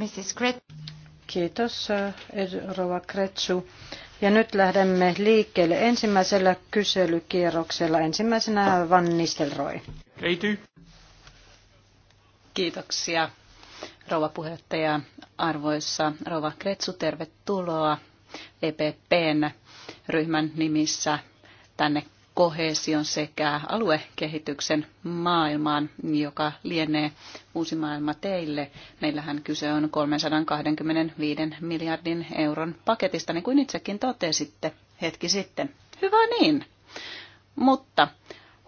Mrs. Kiitos, eh, Rova Kretsu. Ja nyt lähdemme liikkeelle ensimmäisellä kyselykierroksella. Ensimmäisenä Van Nistelrooy. Kiitoksia, rouva puheenjohtaja. Arvoissa rouva Kretsu, tervetuloa EPPn ryhmän nimissä tänne Koheesion sekä aluekehityksen maailmaan, joka lienee uusi maailma teille. Meillähän kyse on 325 miljardin euron paketista, niin kuin itsekin totesitte hetki sitten. Hyvä niin. Mutta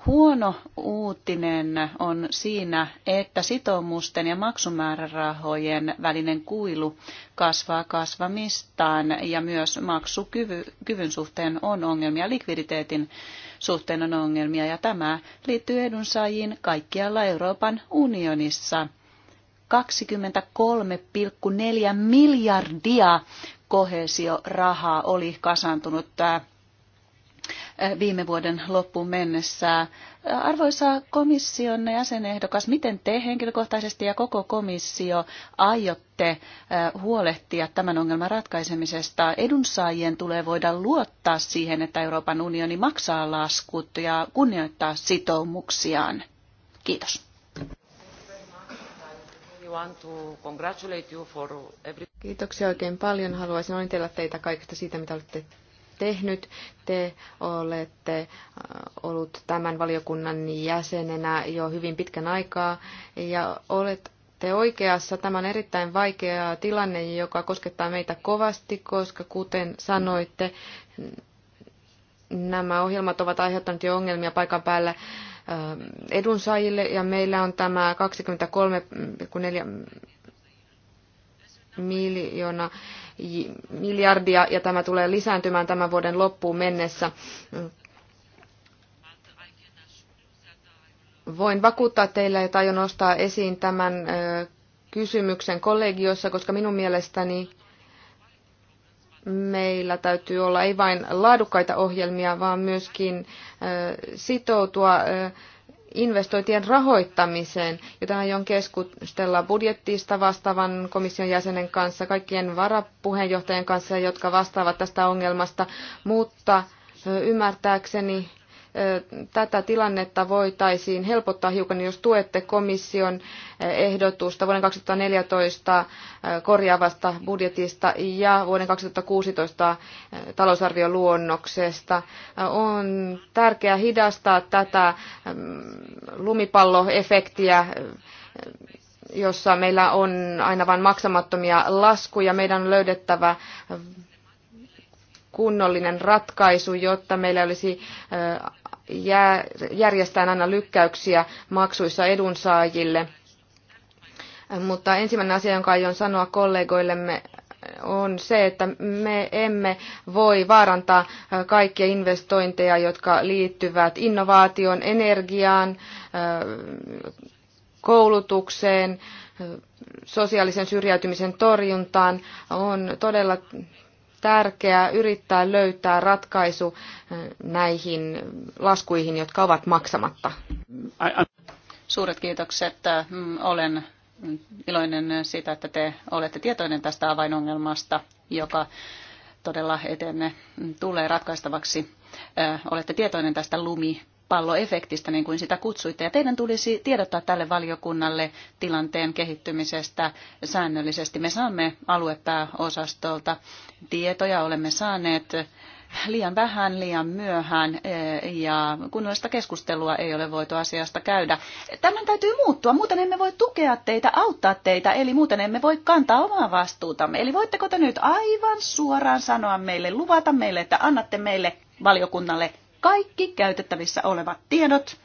huono uutinen on siinä, että sitoumusten ja maksumäärärahojen välinen kuilu kasvaa kasvamistaan ja myös maksukyvyn suhteen on ongelmia likviditeetin suhteen on ongelmia ja tämä liittyy edunsaajiin kaikkialla Euroopan unionissa. 23,4 miljardia kohesiorahaa oli kasantunut äh, Eh, viime vuoden loppuun mennessä. Eh, arvoisa komission jäsenehdokas, miten te henkilökohtaisesti ja koko komissio aiotte eh, huolehtia tämän ongelman ratkaisemisesta? Edunsaajien tulee voida luottaa siihen, että Euroopan unioni maksaa laskut ja kunnioittaa sitoumuksiaan. Kiitos. Kiitoksia oikein paljon. Haluaisin onnitella teitä kaikesta siitä, mitä olette tehnyt. Te olette äh, ollut tämän valiokunnan jäsenenä jo hyvin pitkän aikaa ja olet olette oikeassa. Tämä on erittäin vaikea tilanne, joka koskettaa meitä kovasti, koska kuten sanoitte, nämä ohjelmat ovat aiheuttaneet jo ongelmia paikan päällä äh, edunsaajille ja meillä on tämä 23,4 miljoona miljardia ja tämä tulee lisääntymään tämän vuoden loppuun mennessä. Voin vakuuttaa teille, että aion nostaa esiin tämän kysymyksen kollegiossa, koska minun mielestäni meillä täytyy olla ei vain laadukkaita ohjelmia, vaan myöskin sitoutua investointien rahoittamiseen, jota aion keskustella budjettista vastaavan komission jäsenen kanssa, kaikkien varapuheenjohtajien kanssa, jotka vastaavat tästä ongelmasta, mutta ymmärtääkseni tätä tilannetta voitaisiin helpottaa hiukan, jos tuette komission ehdotusta vuoden 2014 korjaavasta budjetista ja vuoden 2016 talousarvioluonnoksesta. On tärkeää hidastaa tätä lumipalloefektiä jossa meillä on aina vain maksamattomia laskuja. Meidän on löydettävä kunnollinen ratkaisu, jotta meillä olisi järjestään aina lykkäyksiä maksuissa edunsaajille. Mutta ensimmäinen asia, jonka aion sanoa kollegoillemme, on se, että me emme voi vaarantaa kaikkia investointeja, jotka liittyvät innovaation, energiaan, koulutukseen, sosiaalisen syrjäytymisen torjuntaan. On todella tärkeää yrittää löytää ratkaisu eh, näihin laskuihin, jotka ovat maksamatta. Suuret kiitokset. Mm, olen iloinen siitä, että te olette tietoinen tästä avainongelmasta, joka todella etenne tulee ratkaistavaksi. Eh, olette tietoinen tästä lumi pallo-efektistä, niin kuin sitä kutsuitte. Ja teidän tulisi tiedottaa tälle valiokunnalle tilanteen kehittymisestä säännöllisesti. Me saamme aluepääosastolta tietoja, olemme saaneet liian vähän, liian myöhään eh, ja kunnollista keskustelua ei ole voitu asiasta käydä. Tämän täytyy muuttua, muuten emme voi tukea teitä, auttaa teitä, eli muuten emme voi kantaa omaa vastuutamme. Eli voitteko te nyt aivan suoraan sanoa meille, luvata meille, että annatte meille valiokunnalle kaikki käytettävissä olevat tiedot.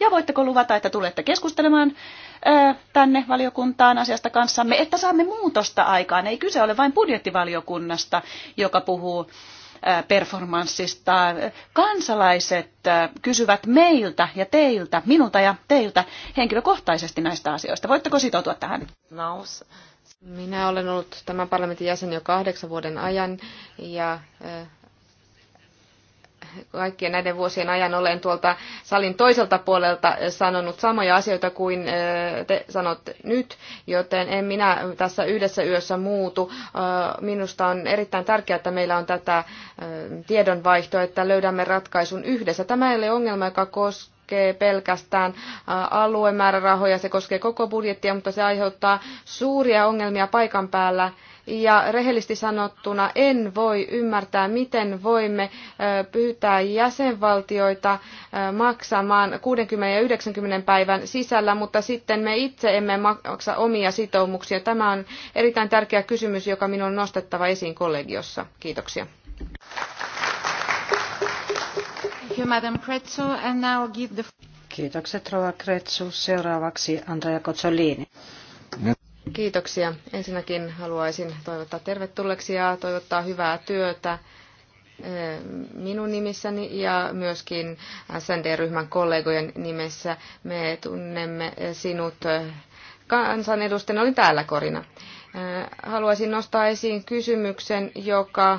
Ja voitteko luvata, että tulette keskustelemaan tänne valiokuntaan asiasta kanssamme, että saamme muutosta aikaan. Ei kyse ole vain budjettivaliokunnasta, joka puhuu performanssista. Kansalaiset kysyvät meiltä ja teiltä, minulta ja teiltä henkilökohtaisesti näistä asioista. Voitteko sitoutua tähän? Naus. Minä olen ollut tämän parlamentin jäsen jo kahdeksan vuoden ajan ja kaikkien näiden vuosien ajan olen tuolta salin toiselta puolelta sanonut samoja asioita kuin te sanotte nyt, joten en minä tässä yhdessä yössä muutu. Minusta on erittäin tärkeää, että meillä on tätä tiedonvaihtoa, että löydämme ratkaisun yhdessä. Tämä ei ole ongelma, joka koskee koskee pelkästään aluemäärärahoja, se koskee koko budjettia, mutta se aiheuttaa suuria ongelmia paikan päällä ja rehellisesti sanottuna en voi ymmärtää, miten voimme pyytää jäsenvaltioita maksamaan 60 ja 90 päivän sisällä, mutta sitten me itse emme maksa omia sitoumuksia. Tämä on erittäin tärkeä kysymys, joka minun on nostettava esiin kollegiossa. Kiitoksia. Kiitokset, Rova Kretsu. Seuraavaksi Andrea Kozzolini. Kiitoksia. Ensinnäkin haluaisin toivottaa tervetulleeksi ja toivottaa hyvää työtä eh, minun nimissäni ja myöskin SND-ryhmän kollegojen nimessä. Me tunnemme sinut eh, kansanedustajana, olin täällä Korina. Eh, haluaisin nostaa esiin kysymyksen, joka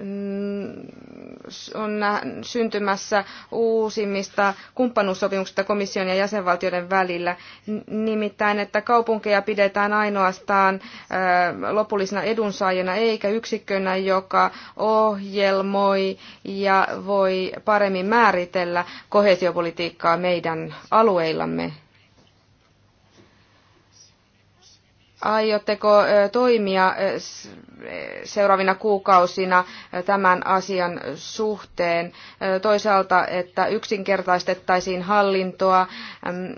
Mm, on syntymässä uusimmista kumppanuussopimuksista komission ja jäsenvaltioiden välillä. Nimittäin, että kaupunkeja pidetään ainoastaan lopullisena edunsaajana eikä yksikkönä, joka ohjelmoi ja voi paremmin määritellä kohesiopolitiikkaa meidän alueillamme. Aiotteko toimia seuraavina kuukausina tämän asian suhteen? Toisaalta, että yksinkertaistettaisiin hallintoa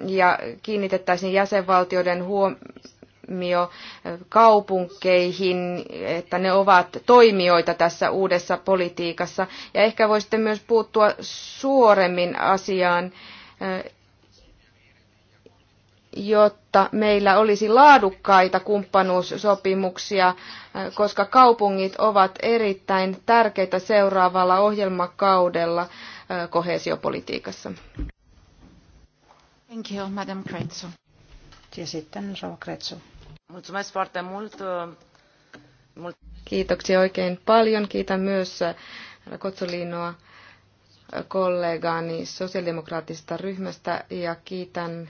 ja kiinnitettäisiin jäsenvaltioiden huomio kaupunkeihin, että ne ovat toimijoita tässä uudessa politiikassa. Ja ehkä voisitte myös puuttua suoremmin asiaan jotta meillä olisi laadukkaita kumppanuussopimuksia, äh, koska kaupungit ovat erittäin tärkeitä seuraavalla ohjelmakaudella äh, kohesiopolitiikassa. Thank you, Madam Kretsu. Ja sitten Rova Kretsu. Mulțumesc foarte uh, mult. Kiitoksia oikein paljon. Kiitän myös äh, Kotsolinoa kollegaani sosiaalidemokraattisesta ryhmästä ja kiitän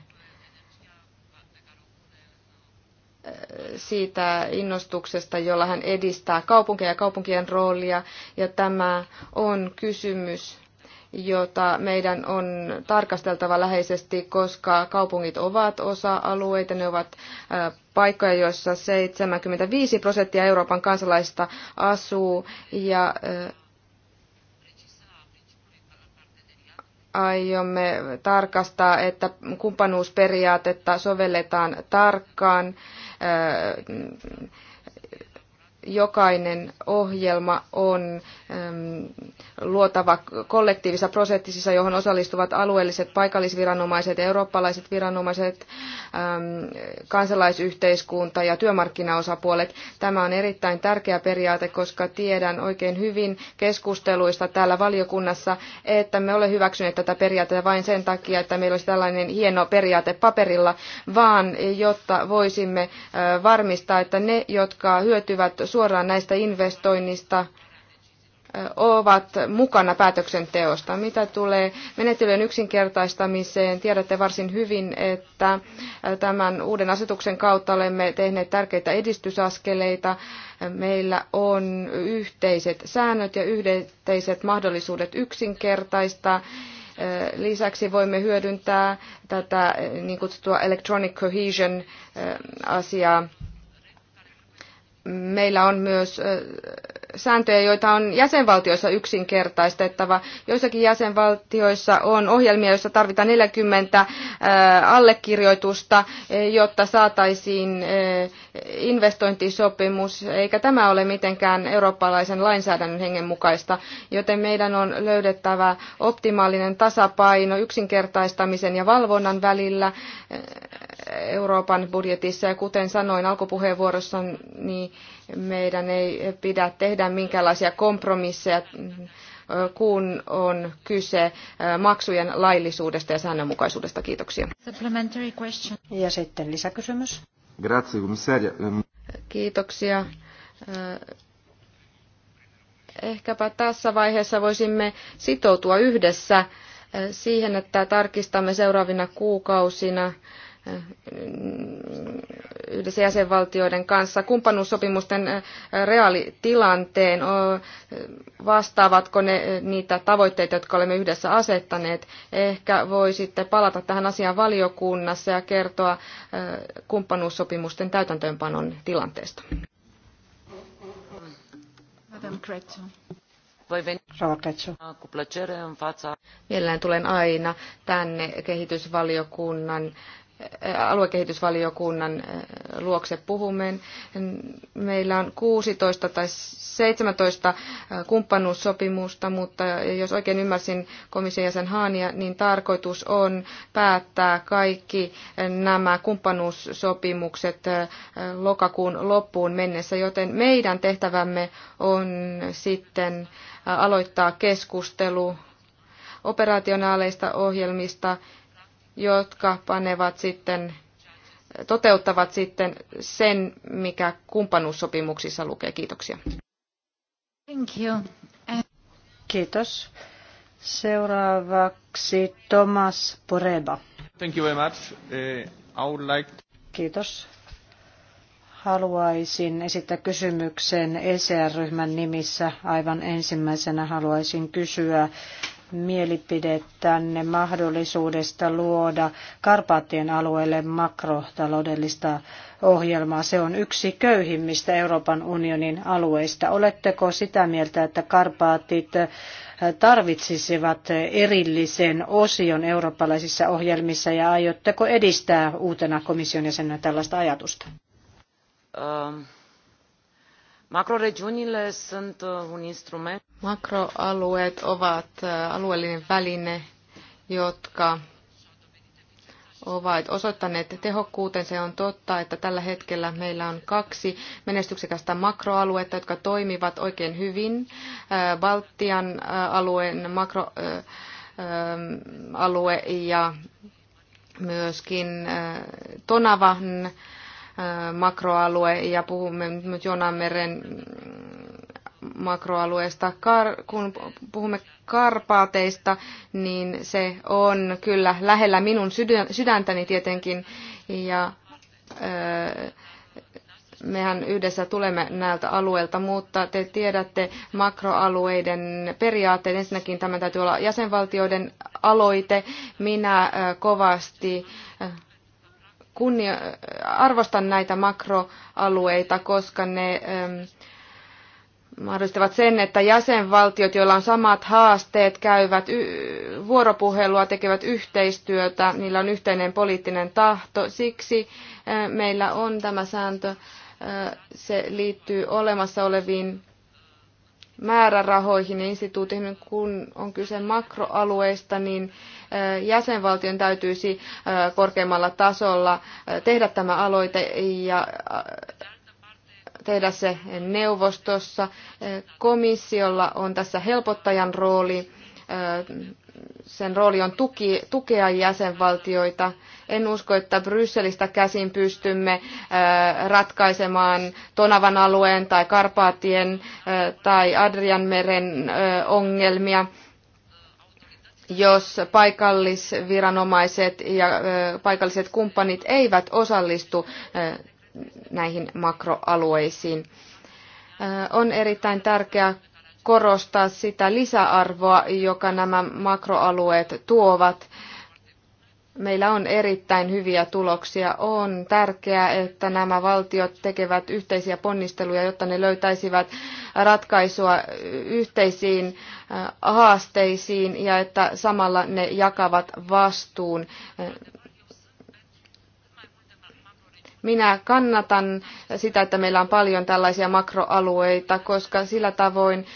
siitä innostuksesta, jolla hän edistää kaupunkeja ja kaupunkien roolia. Ja tämä on kysymys, jota meidän on tarkasteltava läheisesti, koska kaupungit ovat osa-alueita, ne ovat paikkoja, joissa 75 prosenttia Euroopan kansalaista asuu ja aiomme tarkastaa, että kumppanuusperiaatetta sovelletaan tarkkaan äh, jokainen ohjelma on luotava kollektiivisessa prosessissa, johon osallistuvat alueelliset paikallisviranomaiset, eurooppalaiset viranomaiset, kansalaisyhteiskunta ja työmarkkinaosapuolet. Tämä on erittäin tärkeä periaate, koska tiedän oikein hyvin keskusteluista täällä valiokunnassa, että me ole hyväksyneet tätä periaatetta vain sen takia, että meillä olisi tällainen hieno periaate paperilla, vaan jotta voisimme varmistaa, että ne, jotka hyötyvät suoraan näistä investoinnista ovat mukana päätöksenteosta. Mitä tulee menettelyjen yksinkertaistamiseen, tiedätte varsin hyvin, että tämän uuden asetuksen kautta olemme tehneet tärkeitä edistysaskeleita. Meillä on yhteiset säännöt ja yhteiset mahdollisuudet yksinkertaista. Lisäksi voimme hyödyntää tätä niin kutsuttua electronic cohesion asiaa meillä on myös sääntöjä, joita on jäsenvaltioissa yksinkertaistettava. Joissakin jäsenvaltioissa on ohjelmia, joissa tarvitaan 40 allekirjoitusta, e, jotta saataisiin investointisopimus, eikä tämä ole mitenkään eurooppalaisen lainsäädännön hengen mukaista, joten meidän on löydettävä optimaalinen tasapaino yksinkertaistamisen ja valvonnan välillä Euroopan budjetissa. Ja kuten sanoin alkupuheenvuorossa, niin meidän ei pidä tehdä minkäänlaisia kompromisseja, kun on kyse maksujen laillisuudesta ja säännönmukaisuudesta. Kiitoksia. Ja sitten lisäkysymys. Grazie, komissaria. Ehm, Kiitoksia ehkäpä tässä vaiheessa voisimme sitoutua yhdessä siihen, että tarkistamme seuraavina kuukausina Äh, yhdessä jäsenvaltioiden kanssa kumppanuussopimusten äh, reaalitilanteen, vastaavatko ne äh, niitä tavoitteita, jotka olemme yhdessä asettaneet. Ehkä voisitte palata tähän asiaan valiokunnassa ja kertoa kumppanuussopimusten täytäntöönpanon tilanteesta. Madame Mielellään tulen aina tänne kehitysvaliokunnan aluekehitysvaliokunnan eh, luokse puhumme. Meillä on 16 tai 17 eh, kumppanuussopimusta, mutta jos oikein ymmärsin komission jäsen Haania, niin tarkoitus on päättää kaikki eh, nämä kumppanuussopimukset lokakuun loppuun mennessä, joten meidän tehtävämme on sitten aloittaa keskustelu operationaaleista ohjelmista jotka panevat sitten, toteuttavat sitten sen, mikä kumppanuussopimuksissa lukee. Kiitoksia. Thank you. Kiitos. Seuraavaksi Thomas Poreba. Thank you very much. Uh, I would like... Kiitos. Haluaisin esittää kysymyksen ECR-ryhmän nimissä. Aivan ensimmäisenä haluaisin kysyä mielipidettänne mahdollisuudesta luoda Karpaattien alueelle makrotaloudellista ohjelmaa. Se on yksi köyhimmistä Euroopan unionin alueista. Oletteko sitä mieltä, että Karpaatit eh, tarvitsisivat erillisen osion eurooppalaisissa ohjelmissa ja aiotteko edistää uutena komission jäsenenä tällaista ajatusta? Um. Makroregiunile sunt uh, un instrument. Makroalueet ovat uh, alueellinen väline, jotka ovat osoittaneet tehokkuuteen. Se on totta, että tällä hetkellä meillä on kaksi menestyksekästä makroaluetta, jotka toimivat oikein hyvin. Uh, Baltian alueen makroalue um, ja myöskin Tonavan Äh, makroalue ja puhumme nyt Jonanmeren mm, makroalueesta. Kar- kun puhumme karpaateista, niin se on kyllä lähellä minun sydäntäni tietenkin. Ja öö, mehän yhdessä tulemme näiltä alueilta, mutta te tiedätte makroalueiden periaatteet. Ensinnäkin tämä täytyy olla jäsenvaltioiden aloite. Minä äh, kovasti kunnia, arvostan näitä makroalueita, koska ne ähm, mahdollistavat sen, että jäsenvaltiot, joilla on samat haasteet, käyvät vuoropuhelua, tekevät yhteistyötä, niillä on yhteinen poliittinen tahto. Siksi äh, meillä on tämä sääntö, äh, se liittyy olemassa oleviin määrärahoihin ja instituutin, kun on kyse makroalueista, niin jäsenvaltion täytyisi korkeammalla tasolla tehdä tämä aloite ja tehdä se neuvostossa. Komissiolla on tässä helpottajan rooli sen rooli on tuki, tukea jäsenvaltioita. En usko, että Brysselistä käsin pystymme ratkaisemaan Tonavan alueen tai Karpaatien tai Adrianmeren ongelmia jos paikallisviranomaiset ja paikalliset kumppanit eivät osallistu näihin makroalueisiin. On erittäin tärkeää korostaa sitä lisäarvoa, joka nämä makroalueet tuovat. Meillä on erittäin hyviä tuloksia. On tärkeää, että nämä valtiot tekevät yhteisiä ponnisteluja, jotta ne löytäisivät ratkaisua yhteisiin äh, haasteisiin ja että samalla ne jakavat vastuun minä kannatan sitä, että meillä on paljon tällaisia makroalueita, koska sillä tavoin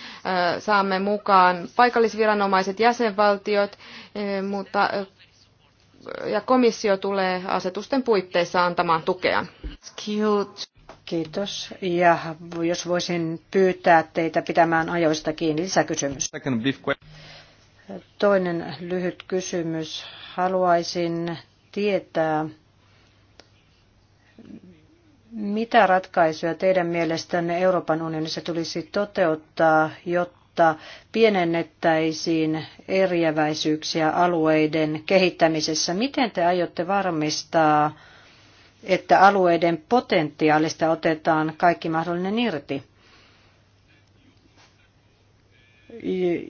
saamme mukaan paikallisviranomaiset jäsenvaltiot, mutta ja komissio tulee asetusten puitteissa antamaan tukea. Cute. Kiitos. Ja jos voisin pyytää teitä pitämään ajoista kiinni. Lisäkysymys. Toinen lyhyt kysymys. Haluaisin tietää, mitä ratkaisuja teidän mielestänne Euroopan unionissa tulisi toteuttaa, jotta pienennettäisiin eriäväisyyksiä alueiden kehittämisessä? Miten te aiotte varmistaa, että alueiden potentiaalista otetaan kaikki mahdollinen irti?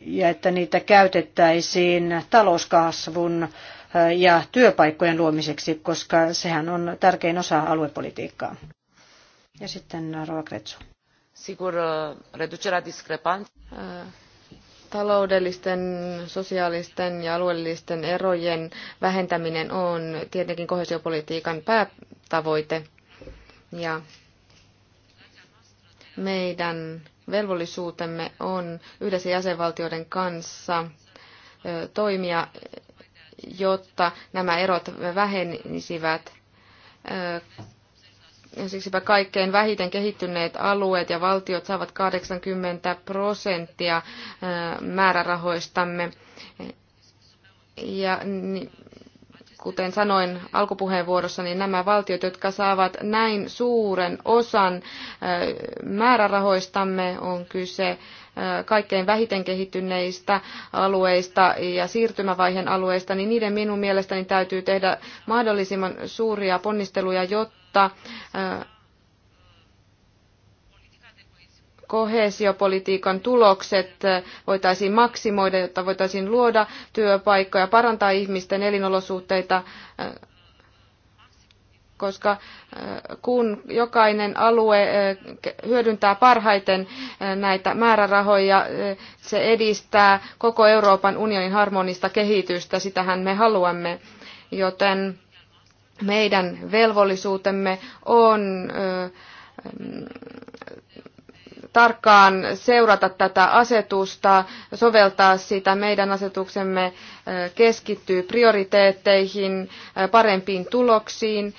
Ja että niitä käytettäisiin talouskasvun ja työpaikkojen luomiseksi, koska sehän on tärkein osa aluepolitiikkaa. Ja sitten Rova Kretsu. Sigur, reducerea discrepan. Taloudellisten, sosiaalisten ja alueellisten erojen vähentäminen on tietenkin kohesiopolitiikan päätavoite. Ja meidän velvollisuutemme on yhdessä jäsenvaltioiden kanssa toimia jotta nämä erot vähenisivät. Siksipä kaikkein vähiten kehittyneet alueet ja valtiot saavat 80 prosenttia määrärahoistamme. Ja kuten sanoin alkupuheenvuorossa, niin nämä valtiot, jotka saavat näin suuren osan määrärahoistamme, on kyse kaikkein vähiten kehittyneistä alueista ja siirtymävaiheen alueista, niin niiden minun mielestäni täytyy tehdä mahdollisimman suuria ponnisteluja, jotta koheesiopolitiikan tulokset voitaisiin maksimoida, jotta voitaisiin luoda työpaikkoja, parantaa ihmisten elinolosuhteita, koska äh, kun jokainen alue äh, hyödyntää parhaiten äh, näitä määrärahoja, se edistää koko Euroopan unionin harmonista kehitystä, sitähän me haluamme, joten meidän velvollisuutemme on tarkkaan seurata tätä asetusta, soveltaa sitä. Meidän asetuksemme keskittyy prioriteetteihin, parempiin tuloksiin.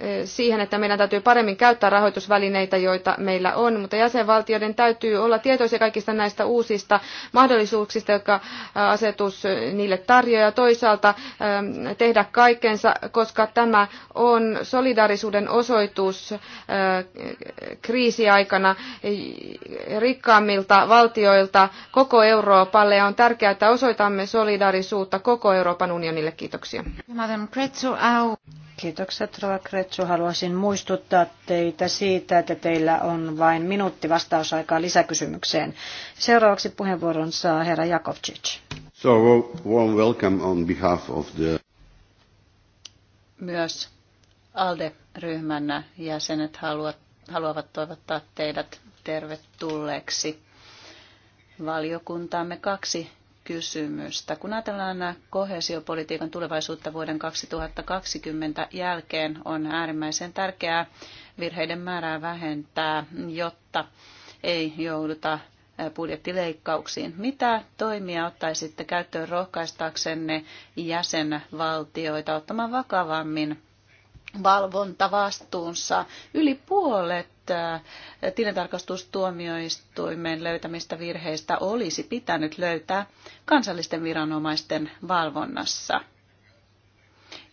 Eh, siihen, että meidän täytyy paremmin käyttää rahoitusvälineitä, joita meillä on, mutta jäsenvaltioiden täytyy olla tietoisia kaikista näistä uusista mahdollisuuksista, jotka eh, asetus niille tarjoaa ja toisaalta eh, tehdä kaikkensa, koska tämä on solidaarisuuden osoitus kriisiaikana rikkaammilta valtioilta koko Euroopalle ja on tärkeää, että osoitamme solidaarisuutta koko Euroopan unionille. Kiitoksia. Kiitokset, Rova Kretsu. Haluaisin muistuttaa teitä siitä, että teillä on vain minuutti vastausaikaa lisäkysymykseen. Seuraavaksi puheenvuoron saa herra Jakovcic. So, warm welcome on behalf of the... Myös ALDE-ryhmän jäsenet haluat, haluavat toivottaa teidät tervetulleeksi valiokuntaamme kaksi kysymystä. Kun ajatellaan kohesiopolitiikan tulevaisuutta vuoden 2020 jälkeen, on äärimmäisen tärkeää virheiden määrää vähentää, jotta ei jouduta budjettileikkauksiin. Mitä toimia ottaisitte käyttöön rohkaistaaksenne jäsenvaltioita ottamaan vakavammin valvontavastuunsa? Yli puolet Äh, tilintarkastustuomioistuimen löytämistä virheistä olisi pitänyt löytää kansallisten viranomaisten valvonnassa.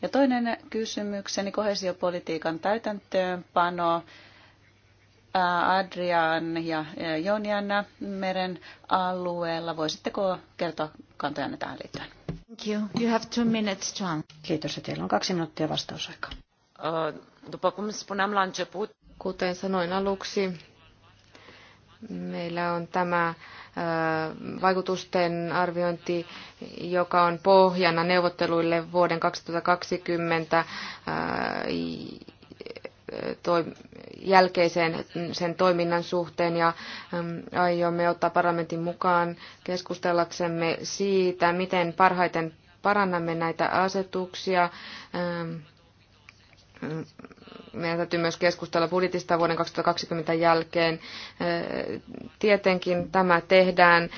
Ja toinen kysymykseni, kohesiopolitiikan täytäntöönpano. Äh, Adrian ja äh, Jonian meren alueella. Voisitteko kertoa kantojanne tähän liittyen? Thank you. You have two minutes, John. Kiitos, ja teillä on kaksi minuuttia vastausaikaa. După Kuten sanoin aluksi, meillä on tämä vaikutusten arviointi, joka on pohjana neuvotteluille vuoden 2020 jälkeiseen sen toiminnan suhteen ja aiomme ottaa parlamentin mukaan keskustellaksemme siitä, miten parhaiten parannamme näitä asetuksia meidän täytyy myös keskustella budjetista vuoden 2020 jälkeen. Tietenkin tämä tehdään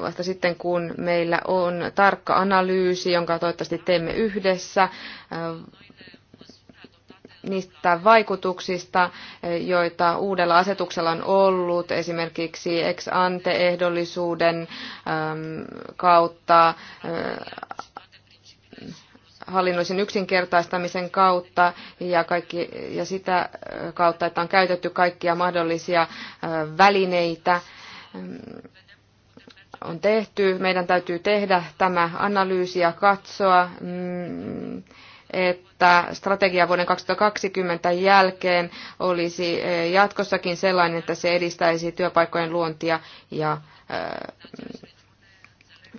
vasta sitten, kun meillä on tarkka analyysi, jonka toivottavasti teemme yhdessä niistä vaikutuksista, joita uudella asetuksella on ollut, esimerkiksi ex ante-ehdollisuuden kautta hallinnollisen yksinkertaistamisen kautta ja, kaikki, ja sitä äh, kautta, että on käytetty kaikkia mahdollisia äh, välineitä mm, on tehty. Meidän täytyy tehdä tämä analyysi ja katsoa, mm, että strategia vuoden 2020 jälkeen olisi äh, jatkossakin sellainen, että se edistäisi työpaikkojen luontia ja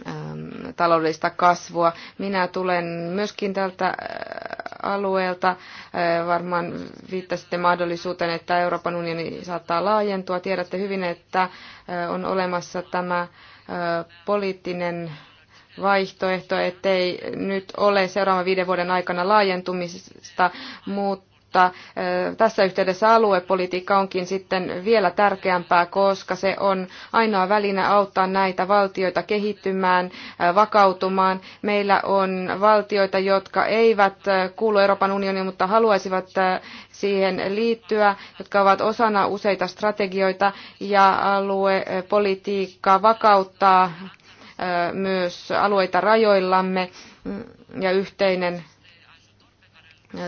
Ähm, taloudellista kasvua. Minä tulen myöskin tältä äh, alueelta. Äh, varmaan viittasitte mahdollisuuteen, että Euroopan unioni saattaa laajentua. Tiedätte hyvin, että äh, on olemassa tämä poliittinen vaihtoehto, ettei nyt ole seuraavan viiden vuoden aikana laajentumista, mutta mutta tässä yhteydessä aluepolitiikka onkin sitten vielä tärkeämpää, koska se on ainoa väline auttaa näitä valtioita kehittymään, vakautumaan. Meillä on valtioita, jotka eivät kuulu Euroopan unioniin, mutta haluaisivat siihen liittyä, jotka ovat osana useita strategioita ja aluepolitiikka vakauttaa myös alueita rajoillamme mm, ja yhteinen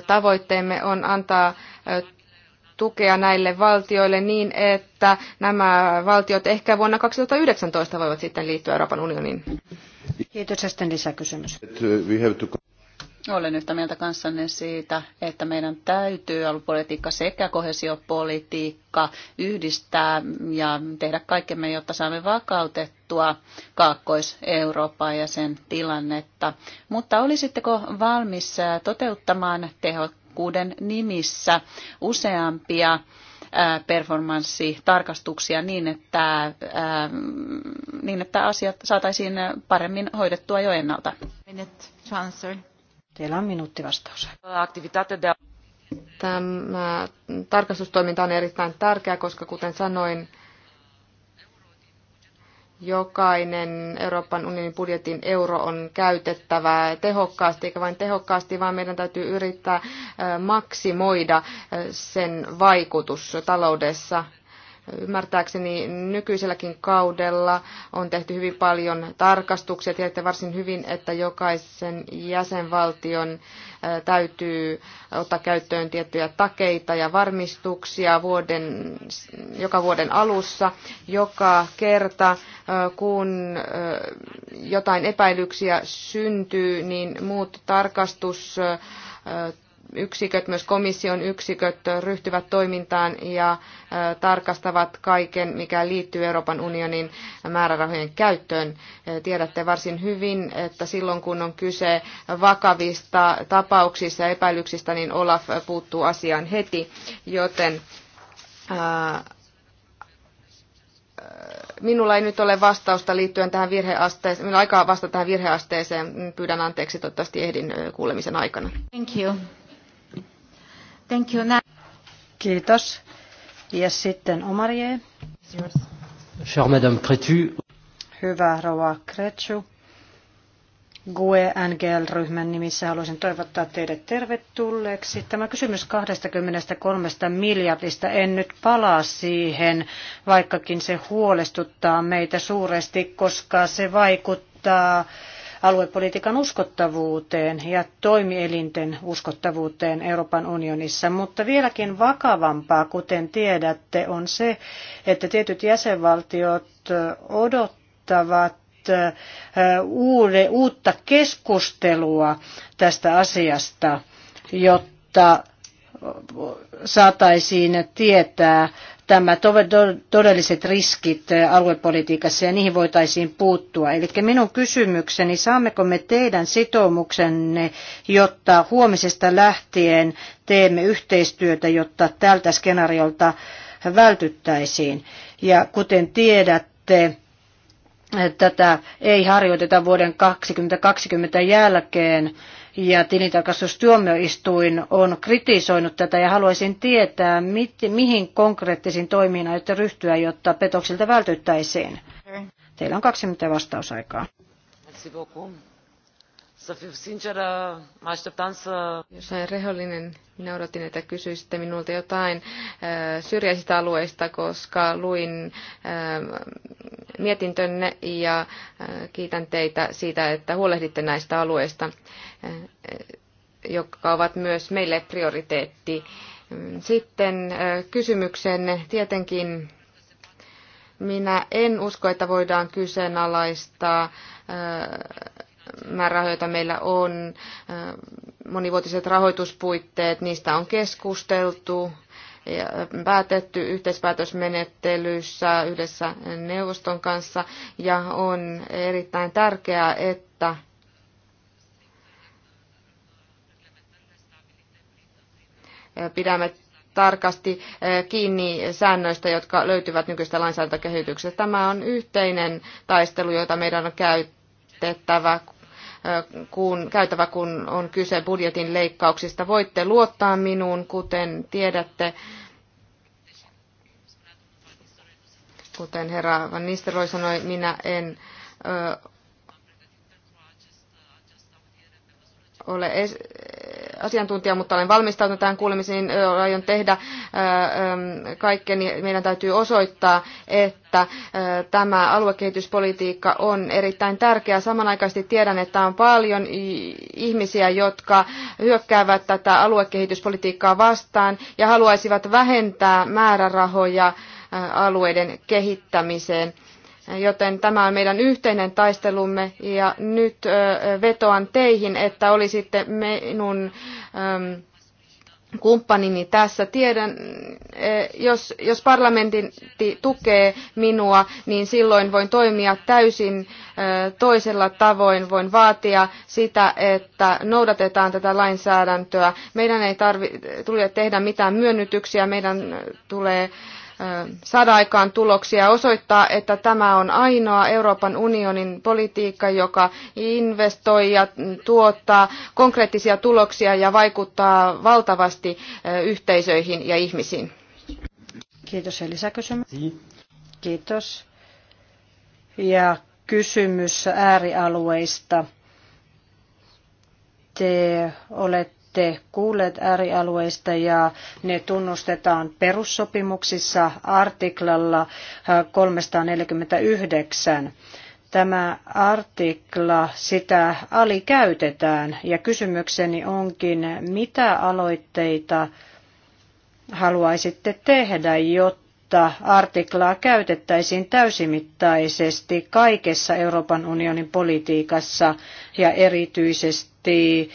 Tavoitteemme on antaa tukea näille valtioille niin, että nämä valtiot ehkä vuonna 2019 voivat sitten liittyä Euroopan unioniin. Kiitos. Sitten lisäkysymys. Uh, olen yhtä mieltä kanssanne siitä, että meidän täytyy alupolitiikka sekä kohesiopolitiikka yhdistää ja tehdä kaikkemme, jotta saamme vakautettua Kaakkois-Eurooppaa ja sen tilannetta. Mutta olisitteko valmis äh, toteuttamaan tehokkuuden nimissä useampia äh, performanssitarkastuksia niin, että, äh, niin, että asiat saataisiin paremmin hoidettua jo ennalta. Minute Teillä on minuutti vastaus. Tämä tarkastustoiminta on erittäin tärkeää, koska kuten sanoin, jokainen Euroopan unionin budjetin euro on käytettävä tehokkaasti, eikä vain tehokkaasti, vaan meidän täytyy yrittää maksimoida sen vaikutus taloudessa. Ymmärtääkseni nykyiselläkin kaudella on tehty hyvin paljon tarkastuksia. Tiedätte varsin hyvin, että jokaisen jäsenvaltion täytyy ottaa käyttöön tiettyjä takeita ja varmistuksia vuoden, joka vuoden alussa. Joka kerta, kun jotain epäilyksiä syntyy, niin muut tarkastus yksiköt, myös komission yksiköt ryhtyvät toimintaan ja tarkastavat kaiken, mikä liittyy Euroopan unionin määrärahojen käyttöön. Tiedätte varsin hyvin, että silloin kun on kyse vakavista tapauksista ja epäilyksistä, niin Olaf puuttuu asiaan heti, joten minulla ei nyt ole vastausta liittyen tähän virheasteeseen. Minulla on aikaa vastata tähän virheasteeseen. Pyydän anteeksi, toivottavasti ehdin kuulemisen aikana. Thank you. Thank you. Kiitos. Ja sitten Omarie. Cher Madame Hyvä rouva Kretsu. GUE NGL-ryhmän nimissä haluaisin toivottaa teidät tervetulleeksi. Tämä kysymys 23 miljardista, en nyt palaa siihen, vaikkakin se huolestuttaa meitä suuresti, koska se vaikuttaa aluepolitiikan uskottavuuteen ja toimielinten uskottavuuteen Euroopan unionissa. Mutta vieläkin vakavampaa, kuten tiedätte, on se, että tietyt jäsenvaltiot odottavat eh, uutta keskustelua tästä asiasta, jotta saataisiin tietää, tämä todelliset riskit eh, aluepolitiikassa ja niihin voitaisiin puuttua. Eli minun kysymykseni, saammeko me teidän sitoumuksenne, jotta huomisesta lähtien teemme yhteistyötä, jotta tältä skenaariolta vältyttäisiin. Ja kuten tiedätte, eh, tätä ei harjoiteta vuoden 2020 jälkeen, ja tilintarkastustuomioistuin on kritisoinut tätä ja haluaisin tietää, mihin konkreettisiin toimiin aiotte ryhtyä, jotta petoksilta vältyttäisiin. Teillä on kaksi minuuttia vastausaikaa. Merci Să fiu sinceră, mă așteptam să... Jos olen rehellinen, minä odotin, että kysyisitte minulta jotain äh, syrjäisistä alueista, koska luin äh, mietintönne ja äh, kiitän teitä siitä, että huolehditte näistä alueista, jotka ovat myös meille prioriteetti. Sitten kysymyksenne tietenkin minä en usko, että voidaan kyseenalaistaa määrärahoja, joita meillä on, monivuotiset rahoituspuitteet, niistä on keskusteltu, ja päätetty yhteispäätösmenettelyssä yhdessä neuvoston kanssa ja on erittäin tärkeää, että pidämme tarkasti kiinni säännöistä, jotka löytyvät nykyistä lainsäädäntökehityksestä. Tämä on yhteinen taistelu, jota meidän on käytettävä kun, käytävä, kun on kyse budjetin leikkauksista. Voitte luottaa minuun, kuten tiedätte. Kuten herra Van Nistelrooy sanoi, minä en ö, ole asiantuntija, mutta olen valmistautunut tähän kuulemiseen, niin aion tehdä kaikkeni. Meidän täytyy osoittaa, että tämä aluekehityspolitiikka on erittäin tärkeää. Samanaikaisesti tiedän, että on paljon ihmisiä, jotka hyökkäävät tätä aluekehityspolitiikkaa vastaan ja haluaisivat vähentää määrärahoja alueiden kehittämiseen Joten tämä on meidän yhteinen taistelumme ja nyt vetoan teihin, että olisitte minun kumppanini tässä. Tiedän, jos, jos parlamentti tukee minua, niin silloin voin toimia täysin toisella tavoin. Voin vaatia sitä, että noudatetaan tätä lainsäädäntöä. Meidän ei tarvitse tehdä mitään myönnytyksiä, meidän tulee saada aikaan tuloksia ja osoittaa, että tämä on ainoa Euroopan unionin politiikka, joka investoi ja tuottaa konkreettisia tuloksia ja vaikuttaa valtavasti yhteisöihin ja ihmisiin. Kiitos. Ja lisäkysymys? Kiitos. Ja kysymys äärialueista. Te olette olette kuulleet äärialueista ja ne tunnustetaan perussopimuksissa artiklalla 349 äh, tämä artikla, sitä alikäytetään. Ja kysymykseni onkin, mitä aloitteita haluaisitte tehdä, jotta jotta artiklaa käytettäisiin täysimittaisesti kaikessa Euroopan unionin politiikassa ja erityisesti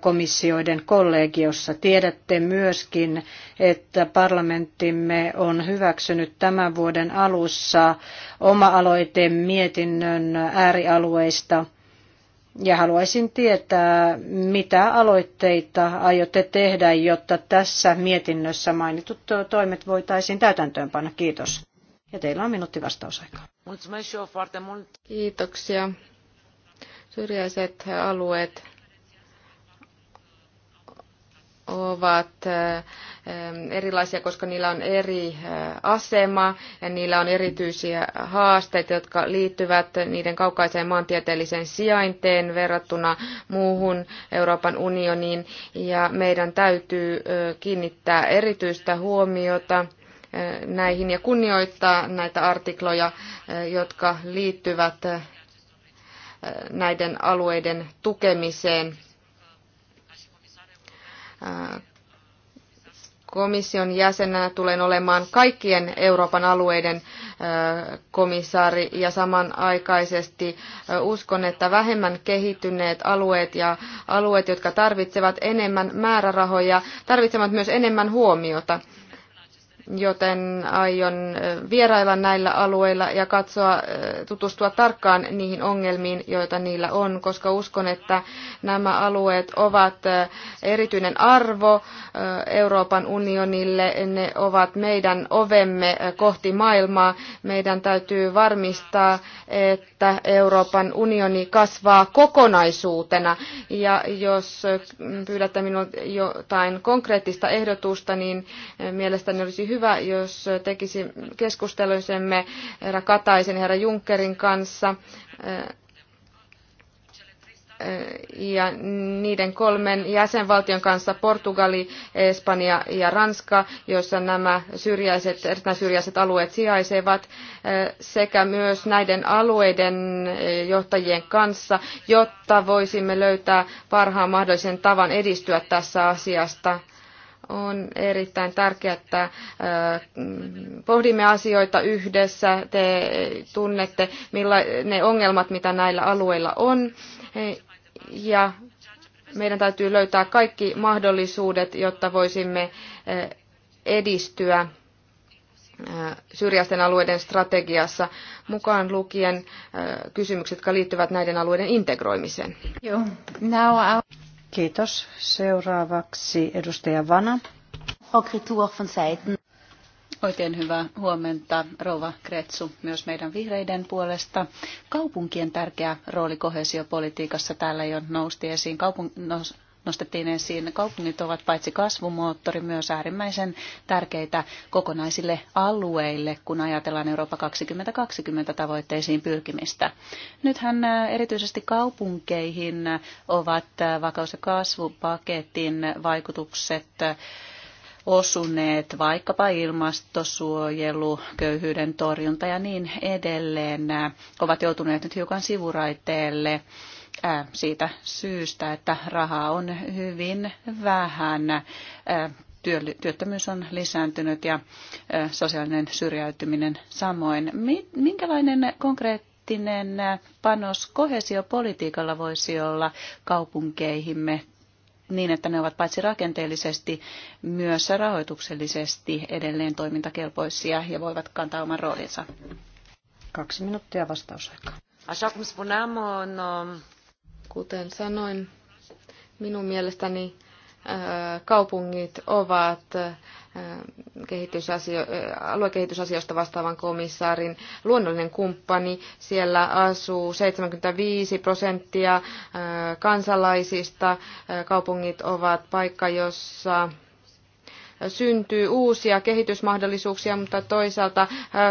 komissioiden kollegiossa. Tiedätte myöskin, että parlamenttimme on hyväksynyt tämän vuoden alussa oma-aloitemietinnön äärialueista – ja haluaisin tietää, mitä aloitteita aiotte tehdä, jotta tässä mietinnössä mainitut toimet voitaisiin täytäntöönpanna. Kiitos. Ja teillä on minuutti vastausaikaa. Kiitoksia. Syrjäiset alueet ovat eh, Ehm, erilaisia, koska niillä on eri eh, asema ja niillä on erityisiä haasteita, jotka liittyvät niiden kaukaiseen maantieteelliseen sijainteen verrattuna muuhun Euroopan unioniin. Ja meidän täytyy eh, kiinnittää erityistä huomiota eh, näihin ja kunnioittaa näitä artikloja, jotka liittyvät näiden alueiden tukemiseen komission jäsenenä tulen olemaan kaikkien Euroopan alueiden komissaari ja samanaikaisesti uskon, että vähemmän kehittyneet alueet ja alueet, jotka tarvitsevat enemmän määrärahoja, tarvitsevat myös enemmän huomiota joten aion vierailla näillä alueilla ja katsoa, tutustua tarkkaan niihin ongelmiin, joita niillä on, koska uskon, että nämä alueet ovat erityinen arvo Euroopan unionille. Ne ovat meidän ovemme kohti maailmaa. Meidän täytyy varmistaa, että Euroopan unioni kasvaa kokonaisuutena. Ja jos pyydätte minulta jotain konkreettista ehdotusta, niin mielestäni olisi hyvä, hyvä, jos tekisi keskusteluisemme herra Kataisen ja herra Junckerin kanssa eh, ja niiden kolmen jäsenvaltion kanssa Portugali, Espanja ja Ranska, joissa nämä syrjäiset, erittäin syrjäiset alueet sijaisevat, eh, sekä myös näiden alueiden eh, johtajien kanssa, jotta voisimme löytää parhaan mahdollisen tavan edistyä tässä asiasta on erittäin tärkeää, että äh, pohdimme asioita yhdessä, te tunnette milla, ne ongelmat, mitä näillä alueilla on, ja meidän täytyy löytää kaikki mahdollisuudet, jotta voisimme äh, edistyä äh, syrjäisten alueiden strategiassa, mukaan lukien kysymykset, jotka liittyvät näiden alueiden integroimiseen. Joo. Kiitos. Seuraavaksi edustaja Vana. Oikein hyvää huomenta, Rova Kretsu, myös meidän vihreiden puolesta. Kaupunkien tärkeä rooli kohesiopolitiikassa täällä jo nousti esiin. Kaupunk- nous- nostettiin esiin, kaupungit ovat paitsi kasvumoottori myös äärimmäisen tärkeitä kokonaisille alueille, kun ajatellaan Eurooppa 2020 tavoitteisiin pyrkimistä. Nythän äh, erityisesti kaupunkeihin ovat äh, vakaus- ja kasvupaketin vaikutukset äh, osuneet, vaikkapa ilmastosuojelu, köyhyyden torjunta ja niin edelleen, ovat joutuneet nyt hiukan sivuraiteelle siitä syystä, että rahaa on hyvin vähän. Työttömyys on lisääntynyt ja sosiaalinen syrjäytyminen samoin. Minkälainen konkreettinen panos kohesiopolitiikalla voisi olla kaupunkeihimme niin, että ne ovat paitsi rakenteellisesti myös rahoituksellisesti edelleen toimintakelpoisia ja voivat kantaa oman roolinsa? Kaksi minuuttia vastausaikaa. Așa cum spuneam, Kuten sanoin, minun mielestäni kaupungit ovat kehitysasio- aluekehitysasioista vastaavan komissaarin luonnollinen kumppani. Siellä asuu 75 prosenttia kansalaisista. Kaupungit ovat paikka, jossa syntyy uusia kehitysmahdollisuuksia, mutta toisaalta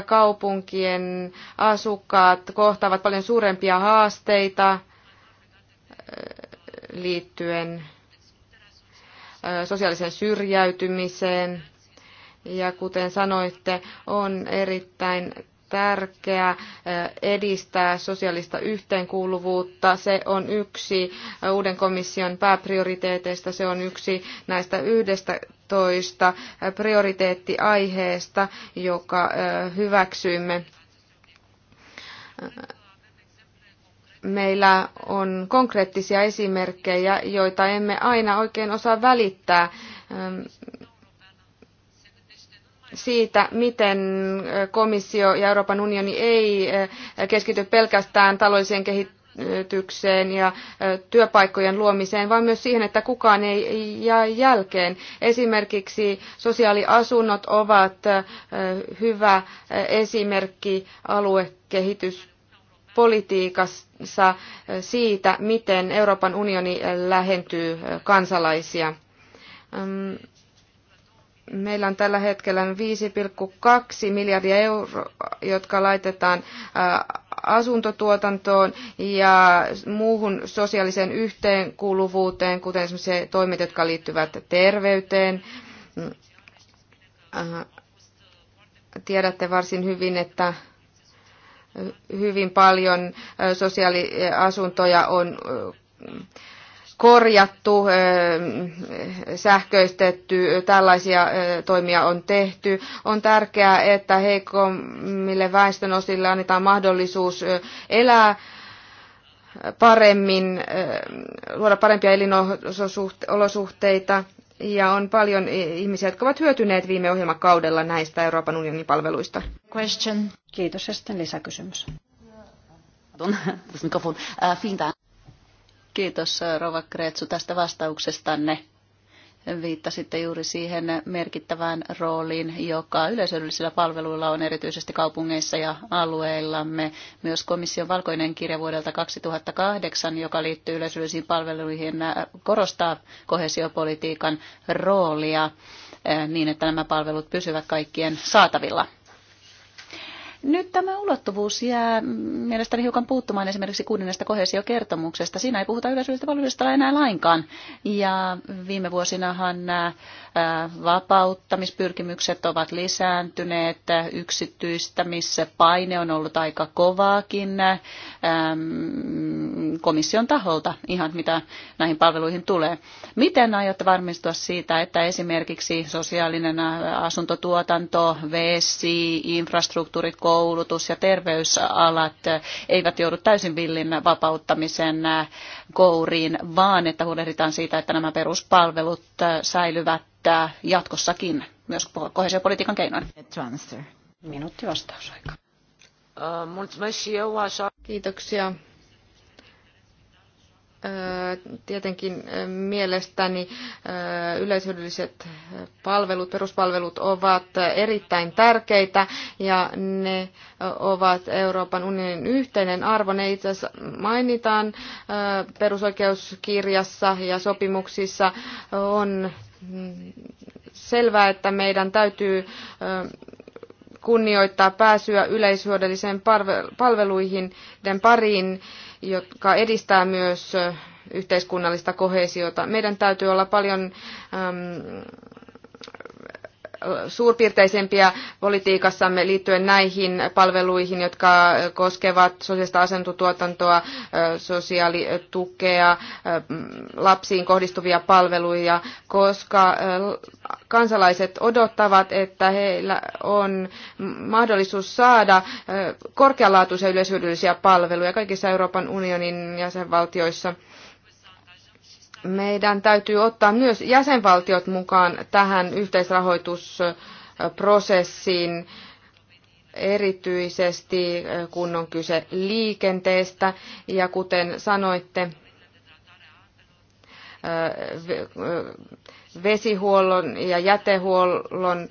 kaupunkien asukkaat kohtaavat paljon suurempia haasteita liittyen sosiaaliseen syrjäytymiseen. Ja kuten sanoitte, on erittäin tärkeää edistää sosiaalista yhteenkuuluvuutta. Se on yksi uuden komission pääprioriteeteista, se on yksi näistä yhdestä toista prioriteettiaiheesta, joka hyväksyimme meillä on konkreettisia esimerkkejä, joita emme aina oikein osaa välittää ähm, siitä, miten äh, komissio ja Euroopan unioni ei äh, keskity pelkästään taloudelliseen kehitykseen ja äh, työpaikkojen luomiseen, vaan myös siihen, että kukaan ei jää jälkeen. Esimerkiksi sosiaaliasunnot ovat hyvä esimerkki aluekehitys politiikassa äh, siitä, miten Euroopan unioni äh, lähentyy äh, kansalaisia. Ähm, meillä on tällä hetkellä 5,2 miljardia euroa, jotka laitetaan asuntotuotantoon ja muuhun sosiaaliseen yhteenkuuluvuuteen, kuten esimerkiksi toimet, jotka liittyvät terveyteen. Tiedätte varsin hyvin, että hyvin paljon sosiaaliasuntoja on korjattu, sähköistetty, tällaisia toimia on tehty. On tärkeää, että heikommille osille, annetaan mahdollisuus elää paremmin, luoda parempia elinolosuhteita ja on paljon ihmisiä, jotka ovat hyötyneet viime ohjelmakaudella näistä Euroopan unionin palveluista. Question. Kiitos ja sitten lisäkysymys. Äh, Kiitos äh, Rova Kreetsu tästä vastauksestanne viittasitte juuri siihen merkittävään rooliin, joka yleisöllisillä palveluilla on erityisesti kaupungeissa ja alueillamme. Myös komission valkoinen kirja vuodelta 2008, joka liittyy yleisöllisiin palveluihin, korostaa kohesiopolitiikan roolia eh, niin, että nämä palvelut pysyvät kaikkien saatavilla. Nyt tämä ulottuvuus jää mielestäni hiukan puuttumaan esimerkiksi kuudennesta kohesiokertomuksesta. Siinä ei puhuta yleisöllisistä palveluista enää lainkaan. Ja viime vuosinahan nämä äh, vapauttamispyrkimykset ovat lisääntyneet, yksityistä, missä paine on ollut aika kovaakin äh, komission taholta, ihan mitä näihin palveluihin tulee. Miten aiotte varmistua siitä, että esimerkiksi sosiaalinen äh, asuntotuotanto, vesi, infrastruktuurit, koulutus ja terveysalat eivät joudu täysin villin vapauttamisen kouriin, vaan että huolehditaan siitä, että nämä peruspalvelut säilyvät jatkossakin myös kohesiopolitiikan keinoin. Minuutti vastausaika. Uh, Kiitoksia. Tietenkin mielestäni yleishyödylliset palvelut, peruspalvelut ovat erittäin tärkeitä ja ne ovat Euroopan unionin yhteinen arvo. Ne itse asiassa mainitaan perusoikeuskirjassa ja sopimuksissa on mm, selvää, että meidän täytyy kunnioittaa pääsyä yleishyödylliseen palveluihin pariin joka edistää myös yhteiskunnallista kohesiota. Meidän täytyy olla paljon äm, suurpiirteisempiä politiikassamme liittyen näihin palveluihin, jotka koskevat sosiaalista asentotuotantoa, sosiaalitukea, lapsiin kohdistuvia palveluja, koska kansalaiset odottavat, että heillä on mahdollisuus saada korkealaatuisia yleishyödyllisiä palveluja kaikissa Euroopan unionin jäsenvaltioissa meidän täytyy ottaa myös jäsenvaltiot mukaan tähän yhteisrahoitusprosessiin, erityisesti eh, kun on kyse liikenteestä. Ja kuten sanoitte, eh, eh, vesihuollon ja jätehuollon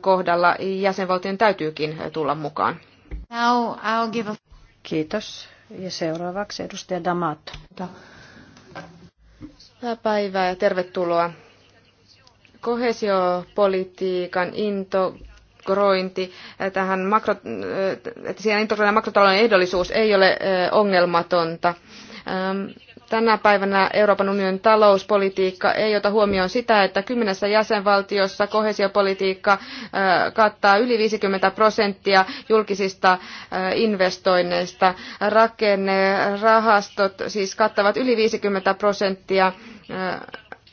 kohdalla jäsenvaltion täytyykin tulla mukaan. Kiitos. Ja seuraavaksi edustaja Damato. Hyvää päivää ja tervetuloa. Kohesiopolitiikan into integrointi, äh, tähän makro, äh, että siinä integroidaan makrotalouden ehdollisuus ei ole äh, ongelmatonta. Ähm, Tänä päivänä Euroopan unionin talouspolitiikka ei ota huomioon sitä, että kymmenessä jäsenvaltiossa kohesiopolitiikka kattaa yli 50 prosenttia julkisista investoinneista. Rakennerahastot siis kattavat yli 50 prosenttia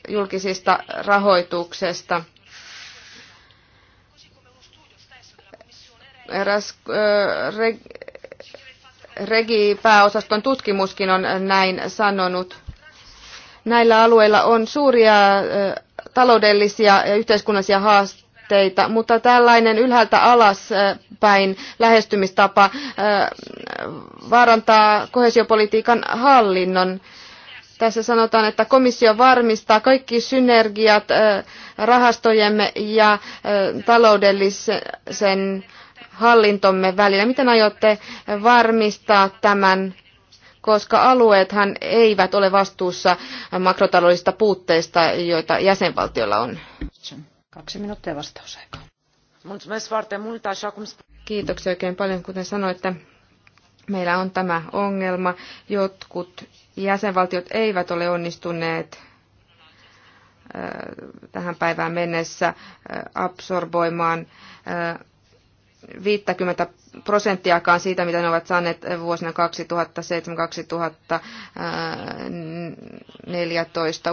julkisista rahoituksesta. Eräs Regi-pääosaston tutkimuskin on näin sanonut. Näillä alueilla on suuria taloudellisia ja yhteiskunnallisia haasteita, mutta tällainen ylhäältä alaspäin lähestymistapa vaarantaa kohesiopolitiikan hallinnon. Tässä sanotaan, että komissio varmistaa kaikki synergiat rahastojemme ja taloudellisen hallintomme välillä. Miten aiotte varmistaa tämän, koska alueethan eivät ole vastuussa makrotaloudellisista puutteista, joita jäsenvaltioilla on? Kaksi minuuttia vastausaikaa. Kiitoksia oikein paljon, kuten sanoitte meillä on tämä ongelma. Jotkut jäsenvaltiot eivät ole onnistuneet tähän päivään mennessä absorboimaan 50 prosenttiakaan siitä, mitä ne ovat saaneet vuosina 2007-2014.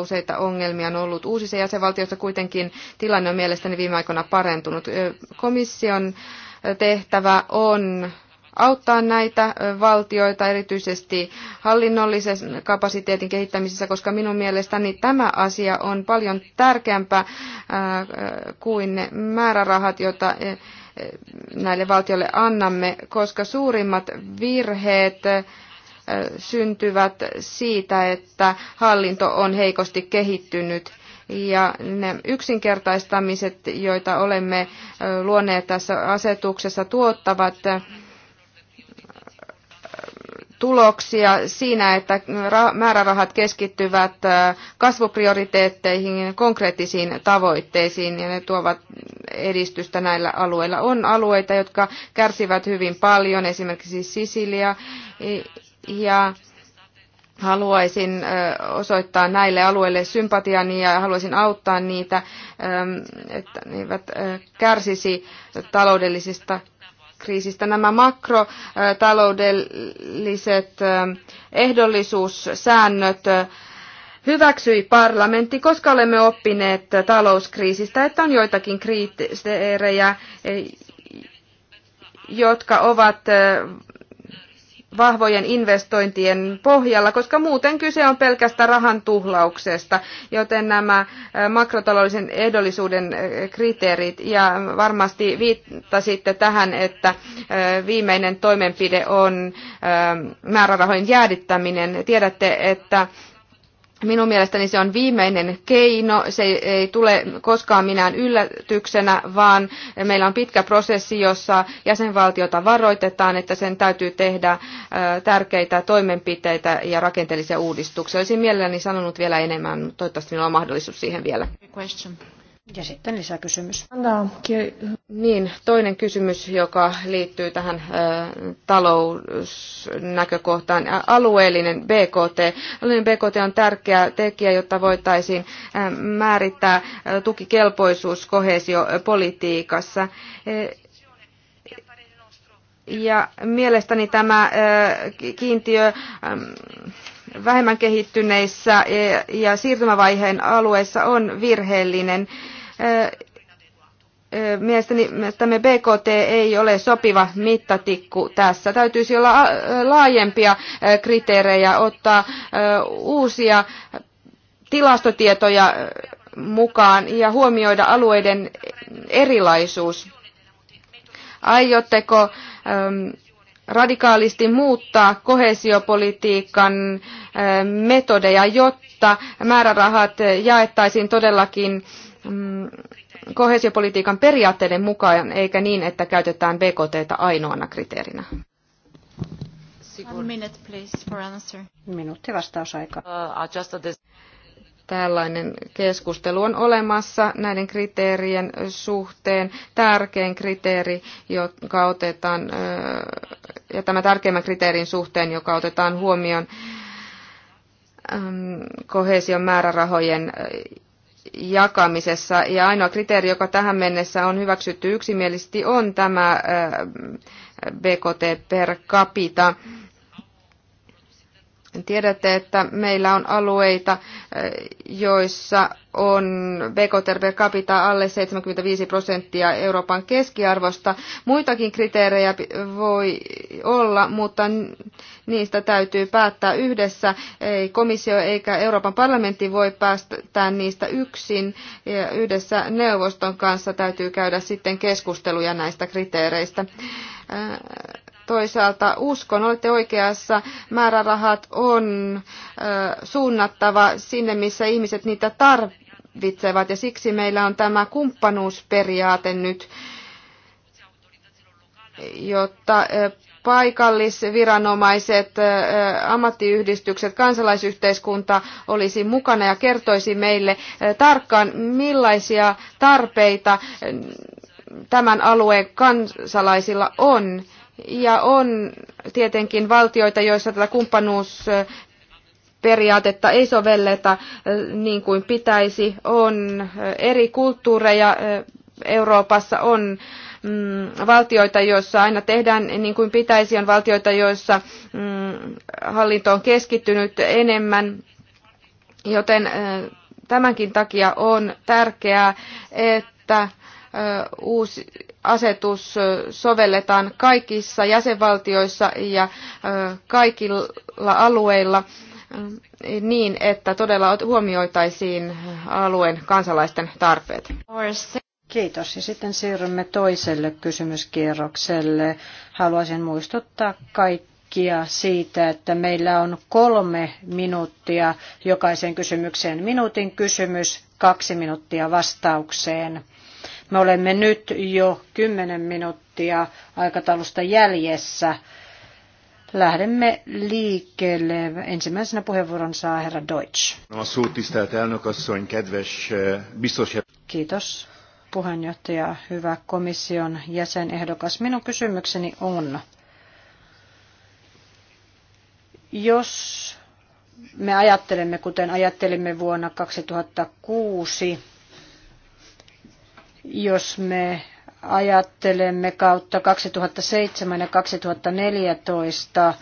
Useita ongelmia on ollut uusissa jäsenvaltioissa, kuitenkin tilanne on mielestäni viime aikoina parentunut. Komission tehtävä on auttaa näitä valtioita erityisesti hallinnollisen kapasiteetin kehittämisessä, koska minun mielestäni tämä asia on paljon tärkeämpää äh, kuin ne määrärahat, joita näille valtioille annamme, koska suurimmat virheet syntyvät siitä, että hallinto on heikosti kehittynyt ja ne yksinkertaistamiset, joita olemme luoneet tässä asetuksessa, tuottavat tuloksia siinä, että määrärahat keskittyvät kasvuprioriteetteihin, konkreettisiin tavoitteisiin ja ne tuovat edistystä näillä alueilla. On alueita, jotka kärsivät hyvin paljon, esimerkiksi Sisilia, ja haluaisin osoittaa näille alueille sympatiani ja haluaisin auttaa niitä, että ne eivät kärsisi taloudellisista kriisistä. Nämä makrotaloudelliset ehdollisuussäännöt hyväksyi parlamentti, koska olemme oppineet talouskriisistä, että on joitakin kriteerejä, eh, jotka ovat eh, vahvojen investointien pohjalla, koska muuten kyse on pelkästä rahan tuhlauksesta, joten nämä eh, makrotaloudellisen ehdollisuuden kriteerit, ja varmasti viittasitte tähän, että viimeinen toimenpide on määrärahojen jäädyttäminen. Tiedätte, että Minun mielestäni se on viimeinen keino, se ei tule koskaan minään yllätyksenä, vaan meillä on pitkä prosessi, jossa jäsenvaltiota varoitetaan, että sen täytyy tehdä tärkeitä toimenpiteitä ja rakenteellisia uudistuksia. Olisin mielelläni sanonut vielä enemmän, mutta toivottavasti minulla on mahdollisuus siihen vielä. Ja sitten lisäkysymys. Niin, toinen kysymys, joka liittyy tähän talousnäkökohtaan, alueellinen BKT. Alueellinen BKT on tärkeä tekijä, jotta voitaisiin määrittää tukikelpoisuus kohesiopolitiikassa. E, ja mielestäni tämä kiintiö vähemmän kehittyneissä e, ja siirtymävaiheen alueissa on virheellinen Mielestäni tämä BKT ei ole sopiva mittatikku tässä. Täytyisi olla laajempia kriteerejä, ottaa uusia tilastotietoja mukaan ja huomioida alueiden erilaisuus. Aiotteko radikaalisti muuttaa kohesiopolitiikan metodeja, jotta määrärahat jaettaisiin todellakin mm, kohesiopolitiikan periaatteiden mukaan, eikä niin, että käytetään BKT ainoana kriteerinä. Minuutti vastausaika. Uh, Tällainen keskustelu on olemassa näiden kriteerien suhteen. Tärkein kriteeri, joka otetaan, ja tämä tärkeimmän kriteerin suhteen, joka otetaan huomioon kohesion määrärahojen jakamisessa. Ja ainoa kriteeri, joka tähän mennessä on hyväksytty yksimielisesti, on tämä BKT per capita. Mm Tiedätte, että meillä on alueita, eh, joissa on BKT per capita alle 75 prosenttia Euroopan keskiarvosta. Muitakin kriteerejä voi olla, mutta niistä täytyy päättää yhdessä. Ei komissio eikä Euroopan parlamentti voi päästä niistä yksin. Yhdessä neuvoston kanssa täytyy käydä sitten keskusteluja näistä kriteereistä eh, toisaalta uskon, olette oikeassa, määrärahat on suunnattava sinne, missä ihmiset niitä tarvitsevat ja siksi meillä on tämä kumppanuusperiaate nyt, jotta paikallisviranomaiset, ammattiyhdistykset, kansalaisyhteiskunta olisi mukana ja kertoisi meille tarkkaan, millaisia tarpeita tämän alueen kansalaisilla on ja on tietenkin valtioita, joissa tätä kumppanuusperiaatetta ei sovelleta äh, niin kuin pitäisi. On äh, eri kulttuureja äh, Euroopassa, on mm, valtioita, joissa aina tehdään niin kuin pitäisi, on valtioita, joissa mm, hallinto on keskittynyt enemmän, joten tämänkin takia on tärkeää, että uusi asetus sovelletaan kaikissa jäsenvaltioissa ja kaikilla alueilla niin, että todella huomioitaisiin alueen kansalaisten tarpeet. Kiitos. Ja sitten siirrymme toiselle kysymyskierrokselle. Haluaisin muistuttaa kaikkia siitä, että meillä on kolme minuuttia jokaiseen kysymykseen. Minuutin kysymys, kaksi minuuttia vastaukseen. Me olemme nyt jo 10 minuuttia aikataulusta jäljessä. Lähdemme liikkeelle. Ensimmäisenä puheenvuoron saa herra Deutsch. No, kedves eh, Kiitos puheenjohtaja, hyvä komission jäsenehdokas. Minun kysymykseni on, jos me ajattelemme, kuten ajattelimme vuonna 2006, jos me ajattelemme kautta 2007 ja 2014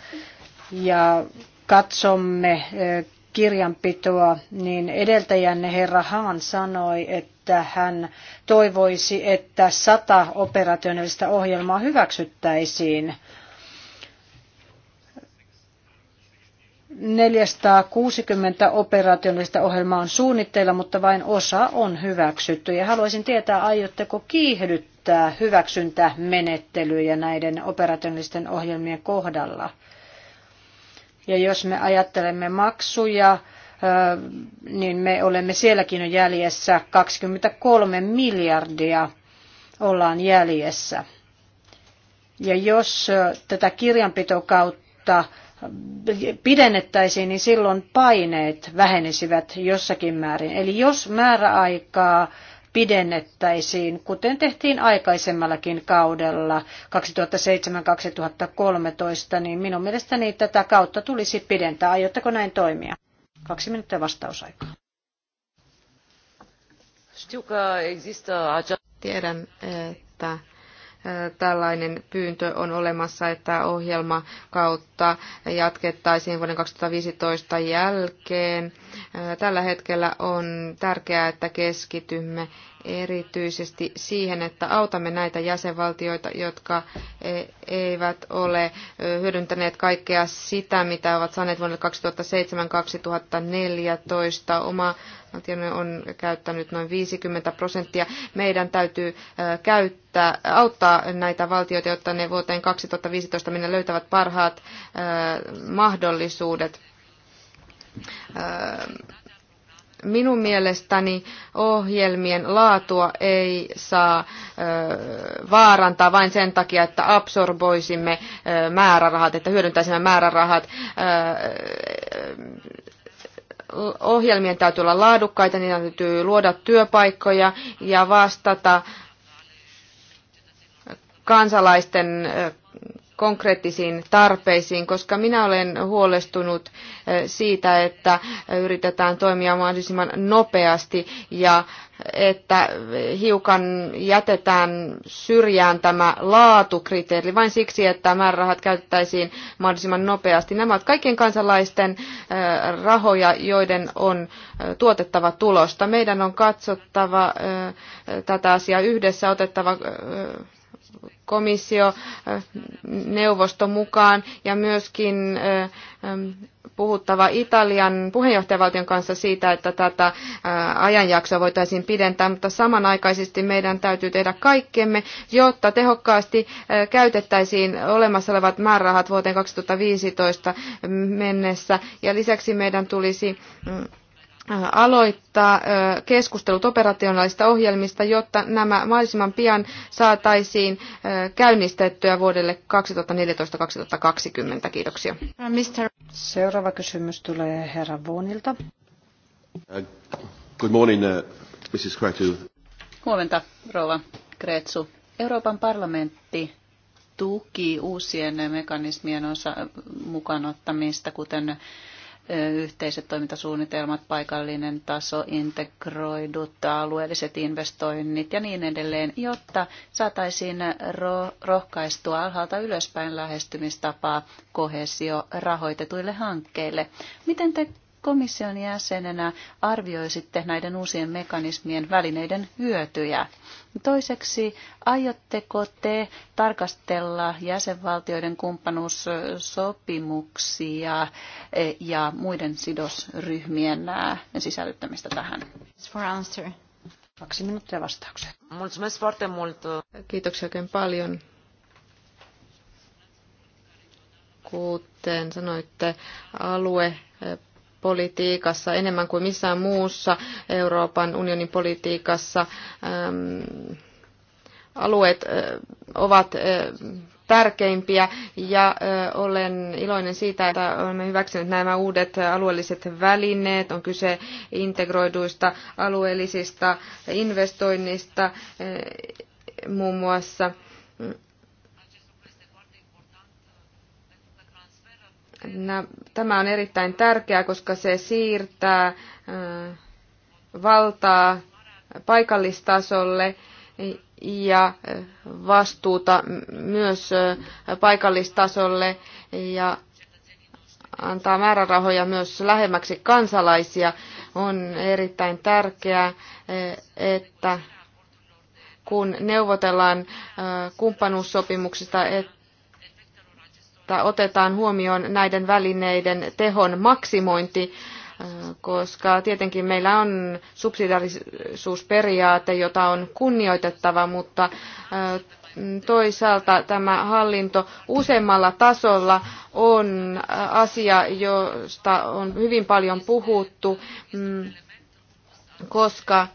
ja katsomme kirjanpitoa, niin edeltäjänne herra Haan sanoi, että hän toivoisi, että sata operationaalista ohjelmaa hyväksyttäisiin 460 operationaalista ohjelmaa on suunnitteilla, mutta vain osa on hyväksytty. Ja haluaisin tietää, aiotteko kiihdyttää hyväksyntämenettelyjä näiden operationaalisten ohjelmien kohdalla? Ja jos me ajattelemme maksuja, niin me olemme sielläkin jo jäljessä 23 miljardia ollaan jäljessä. Ja jos tätä kirjanpitokautta kautta pidennettäisiin, niin silloin paineet vähenisivät jossakin määrin. Eli jos määräaikaa pidennettäisiin, kuten tehtiin aikaisemmallakin kaudella 2007-2013, niin minun mielestäni tätä kautta tulisi pidentää. Aiotteko näin toimia? Kaksi minuuttia vastausaikaa. Tiedän, että tällainen pyyntö on olemassa, että ohjelma kautta jatkettaisiin vuoden 2015 jälkeen. Tällä hetkellä on tärkeää, että keskitymme erityisesti siihen, että autamme näitä jäsenvaltioita, jotka e, eivät ole e, hyödyntäneet kaikkea sitä, mitä ovat saaneet vuonna 2007-2014. Oma valtioni on käyttänyt noin 50 prosenttia. Meidän täytyy e, käyttää, auttaa näitä valtioita, jotta ne vuoteen 2015 minne löytävät parhaat mahdollisuudet. Minun mielestäni ohjelmien laatua ei saa vaarantaa vain sen takia, että absorboisimme määrärahat, että hyödyntäisimme määrärahat ohjelmien täytyy olla laadukkaita, niin täytyy luoda työpaikkoja ja vastata kansalaisten konkreettisiin tarpeisiin, koska minä olen huolestunut eh, siitä, että yritetään toimia mahdollisimman nopeasti ja että hiukan jätetään syrjään tämä laatukriteeri vain siksi, että määrärahat käytettäisiin mahdollisimman nopeasti. Nämä ovat kaikkien kansalaisten eh, rahoja, joiden on eh, tuotettava tulosta. Meidän on katsottava tätä asiaa yhdessä, otettava komissio, neuvosto mukaan ja myöskin puhuttava Italian puheenjohtajavaltion kanssa siitä, että tätä ajanjaksoa voitaisiin pidentää, mutta samanaikaisesti meidän täytyy tehdä kaikkemme, jotta tehokkaasti käytettäisiin olemassa olevat määrärahat vuoteen 2015 mennessä. Ja lisäksi meidän tulisi mm, Äh, aloittaa äh, keskustelut operationaalisista ohjelmista, jotta nämä mahdollisimman pian saataisiin äh, käynnistettyä vuodelle 2014-2020. Kiitoksia. Seuraava kysymys tulee herra Vuonilta. Good morning, uh, Mrs. Kretu. Huomenta, rouva Kretsu. Euroopan parlamentti tuki uusien mekanismien osa, mukanottamista, kuten yhteiset toimintasuunnitelmat, paikallinen taso, integroidut alueelliset investoinnit ja niin edelleen, jotta saataisiin rohkaistua alhaalta ylöspäin lähestymistapaa kohesio rahoitetuille hankkeille. Miten te komission jäsenenä arvioisitte näiden uusien mekanismien välineiden hyötyjä? Toiseksi, aiotteko te tarkastella jäsenvaltioiden kumppanuussopimuksia e, ja muiden sidosryhmien sisällyttämistä tähän? Kaksi minuuttia vastaukseen. Kiitoksia oikein paljon. Kuten sanoitte, alue politiikassa enemmän kuin missään muussa Euroopan unionin politiikassa. Ähm, alueet äh, ovat äh, tärkeimpiä ja äh, olen iloinen siitä, että olemme hyväksyneet nämä uudet alueelliset välineet. On kyse integroiduista alueellisista investoinnista muun muassa mm, Tämä on erittäin tärkeää, koska se siirtää valtaa paikallistasolle ja vastuuta myös paikallistasolle ja antaa määrärahoja myös lähemmäksi kansalaisia. On erittäin tärkeää, että kun neuvotellaan kumppanuussopimuksista, että että otetaan huomioon näiden välineiden tehon maksimointi, äh, koska tietenkin meillä on subsidiarisuusperiaate, jota on kunnioitettava, mutta äh, toisaalta tämä hallinto useammalla tasolla on äh, asia, josta on hyvin paljon puhuttu, mm, koska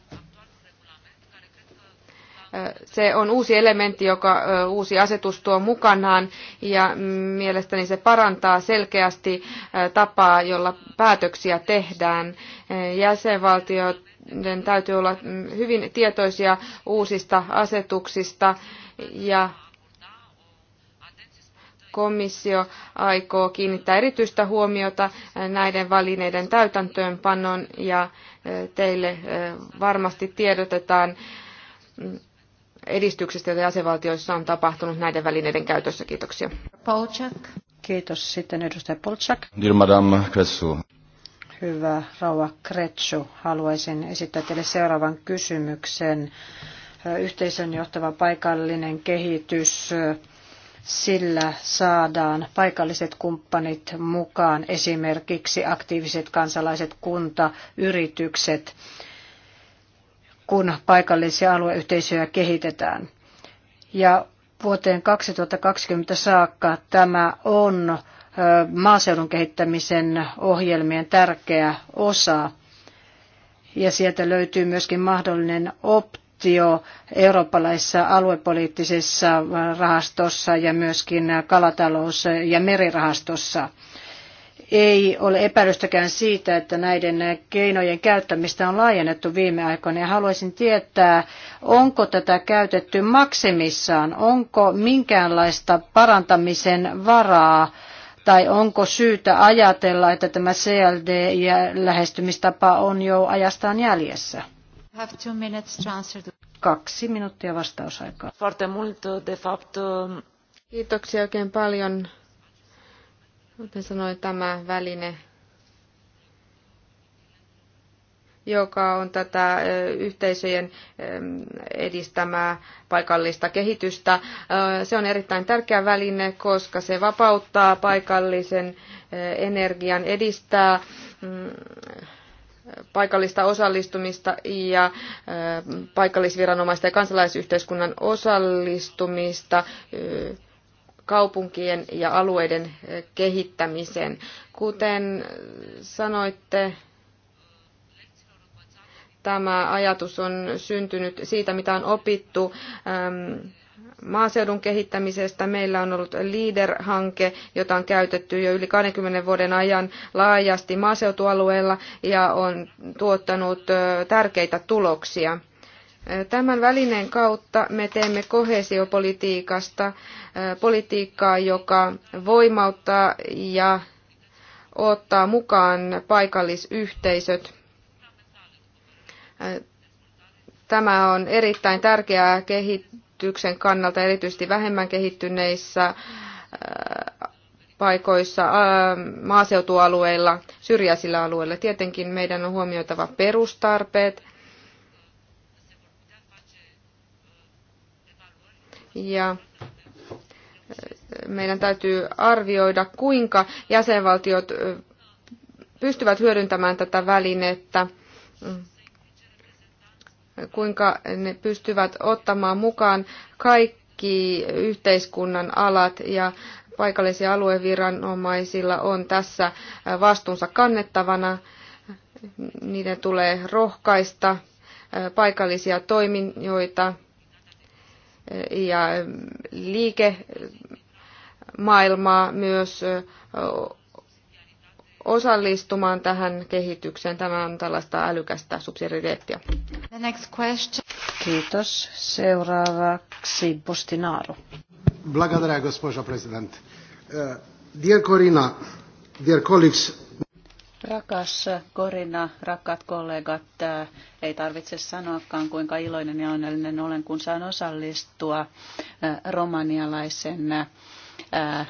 se on uusi elementti, joka uusi asetus tuo mukanaan ja mielestäni se parantaa selkeästi tapaa, jolla päätöksiä tehdään. Jäsenvaltioiden täytyy olla hyvin tietoisia uusista asetuksista ja komissio aikoo kiinnittää erityistä huomiota näiden välineiden täytäntöönpanon ja teille varmasti tiedotetaan edistyksestä, jota jäsenvaltioissa on tapahtunut näiden välineiden käytössä. Kiitoksia. Polchak. Kiitos. Sitten edustaja Polchak. Kretsu. Hyvä Rauha Kretsu. Haluaisin esittää teille seuraavan kysymyksen. Yhteisön johtava paikallinen kehitys sillä saadaan paikalliset kumppanit mukaan, esimerkiksi aktiiviset kansalaiset, kunta, yritykset kun paikallisia alueyhteisöjä kehitetään. Ja vuoteen 2020 saakka tämä on maaseudun kehittämisen ohjelmien tärkeä osa. Ja sieltä löytyy myöskin mahdollinen optio eurooppalaisessa aluepoliittisessa rahastossa ja myöskin kalatalous- ja merirahastossa – ei ole epäilystäkään siitä, että näiden keinojen käyttämistä on laajennettu viime aikoina ja haluaisin tietää, onko tätä käytetty maksimissaan, onko minkäänlaista parantamisen varaa tai onko syytä ajatella, että tämä CLD-lähestymistapa on jo ajastaan jäljessä? Kaksi minuuttia vastausaikaa. Kiitoksia oikein paljon Kuten sanoin, tämä väline, joka on tätä yhteisöjen edistämää paikallista kehitystä. Se on erittäin tärkeä väline, koska se vapauttaa paikallisen energian, edistää mm, paikallista osallistumista ja paikallisviranomaisten ja kansalaisyhteiskunnan osallistumista kaupunkien ja alueiden eh, kehittämisen. Kuten sanoitte, tämä ajatus on syntynyt siitä, mitä on opittu maaseudun kehittämisestä. Meillä on ollut LEADER-hanke, jota on käytetty jo yli 20 vuoden ajan laajasti maaseutualueella ja on tuottanut tärkeitä tuloksia. Tämän välineen kautta me teemme kohesiopolitiikasta politiikkaa, joka voimauttaa ja ottaa mukaan paikallisyhteisöt. Tämä on erittäin tärkeää kehityksen kannalta, erityisesti vähemmän kehittyneissä paikoissa, maaseutualueilla, syrjäisillä alueilla. Tietenkin meidän on huomioitava perustarpeet – ja äh, meidän täytyy arvioida, kuinka jäsenvaltiot pystyvät hyödyntämään tätä välinettä, mm, kuinka ne pystyvät ottamaan mukaan kaikki yhteiskunnan alat ja paikallisia alueviranomaisilla on tässä äh, vastuunsa kannettavana. Niiden tulee rohkaista äh, paikallisia toimijoita ja liikemaailmaa myös osallistumaan tähän kehitykseen. Tämä on tällaista älykästä subsidiariteettia. The next question. Kiitos. Seuraavaksi Bostinaru. Благодаря, госпожа президент. Dear Corina, dear colleagues, Rakas Korina, rakkaat kollegat, ei tarvitse sanoakaan kuinka iloinen ja onnellinen olen, kun saan osallistua äh, romanialaisen äh,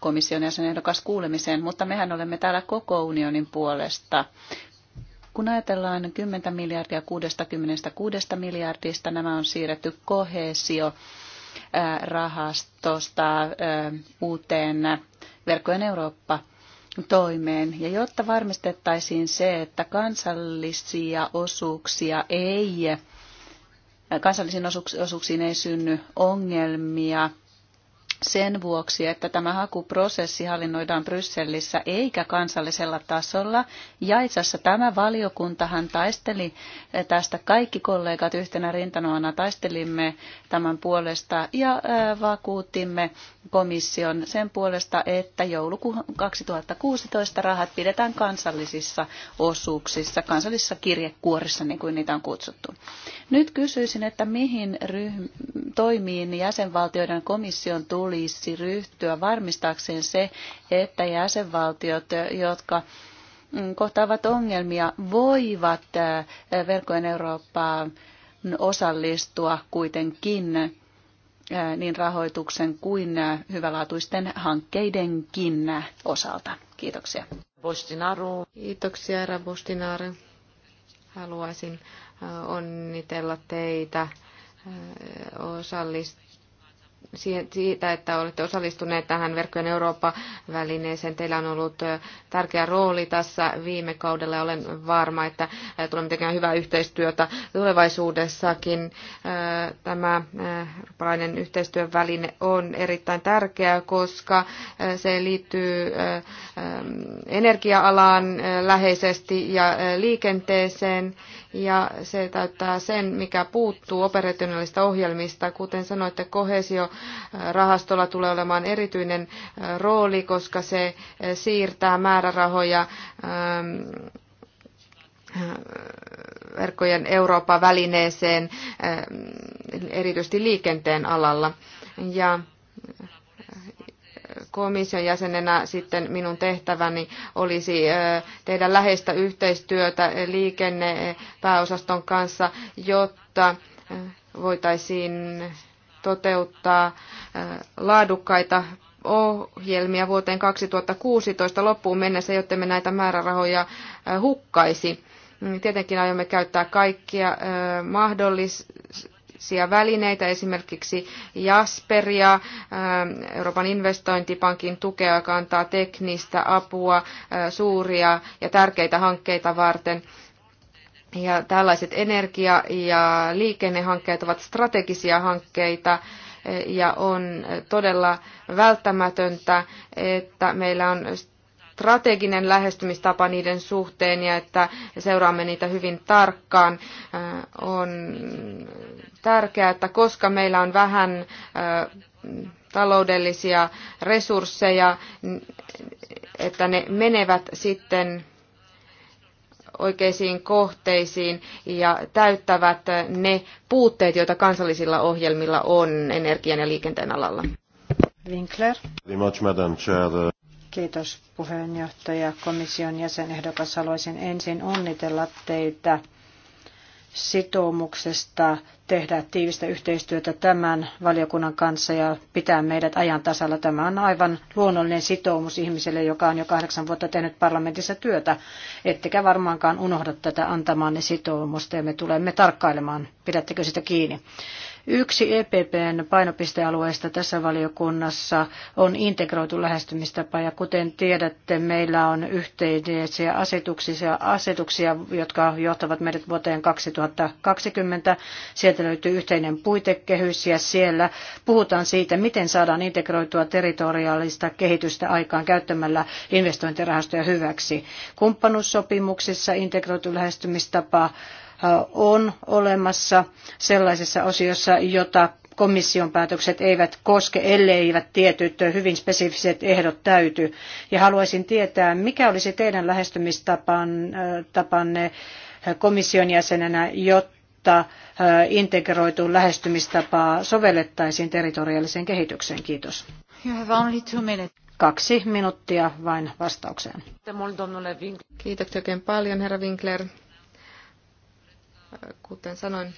komission jäsenehdokas kuulemiseen, mutta mehän olemme täällä koko unionin puolesta. Kun ajatellaan 10 miljardia 66 miljardista, nämä on siirretty kohesio äh, rahastosta uuteen verkkojen Eurooppa toimeen. Ja jotta varmistettaisiin se, että kansallisia osuuksia ei, kansallisiin osuuksiin ei synny ongelmia, sen vuoksi, että tämä hakuprosessi hallinnoidaan Brysselissä eikä kansallisella tasolla. Ja itse asiassa tämä valiokuntahan taisteli eh, tästä kaikki kollegat yhtenä rintanoana taistelimme tämän puolesta ja eh, vakuutimme komission sen puolesta, että joulukuun 2016 rahat pidetään kansallisissa osuuksissa, kansallisissa kirjekuorissa, niin kuin niitä on kutsuttu. Nyt kysyisin, että mihin ryhm- toimiin jäsenvaltioiden komission tuli tulisi ryhtyä varmistaakseen se, että jäsenvaltiot, jotka mm, kohtaavat ongelmia, voivat verkkojen Eurooppaan osallistua kuitenkin niin rahoituksen kuin hyvälaatuisten hankkeidenkin osalta. Kiitoksia. Bostinaru. Kiitoksia, herra Bostinaru. Haluaisin onnitella teitä osallist siitä, että olette osallistuneet tähän Verkkojen Eurooppa-välineeseen. Teillä on ollut tärkeä rooli tässä viime kaudella ja olen varma, että tulemme tekemään hyvää yhteistyötä tulevaisuudessakin. Tämä eurooppalainen yhteistyön väline on erittäin tärkeä, koska se liittyy energia-alaan läheisesti ja liikenteeseen ja se täyttää sen, mikä puuttuu operationaalista ohjelmista. Kuten sanoitte, kohesio rahastolla tulee olemaan erityinen rooli, koska se siirtää määrärahoja verkkojen Euroopan välineeseen, erityisesti liikenteen alalla. Ja komission jäsenenä sitten minun tehtäväni olisi tehdä läheistä yhteistyötä liikennepääosaston kanssa, jotta voitaisiin toteuttaa äh, laadukkaita ohjelmia vuoteen 2016 loppuun mennessä, jotta me näitä määrärahoja äh, hukkaisi. Mm, tietenkin aiomme käyttää kaikkia äh, mahdollisia välineitä, esimerkiksi Jasperia, Euroopan investointipankin tukea, joka antaa teknistä apua suuria ja tärkeitä hankkeita varten. Ja tällaiset energia- ja liikennehankkeet ovat strategisia hankkeita ja on todella välttämätöntä, että meillä on strateginen lähestymistapa niiden suhteen ja että seuraamme niitä hyvin tarkkaan. On tärkeää, että koska meillä on vähän taloudellisia resursseja, että ne menevät sitten oikeisiin kohteisiin ja täyttävät ne puutteet, joita kansallisilla ohjelmilla on energian ja liikenteen alalla. Winkler. Kiitos puheenjohtaja. Komission jäsenehdokas haluaisin ensin onnitella teitä sitoumuksesta tehdä tiivistä yhteistyötä tämän valiokunnan kanssa ja pitää meidät ajan tasalla. Tämä on aivan luonnollinen sitoumus ihmiselle, joka on jo kahdeksan vuotta tehnyt parlamentissa työtä. Ettekä varmaankaan unohda tätä antamaanne sitoumusta ja me tulemme tarkkailemaan, pidättekö sitä kiinni. Yksi EPPn painopistealueista tässä valiokunnassa on integroitu lähestymistapa ja kuten tiedätte, meillä on yhteisiä asetuksia, asetuksia jotka johtavat meidät vuoteen 2020. Sieltä löytyy yhteinen puitekehys ja siellä puhutaan siitä, miten saadaan integroitua territoriaalista kehitystä aikaan käyttämällä investointirahastoja hyväksi. Kumppanuussopimuksissa integroitu lähestymistapa on olemassa sellaisessa osiossa, jota komission päätökset eivät koske, elleivät tietyt hyvin spesifiset ehdot täyty. Ja haluaisin tietää, mikä olisi teidän lähestymistapanne komission jäsenenä, jotta integroitu lähestymistapaa sovellettaisiin territoriaaliseen kehitykseen. Kiitos. Kaksi minuuttia vain vastaukseen. Kiitoksia oikein paljon, herra Winkler. Kuten sanoin,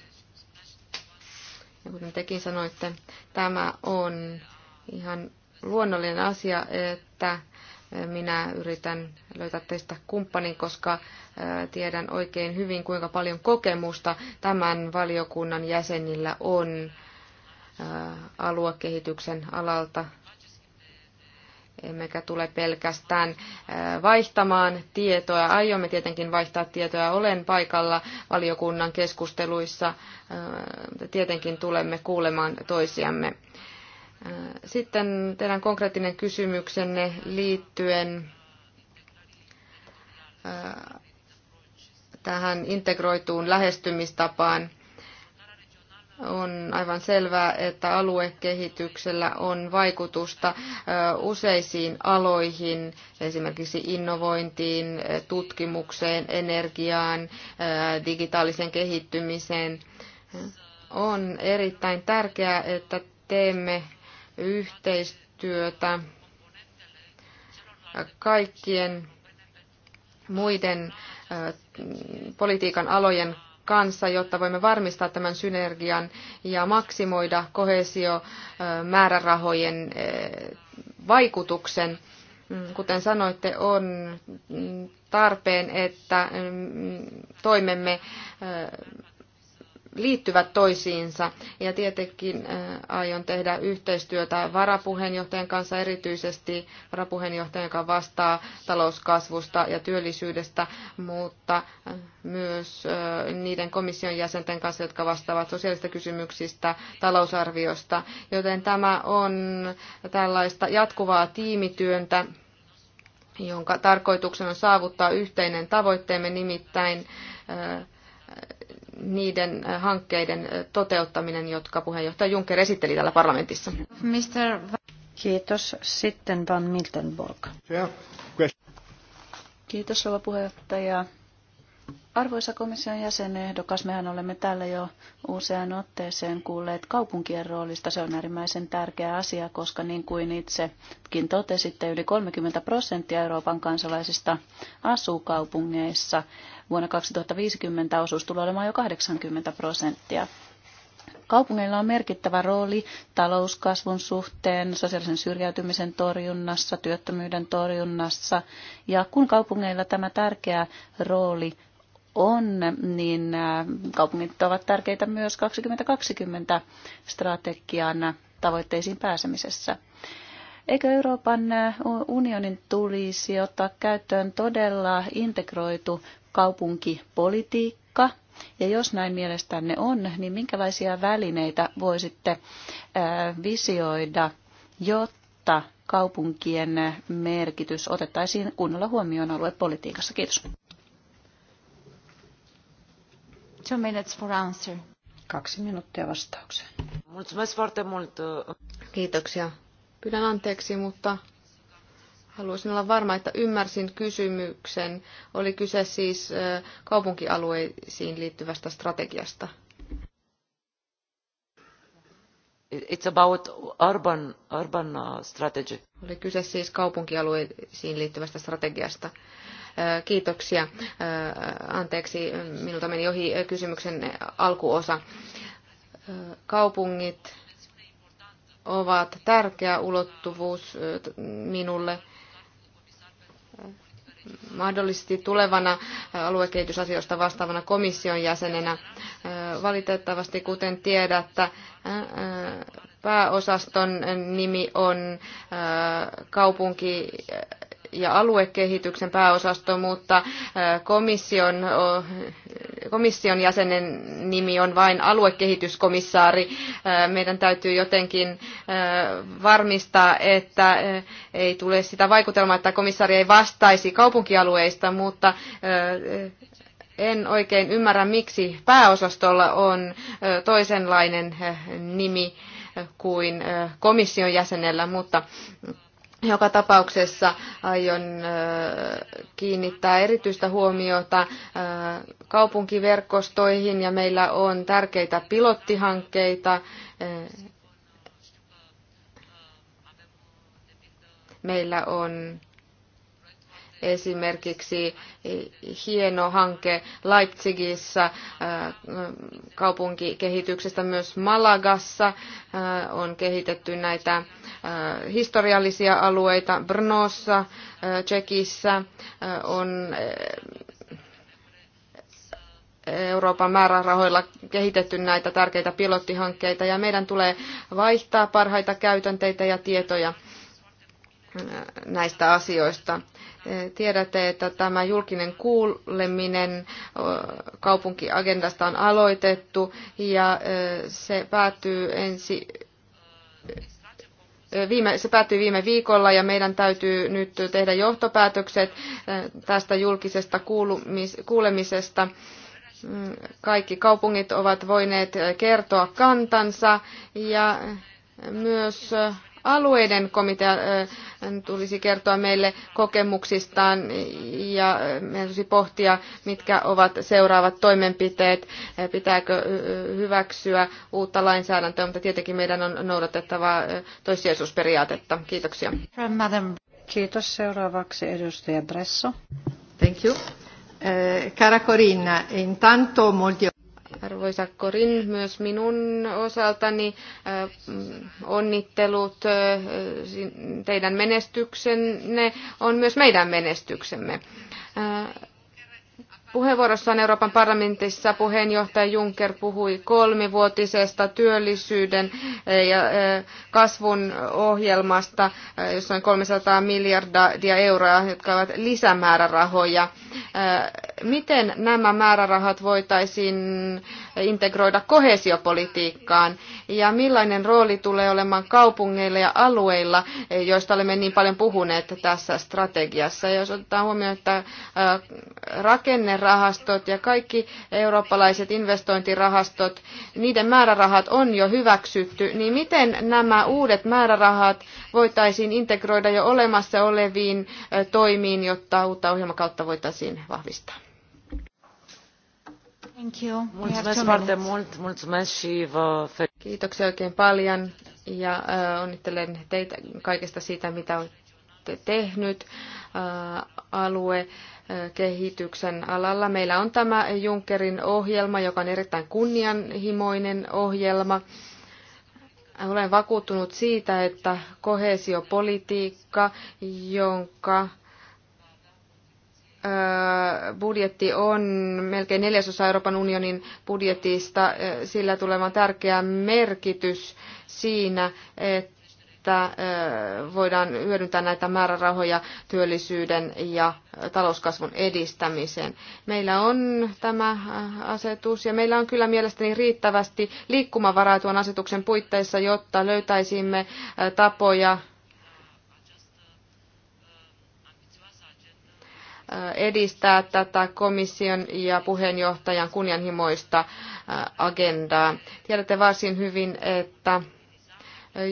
ja kuten tekin sanoitte, tämä on ihan luonnollinen asia, että minä yritän löytää teistä kumppanin, koska tiedän oikein hyvin, kuinka paljon kokemusta tämän valiokunnan jäsenillä on aluekehityksen alalta emmekä tule pelkästään äh, vaihtamaan tietoa. Aiomme tietenkin vaihtaa tietoa. Olen paikalla valiokunnan keskusteluissa. Äh, tietenkin tulemme kuulemaan toisiamme. Äh, sitten teidän konkreettinen kysymyksenne liittyen tähän integroituun lähestymistapaan on aivan selvää, että aluekehityksellä on vaikutusta useisiin aloihin, esimerkiksi innovointiin, tutkimukseen, energiaan, digitaaliseen kehittymiseen. On erittäin tärkeää, että teemme yhteistyötä kaikkien muiden politiikan alojen kanssa, jotta voimme varmistaa tämän synergian ja maksimoida kohesiomäärärahojen eh, vaikutuksen. Mm, kuten sanoitte, on tarpeen, että mm, toimemme eh, liittyvät toisiinsa. Ja tietenkin äh, aion tehdä yhteistyötä varapuheenjohtajan kanssa, erityisesti varapuheenjohtajan, joka vastaa talouskasvusta ja työllisyydestä, mutta äh, myös äh, niiden komission jäsenten kanssa, jotka vastaavat sosiaalista kysymyksistä, talousarviosta. Joten tämä on tällaista jatkuvaa tiimityöntä jonka tarkoituksena on saavuttaa yhteinen tavoitteemme, nimittäin niiden äh, hankkeiden äh, toteuttaminen, jotka puheenjohtaja Juncker esitteli täällä parlamentissa. Mister... Kiitos. Sitten Van Miltenborg. Kiitos rouva puheenjohtaja. Arvoisa komission jäsenehdokas, mehän olemme täällä jo useaan otteeseen kuulleet kaupunkien roolista. Se on äärimmäisen tärkeä asia, koska niin kuin itsekin totesitte, yli 30 prosenttia Euroopan kansalaisista asuu kaupungeissa. Vuonna 2050 osuus tulee olemaan jo 80 prosenttia. Kaupungeilla on merkittävä rooli talouskasvun suhteen, sosiaalisen syrjäytymisen torjunnassa, työttömyyden torjunnassa. Ja kun kaupungeilla tämä tärkeä rooli on, niin äh, kaupungit ovat tärkeitä myös 2020 strategian tavoitteisiin pääsemisessä. Eikö Euroopan äh, unionin tulisi ottaa käyttöön todella integroitu kaupunkipolitiikka? Ja jos näin mielestänne on, niin minkälaisia välineitä voisitte äh, visioida, jotta kaupunkien merkitys otettaisiin kunnolla huomioon aluepolitiikassa? Kiitos. Two minutes for answer. Kaksi minuuttia vastaukseen. Kiitoksia. Pyydän anteeksi, mutta haluaisin olla varma, että ymmärsin kysymyksen. Oli kyse siis kaupunkialueisiin liittyvästä strategiasta. It's about urban, urban uh, strategy. Oli kyse siis kaupunkialueisiin liittyvästä strategiasta. Kiitoksia. Anteeksi, minulta meni ohi kysymyksen alkuosa. Kaupungit ovat tärkeä ulottuvuus minulle mahdollisesti tulevana aluekehitysasioista vastaavana komission jäsenenä. Valitettavasti, kuten tiedätte, pääosaston nimi on kaupunki ja aluekehityksen pääosasto, mutta komission, komission jäsenen nimi on vain aluekehityskomissaari. Meidän täytyy jotenkin varmistaa, että ei tule sitä vaikutelmaa, että komissaari ei vastaisi kaupunkialueista, mutta en oikein ymmärrä, miksi pääosastolla on toisenlainen nimi kuin komission jäsenellä, mutta joka tapauksessa aion kiinnittää erityistä huomiota kaupunkiverkostoihin ja meillä on tärkeitä pilottihankkeita. Meillä on Esimerkiksi hieno hanke Leipzigissä äh, kaupunkikehityksestä myös Malagassa äh, on kehitetty näitä äh, historiallisia alueita. Brnossa, Tsekissä on Euroopan määrärahoilla kehitetty näitä tärkeitä pilottihankkeita ja meidän tulee vaihtaa parhaita käytänteitä ja tietoja näistä asioista. Tiedätte, että tämä julkinen kuuleminen kaupunkiagendasta on aloitettu ja se päättyy ensi Viime, se päättyi viime viikolla ja meidän täytyy nyt tehdä johtopäätökset tästä julkisesta kuulumis, kuulemisesta. Kaikki kaupungit ovat voineet kertoa kantansa ja myös alueiden komitea tulisi kertoa meille kokemuksistaan ja meidän tulisi pohtia, mitkä ovat seuraavat toimenpiteet, pitääkö hyväksyä uutta lainsäädäntöä, mutta tietenkin meidän on noudatettava toissijaisuusperiaatetta. Kiitoksia. Kiitos. Seuraavaksi edustaja Bresso. Thank you. Eh, cara Corinna, intanto molti... Arvoisa Korin, myös minun osaltani äh, onnittelut äh, teidän menestyksenne on myös meidän menestyksemme. Äh, puheenvuorossaan Euroopan parlamentissa puheenjohtaja Juncker puhui kolmivuotisesta työllisyyden ja kasvun ohjelmasta, jossa on 300 miljardia euroa, jotka ovat lisämäärärahoja miten nämä määrärahat voitaisiin integroida kohesiopolitiikkaan ja millainen rooli tulee olemaan kaupungeilla ja alueilla, joista olemme niin paljon puhuneet tässä strategiassa. Jos otetaan huomioon, että rakennerahastot ja kaikki eurooppalaiset investointirahastot, niiden määrärahat on jo hyväksytty, niin miten nämä uudet määrärahat voitaisiin integroida jo olemassa oleviin toimiin, jotta uutta ohjelmakautta voitaisiin vahvistaa? Mulțumesc foarte mult, mulțumesc și vă felicit. Kiitoksia oikein paljon ja äh, onnittelen teitä kaikesta siitä, mitä olette tehnyt aluekehityksen äh, alue äh, kehityksen alalla. Meillä on tämä Junckerin ohjelma, joka on erittäin kunnianhimoinen ohjelma. Olen vakuuttunut siitä, että kohesiopolitiikka, jonka budjetti on melkein neljäsosa Euroopan unionin budjetista. Sillä tulevan tärkeä merkitys siinä, että voidaan hyödyntää näitä määrärahoja työllisyyden ja talouskasvun edistämiseen. Meillä on tämä asetus ja meillä on kyllä mielestäni riittävästi liikkumavaraa tuon asetuksen puitteissa, jotta löytäisimme tapoja edistää tätä komission ja puheenjohtajan kunnianhimoista agendaa. Tiedätte varsin hyvin, että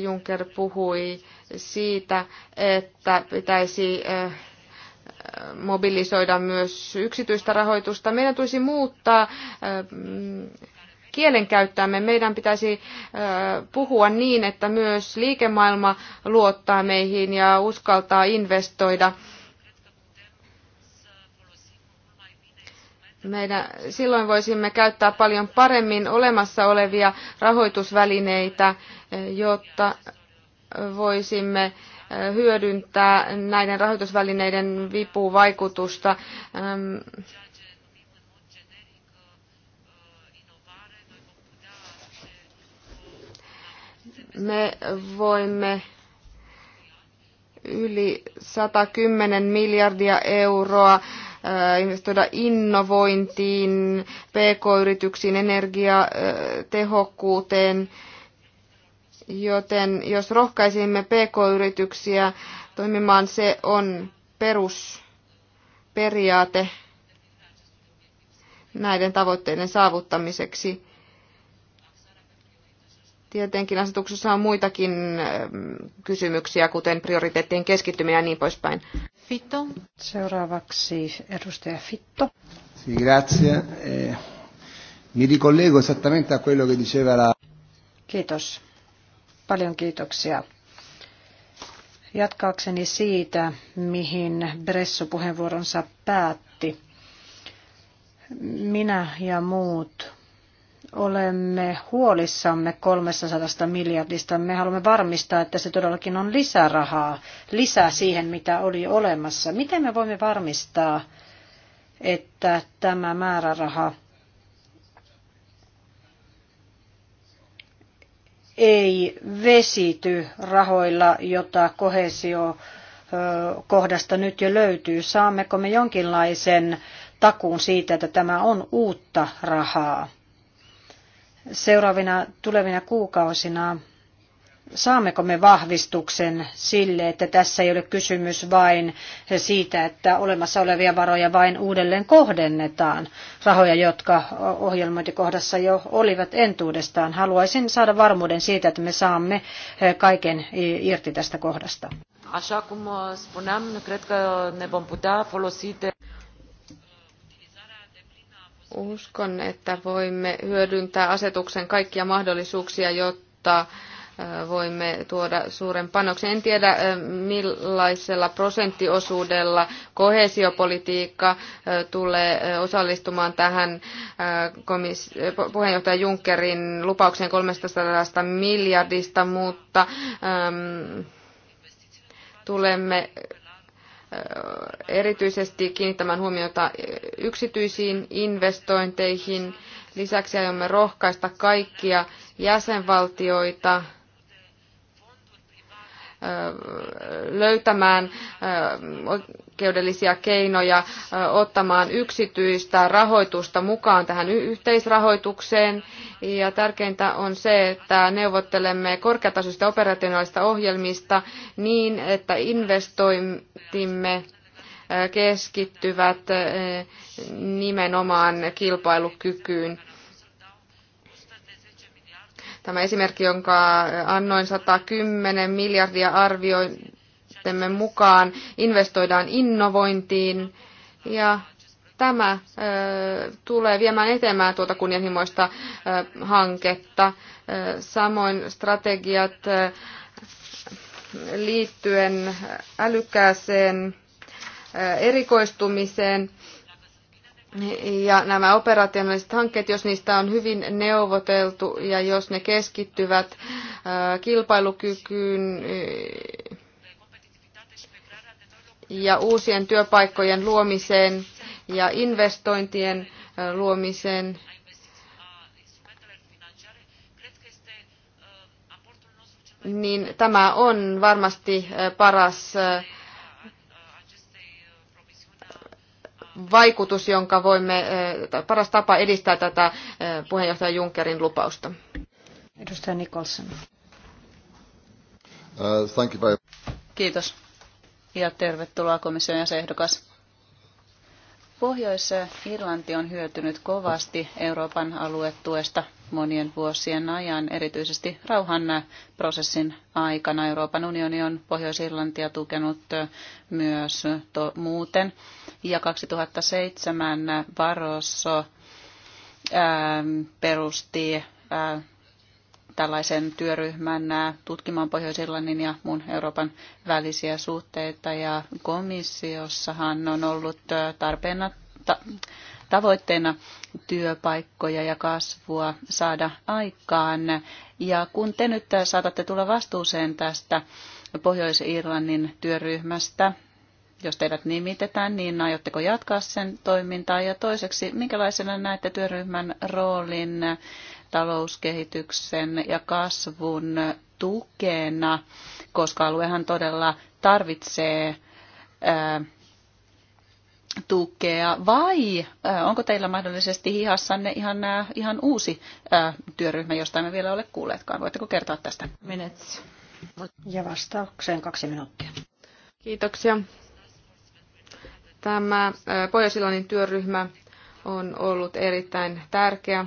Juncker puhui siitä, että pitäisi mobilisoida myös yksityistä rahoitusta. Meidän tulisi muuttaa kielenkäyttämme. Meidän pitäisi puhua niin, että myös liikemaailma luottaa meihin ja uskaltaa investoida Meidän, silloin voisimme käyttää paljon paremmin olemassa olevia rahoitusvälineitä, jotta voisimme hyödyntää näiden rahoitusvälineiden vipuvaikutusta. Me voimme yli 110 miljardia euroa Äh, investoida innovointiin, pk-yrityksiin, energiatehokkuuteen. Joten jos rohkaisimme pk-yrityksiä toimimaan, se on perusperiaate näiden tavoitteiden saavuttamiseksi. Tietenkin asetuksessa on muitakin ähm, kysymyksiä, kuten prioriteettien keskittyminen ja niin poispäin. Fitto. Seuraavaksi edustaja Fitto. Sì, grazie. Eh, mi ricollego esattamente a quello che diceva la... Kiitos. Paljon kiitoksia. Jatkaakseni siitä, mihin Bressu puheenvuoronsa päätti. Minä ja muut olemme huolissamme 300 miljardista. Me haluamme varmistaa, että se todellakin on lisärahaa, lisää siihen, mitä oli olemassa. Miten me voimme varmistaa, että tämä määräraha ei vesity rahoilla, jota kohesio kohdasta nyt jo löytyy. Saammeko me jonkinlaisen takuun siitä, että tämä on uutta rahaa? seuraavina tulevina kuukausina saammeko me vahvistuksen sille, että tässä ei ole kysymys vain siitä, että olemassa olevia varoja vain uudelleen kohdennetaan, rahoja, jotka ohjelmointikohdassa jo olivat entuudestaan. Haluaisin saada varmuuden siitä, että me saamme eh, kaiken irti tästä kohdasta. Așa cum spuneam, cred că ne vom putea folosi de... Uskon, että voimme hyödyntää asetuksen kaikkia mahdollisuuksia, jotta voimme tuoda suuren panoksen. En tiedä millaisella prosenttiosuudella kohesiopolitiikka tulee osallistumaan tähän puheenjohtaja Junckerin lupaukseen 300 miljardista, mutta tulemme erityisesti kiinnittämään huomiota yksityisiin investointeihin. Lisäksi aiomme rohkaista kaikkia jäsenvaltioita löytämään oikeudellisia keinoja, ottamaan yksityistä rahoitusta mukaan tähän yhteisrahoitukseen. Ja tärkeintä on se, että neuvottelemme korkeatasoisista operationaalista ohjelmista niin, että investointimme keskittyvät nimenomaan kilpailukykyyn Tämä esimerkki, jonka annoin 110 miljardia arvioitemme mukaan, investoidaan innovointiin ja tämä ö, tulee viemään eteenpäin tuota kunnianhimoista ö, hanketta. Ö, samoin strategiat ö, liittyen älykkääseen ö, erikoistumiseen ja nämä operationaaliset hankkeet, jos niistä on hyvin neuvoteltu ja jos ne keskittyvät äh, kilpailukykyyn äh, ja uusien työpaikkojen luomiseen ja investointien äh, luomiseen, niin tämä on varmasti paras vaikutus, jonka voimme, eh, paras tapa edistää tätä eh, puheenjohtaja Junckerin lupausta. Edustaja Nicholson. Uh, thank you very... Kiitos ja tervetuloa komission jäsenehdokas. Pohjois-Irlanti on hyötynyt kovasti Euroopan aluetuesta monien vuosien ajan, erityisesti rauhan prosessin aikana. Euroopan unioni on Pohjois-Irlantia tukenut myös to- muuten. Ja 2007 Varosso ähm, perusti äh, tällaisen työryhmän äh, tutkimaan Pohjois-Irlannin ja muun Euroopan välisiä suhteita. Ja komissiossahan on ollut äh, tarpeena tavoitteena työpaikkoja ja kasvua saada aikaan. Ja kun te nyt saatatte tulla vastuuseen tästä Pohjois-Irlannin työryhmästä, jos teidät nimitetään, niin aiotteko jatkaa sen toimintaa? Ja toiseksi, minkälaisena näette työryhmän roolin talouskehityksen ja kasvun tukena, koska aluehan todella tarvitsee tukea vai äh, onko teillä mahdollisesti hihassanne ihan, äh, ihan uusi äh, työryhmä, josta emme vielä ole kuulleetkaan? Voitteko kertoa tästä? Minutes. Ja vastaukseen kaksi minuuttia. Kiitoksia. Tämä pohjois työryhmä on ollut erittäin tärkeä.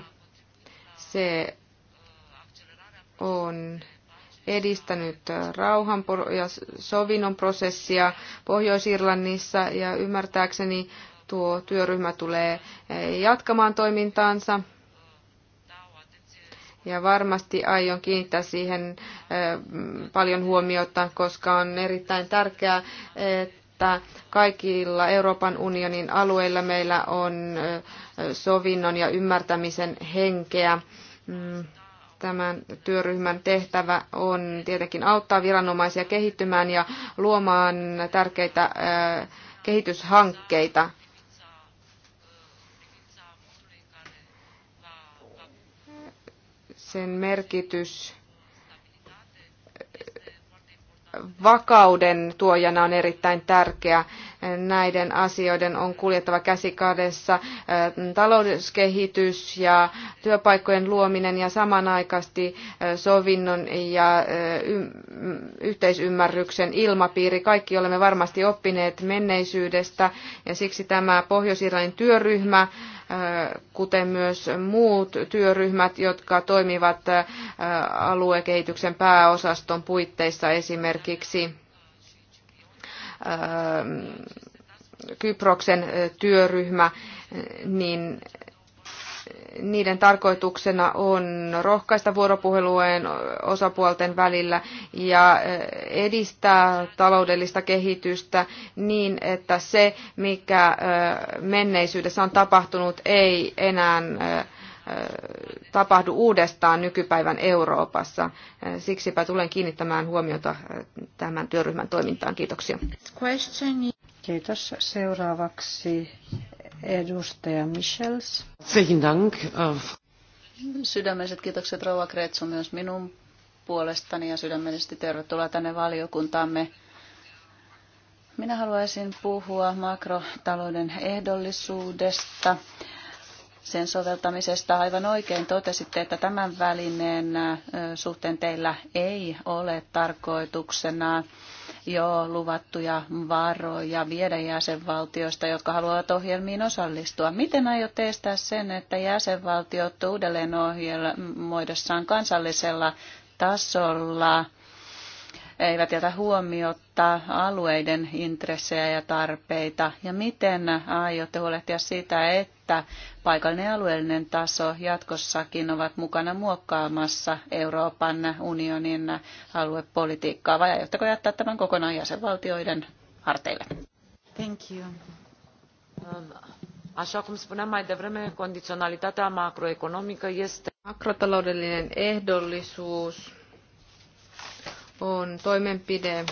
Se on edistänyt äh, rauhan ja sovinnon prosessia Pohjois-Irlannissa ja ymmärtääkseni tuo työryhmä tulee äh, jatkamaan toimintaansa. Ja varmasti aion kiinnittää siihen äh, paljon huomiota, koska on erittäin tärkeää, että kaikilla Euroopan unionin alueilla meillä on sovinnon ja ymmärtämisen henkeä. Mm. Tämän työryhmän tehtävä on tietenkin auttaa viranomaisia kehittymään ja luomaan tärkeitä kehityshankkeita. Sen merkitys vakauden tuojana on erittäin tärkeä. Näiden asioiden on kuljettava käsikadessa talouskehitys ja työpaikkojen luominen ja samanaikaisesti sovinnon ja yhteisymmärryksen ilmapiiri. Kaikki olemme varmasti oppineet menneisyydestä ja siksi tämä Pohjois-Irlannin työryhmä Äh, kuten myös muut työryhmät, jotka toimivat äh, aluekehityksen pääosaston puitteissa esimerkiksi ähm, Kyproksen äh, työryhmä, niin niiden tarkoituksena on rohkaista vuoropuhelujen osapuolten välillä ja edistää taloudellista kehitystä niin, että se, mikä menneisyydessä on tapahtunut, ei enää tapahdu uudestaan nykypäivän Euroopassa. Siksipä tulen kiinnittämään huomiota tämän työryhmän toimintaan. Kiitoksia. Kiitos. Seuraavaksi Edustaja Michels. Dank. Sydämelliset kiitokset Rouva Kretsu myös minun puolestani ja sydämellisesti tervetuloa tänne valiokuntaamme. Minä haluaisin puhua makrotalouden ehdollisuudesta, sen soveltamisesta. Aivan oikein totesitte, että tämän välineen suhteen teillä ei ole tarkoituksena jo luvattuja varoja viedä jäsenvaltioista, jotka haluavat ohjelmiin osallistua. Miten aiot estää sen, että jäsenvaltiot uudelleen ohjelmoidessaan kansallisella tasolla eivät jätä huomiota alueiden intressejä ja tarpeita? Ja miten aiotte huolehtia siitä, että että paikallinen ja alueellinen taso jatkossakin ovat mukana muokkaamassa Euroopan unionin aluepolitiikkaa, vai aiotteko jättää tämän kokonaan jäsenvaltioiden harteille? Thank you. Um, așa cum spuneam mai devreme, condiționalitatea macroeconomică este... Makrotaloudellinen ehdollisuus on toimenpide,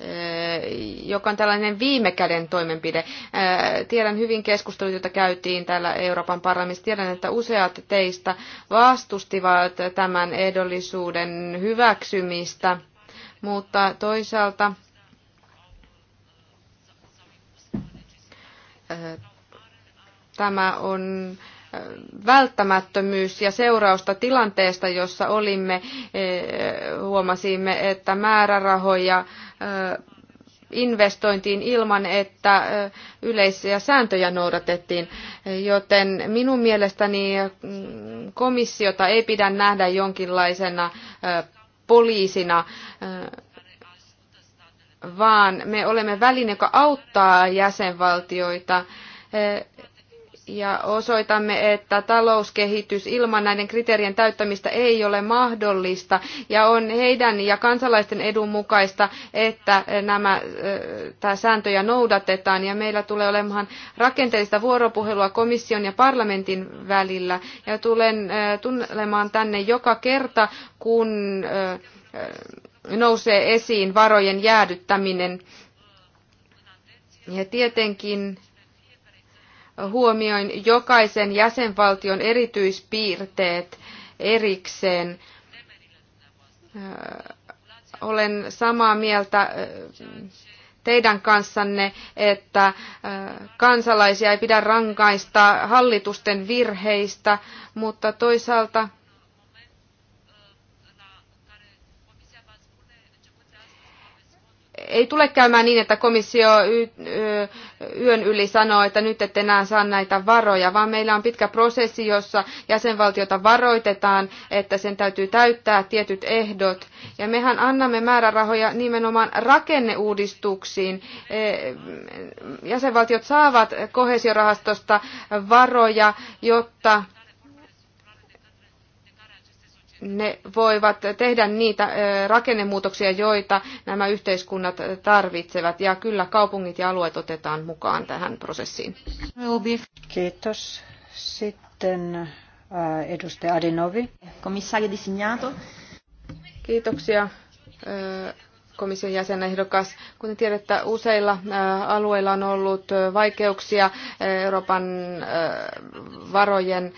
Eh, joka on tällainen viime käden toimenpide. Eh, tiedän hyvin keskustelut, joita käytiin täällä Euroopan parlamentissa. Tiedän, että useat teistä vastustivat tämän ehdollisuuden hyväksymistä, mutta toisaalta eh, tämä on välttämättömyys ja seurausta tilanteesta, jossa olimme, eh, huomasimme, että määrärahoja eh, investointiin ilman, että eh, yleisiä sääntöjä noudatettiin. Joten minun mielestäni mm, komissiota ei pidä nähdä jonkinlaisena poliisina, vaan me olemme väline, joka auttaa jäsenvaltioita ja osoitamme, että talouskehitys ilman näiden kriteerien täyttämistä ei ole mahdollista ja on heidän ja kansalaisten edun mukaista, että nämä tämä sääntöjä noudatetaan ja meillä tulee olemaan rakenteellista vuoropuhelua komission ja parlamentin välillä ja tulen tunnelemaan tänne joka kerta, kun nousee esiin varojen jäädyttäminen. Ja tietenkin huomioin jokaisen jäsenvaltion erityispiirteet erikseen. Olen samaa mieltä teidän kanssanne, että kansalaisia ei pidä rankaista hallitusten virheistä, mutta toisaalta ei tule käymään niin, että komissio yön yli sanoo, että nyt ette enää saa näitä varoja, vaan meillä on pitkä prosessi, jossa jäsenvaltiota varoitetaan, että sen täytyy täyttää tietyt ehdot. Ja mehän annamme määrärahoja nimenomaan rakenneuudistuksiin. E, jäsenvaltiot saavat kohesiorahastosta varoja, jotta ne voivat tehdä niitä rakennemuutoksia, joita nämä yhteiskunnat tarvitsevat. Ja kyllä kaupungit ja alueet otetaan mukaan tähän prosessiin. Kiitos. Sitten äh, edustaja Adinovi. Komissaari designato. Kiitoksia komission jäsenehdokas. Kuten tiedätte, useilla alueilla on ollut vaikeuksia Euroopan varojen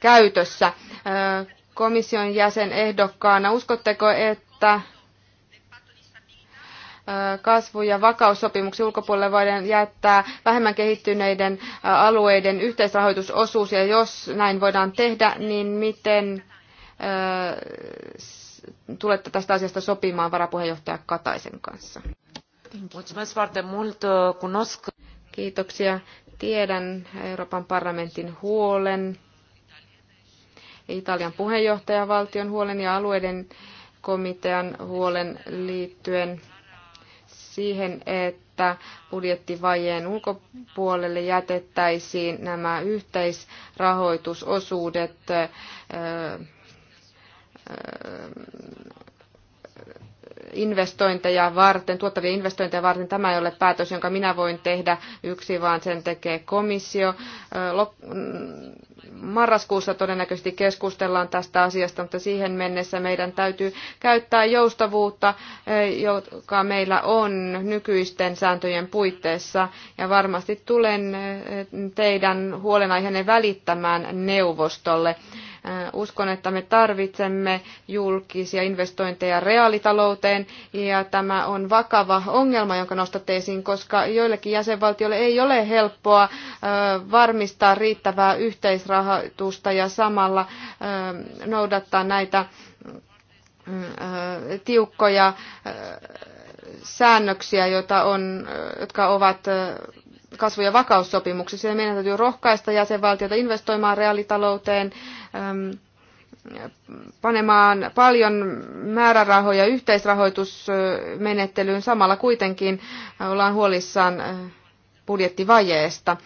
käytössä komission jäsenehdokkaana. Uskotteko, että kasvu- ja vakaussopimuksen ulkopuolelle voidaan jättää vähemmän kehittyneiden alueiden yhteisrahoitusosuus, ja jos näin voidaan tehdä, niin miten tulette tästä asiasta sopimaan varapuheenjohtaja Kataisen kanssa? Kiitoksia. Tiedän Euroopan parlamentin huolen Italian puheenjohtajavaltion huolen ja alueiden komitean huolen liittyen siihen, että budjettivajeen ulkopuolelle jätettäisiin nämä yhteisrahoitusosuudet investointeja varten, tuottavia investointeja varten. Tämä ei ole päätös, jonka minä voin tehdä yksi, vaan sen tekee komissio. Mm, marraskuussa todennäköisesti keskustellaan tästä asiasta, mutta siihen mennessä meidän täytyy käyttää joustavuutta, joka meillä on nykyisten sääntöjen puitteissa. Ja varmasti tulen teidän huolenaiheenne välittämään neuvostolle. Uskon, että me tarvitsemme julkisia investointeja reaalitalouteen ja tämä on vakava ongelma, jonka nostatte esiin, koska joillekin jäsenvaltioille ei ole helppoa varmistaa riittävää yhteisrahoitusta ja samalla noudattaa näitä tiukkoja säännöksiä, jotka ovat kasvu- ja vakaussopimuksessa. Ja meidän täytyy rohkaista jäsenvaltioita investoimaan reaalitalouteen, panemaan paljon määrärahoja yhteisrahoitusmenettelyyn. Samalla kuitenkin ollaan huolissaan budjettivajeesta.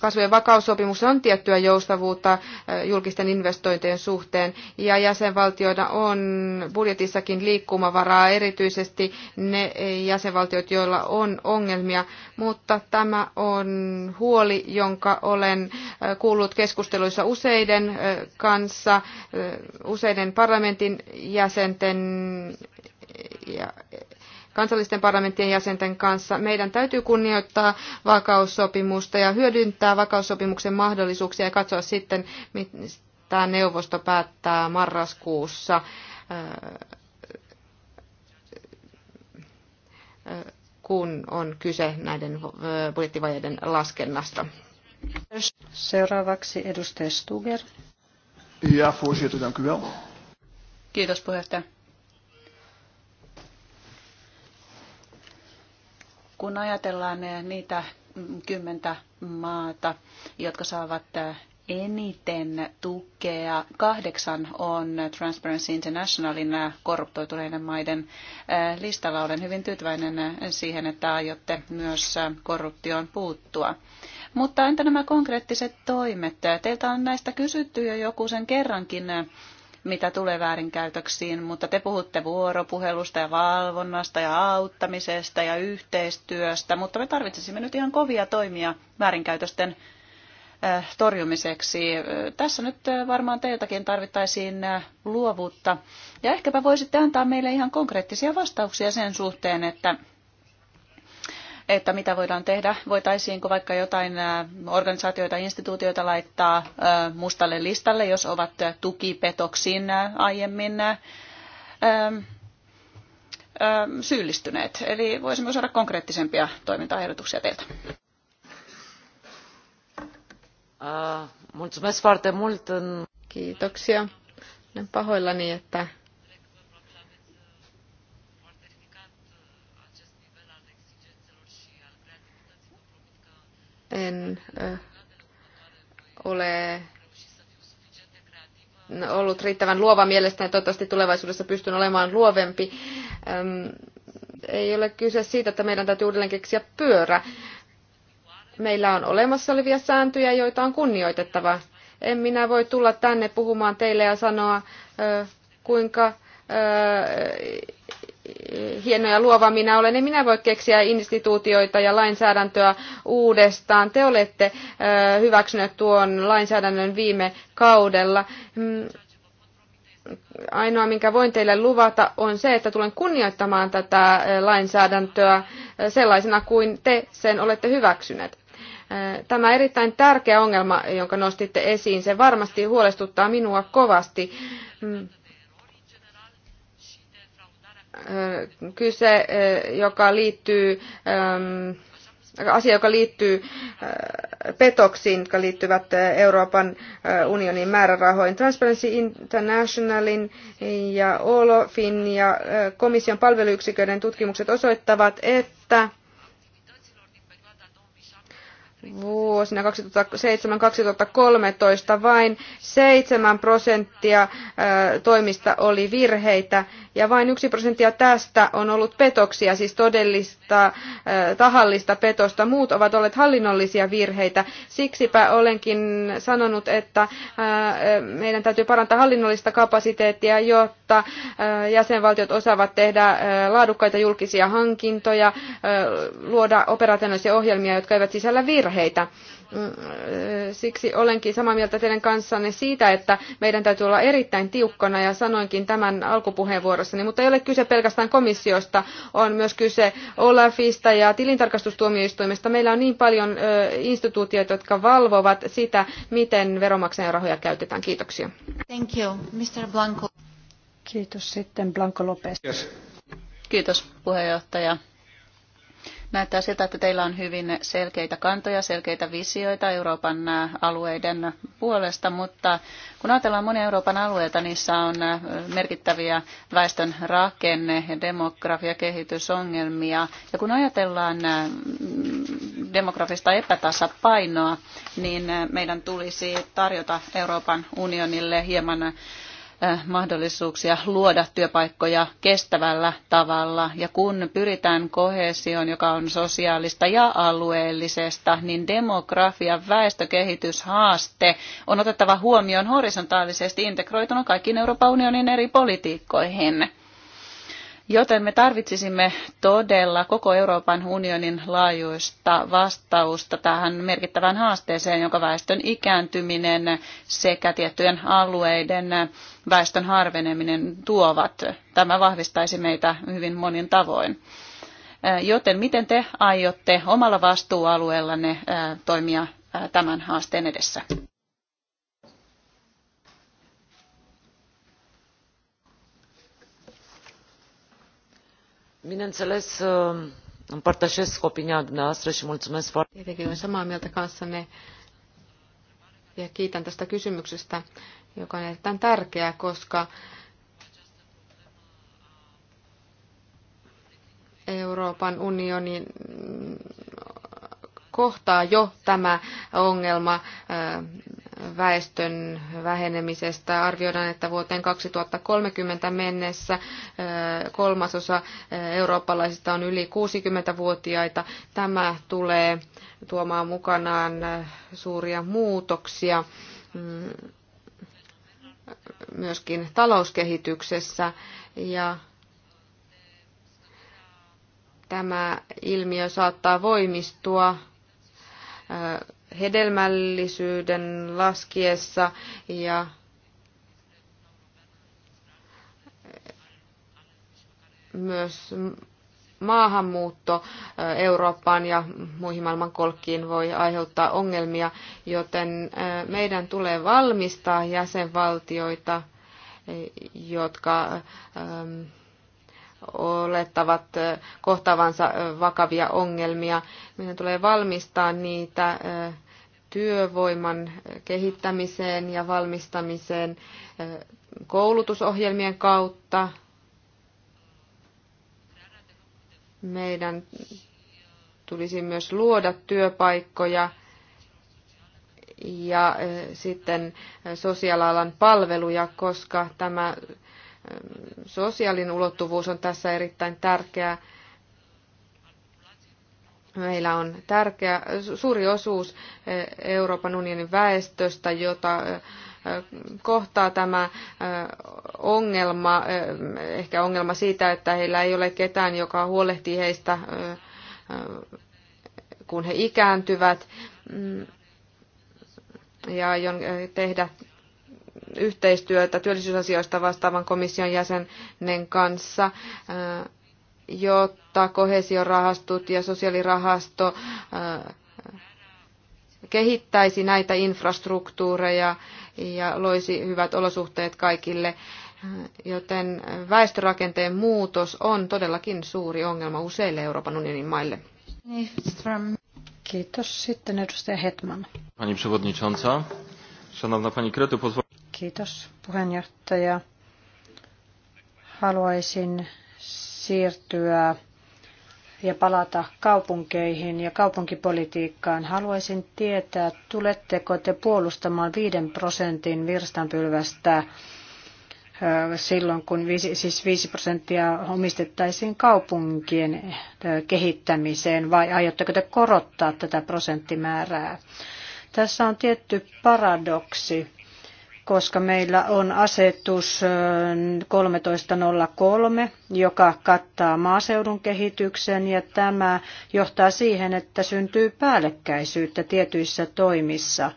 Kasvujen vakaussopimus on tiettyä joustavuutta julkisten investointien suhteen ja jäsenvaltioita on budjetissakin liikkumavaraa, erityisesti ne jäsenvaltiot, joilla on ongelmia, mutta tämä on huoli, jonka olen kuullut keskusteluissa useiden kanssa, useiden parlamentin jäsenten ja kansallisten parlamenttien jäsenten kanssa. Meidän täytyy kunnioittaa vakaussopimusta ja hyödyntää vakaussopimuksen mahdollisuuksia ja katsoa sitten, mitä neuvosto päättää marraskuussa kun on kyse näiden äh, budjettivajeiden laskennasta. Seuraavaksi edustaja Stuger. Ja, wel. Kiitos puheenjohtaja. Kun ajatellaan eh, niitä mm, kymmentä maata, jotka saavat eh, eniten tukea. Kahdeksan on Transparency Internationalin eh, korruptoituneiden maiden listalla. Olen hyvin tyytyväinen siihen, että aiotte myös korruptioon puuttua. Mutta entä nämä konkreettiset toimet? Teiltä on näistä kysytty jo joku sen kerrankin mitä tulee väärinkäytöksiin, mutta te puhutte vuoropuhelusta ja valvonnasta ja auttamisesta ja yhteistyöstä, mutta me tarvitsisimme nyt ihan kovia toimia väärinkäytösten äh, torjumiseksi. Äh, tässä nyt äh, varmaan teiltäkin tarvittaisiin luovuutta. Ja ehkäpä voisitte antaa meille ihan konkreettisia vastauksia sen suhteen, että että mitä voidaan tehdä. Voitaisiinko vaikka jotain organisaatioita, instituutioita laittaa mustalle listalle, jos ovat tukipetoksiin aiemmin syyllistyneet. Eli voisimme saada konkreettisempia toimintaehdotuksia teiltä. Kiitoksia. Olen pahoillani, että ole ollut riittävän luova mielestäni ja toivottavasti tulevaisuudessa pystyn olemaan luovempi. Ähm, ei ole kyse siitä, että meidän täytyy uudelleen keksiä pyörä. Meillä on olemassa olevia sääntöjä, joita on kunnioitettava. En minä voi tulla tänne puhumaan teille ja sanoa, äh, kuinka äh, hieno ja luova minä olen, niin minä voi keksiä instituutioita ja lainsäädäntöä uudestaan. Te olette hyväksyneet tuon lainsäädännön viime kaudella. Mm, ainoa, minkä voin teille luvata, on se, että tulen kunnioittamaan tätä lainsäädäntöä sellaisena kuin te sen olette hyväksyneet. Tämä erittäin tärkeä ongelma, jonka nostitte esiin, se varmasti huolestuttaa minua kovasti. Mm kyse, joka liittyy asia, joka liittyy petoksiin, jotka liittyvät Euroopan unionin määrärahoihin. Transparency Internationalin ja Olofin ja komission palveluyksiköiden tutkimukset osoittavat, että vuosina 2007-2013 vain 7 prosenttia toimista oli virheitä ja vain 1 prosenttia tästä on ollut petoksia, siis todellista tahallista petosta. Muut ovat olleet hallinnollisia virheitä. Siksipä olenkin sanonut, että meidän täytyy parantaa hallinnollista kapasiteettia, jotta jäsenvaltiot osaavat tehdä laadukkaita julkisia hankintoja, luoda operationaalisia ohjelmia, jotka eivät sisällä virheitä virheitä. Mm, äh, siksi olenkin samaa mieltä teidän kanssanne siitä, että meidän täytyy olla erittäin tiukkana ja sanoinkin tämän alkupuheenvuorossani, mutta ei ole kyse pelkästään komissiosta, on myös kyse Olafista ja tilintarkastustuomioistuimesta. Meillä on niin paljon äh, instituutioita, jotka valvovat sitä, miten veromaksajan rahoja käytetään. Kiitoksia. Thank you. Mr. Blanco. Kiitos sitten Blanco Lopez. Yes. Kiitos puheenjohtaja. Näyttää siltä, että teillä on hyvin selkeitä kantoja, selkeitä visioita Euroopan äh, alueiden puolesta, mutta kun ajatellaan monia Euroopan alueita, niissä on äh, merkittäviä väestön rakenne- ja demografiakehitysongelmia. Ja kun ajatellaan äh, demografista epätasapainoa, niin meidän tulisi tarjota Euroopan unionille hieman mahdollisuuksia luoda työpaikkoja kestävällä tavalla. Ja kun pyritään kohesioon, joka on sosiaalista ja alueellisesta, niin demografian väestökehityshaaste on otettava huomioon horisontaalisesti integroituna kaikkiin Euroopan unionin eri politiikkoihin. Joten me tarvitsisimme todella koko Euroopan unionin laajuista vastausta tähän merkittävään haasteeseen, jonka väestön ikääntyminen sekä tiettyjen alueiden väestön harveneminen tuovat. Tämä vahvistaisi meitä hyvin monin tavoin. Joten miten te aiotte omalla vastuualueellanne toimia tämän haasteen edessä? Bineînțeles, um, împărtășesc opinia dumneavoastră și mulțumesc foarte mult. Tietenkin olen samaa mieltä kanssanne ja kiitän tästä kysymyksestä, joka on erittäin tärkeä, koska Euroopan unioni kohtaa jo tämä ongelma väestön vähenemisestä. Arvioidaan, että vuoteen 2030 mennessä kolmasosa eurooppalaisista on yli 60-vuotiaita. Tämä tulee tuomaan mukanaan suuria muutoksia mm, myöskin talouskehityksessä ja tämä ilmiö saattaa voimistua hedelmällisyyden laskiessa ja myös maahanmuutto äh, Eurooppaan ja muihin maailman kolkkiin voi aiheuttaa ongelmia, joten äh, meidän tulee valmistaa jäsenvaltioita, äh, jotka ähm, olettavat kohtavansa vakavia ongelmia. Meidän tulee valmistaa niitä työvoiman kehittämiseen ja valmistamiseen koulutusohjelmien kautta. Meidän tulisi myös luoda työpaikkoja ja sitten sosiaalialan palveluja, koska tämä sosiaalinen ulottuvuus on tässä erittäin tärkeää. Meillä on tärkeä, suuri osuus eh, Euroopan unionin väestöstä, jota eh, kohtaa tämä eh, ongelma, ehkä ongelma siitä, että heillä ei ole ketään, joka huolehtii heistä, kun he ikääntyvät mm. ja tehdä yhteistyötä työllisyysasioista vastaavan komission jäsenen kanssa, eh, jotta kohesiorahastot ja sosiaalirahasto eh, kehittäisi näitä infrastruktuureja ja loisi hyvät olosuhteet kaikille. Eh, joten väestörakenteen muutos on todellakin suuri ongelma useille Euroopan unionin maille. Kiitos. Sitten edustaja Hetman. Pani przewodnicząca, szanowna pani Kretu, pozwoli... Kiitos puheenjohtaja. Haluaisin siirtyä ja palata kaupunkeihin ja kaupunkipolitiikkaan. Haluaisin tietää, tuletteko te puolustamaan 5 prosentin virstanpylvästä silloin, kun 5, siis 5 prosenttia omistettaisiin kaupunkien kehittämiseen, vai aiotteko te korottaa tätä prosenttimäärää? Tässä on tietty paradoksi koska meillä on asetus 1303, joka kattaa maaseudun kehityksen ja tämä johtaa siihen, että syntyy päällekkäisyyttä tietyissä toimissa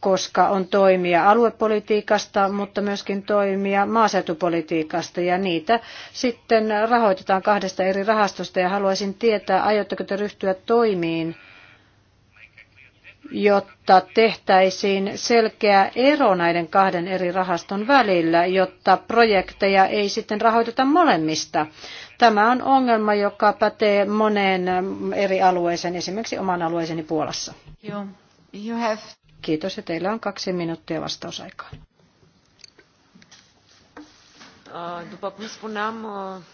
koska on toimia aluepolitiikasta, mutta myöskin toimia maaseutupolitiikasta ja niitä sitten rahoitetaan kahdesta eri rahastosta ja haluaisin tietää, aiotteko te ryhtyä toimiin jotta tehtäisiin selkeä ero näiden kahden eri rahaston välillä, jotta projekteja ei sitten rahoiteta molemmista. Tämä on ongelma, joka pätee moneen ähm, eri alueeseen, esimerkiksi oman alueeseni Puolassa. You, You have... Kiitos ja teillä on kaksi minuuttia vastausaikaa. Uh,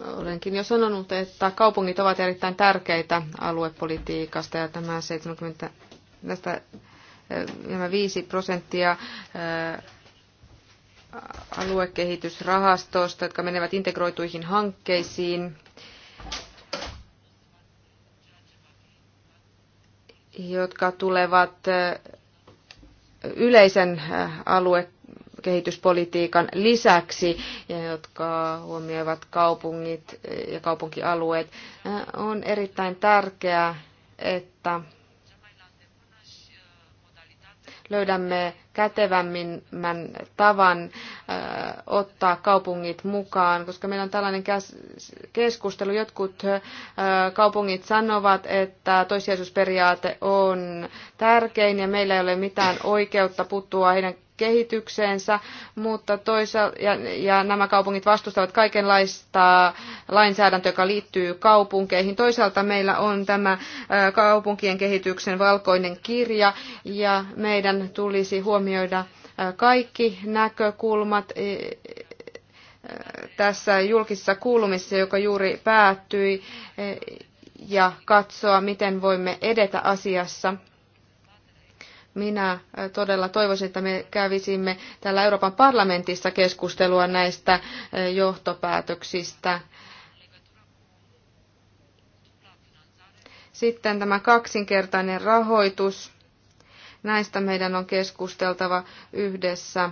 Olenkin jo sanonut, että kaupungit ovat erittäin tärkeitä aluepolitiikasta ja tämä 70, tästä, eh, nämä 5 prosenttia eh, aluekehitysrahastosta, jotka menevät integroituihin hankkeisiin. jotka tulevat eh, yleisen alue kehityspolitiikan lisäksi, ja jotka huomioivat kaupungit ja kaupunkialueet. On erittäin tärkeää, että löydämme kätevämmän tavan äh, ottaa kaupungit mukaan, koska meillä on tällainen keskustelu. Jotkut äh, kaupungit sanovat, että toissijaisuusperiaate on tärkein ja meillä ei ole mitään oikeutta puuttua heidän kehitykseensä, mutta toisaalta, ja, ja nämä kaupungit vastustavat kaikenlaista lainsäädäntöä, joka liittyy kaupunkeihin. Toisaalta meillä on tämä kaupunkien kehityksen valkoinen kirja, ja meidän tulisi huomioida kaikki näkökulmat tässä julkisessa kuulumisessa, joka juuri päättyi, ja katsoa, miten voimme edetä asiassa. Minä todella toivoisin, että me kävisimme täällä Euroopan parlamentissa keskustelua näistä johtopäätöksistä. Sitten tämä kaksinkertainen rahoitus. Näistä meidän on keskusteltava yhdessä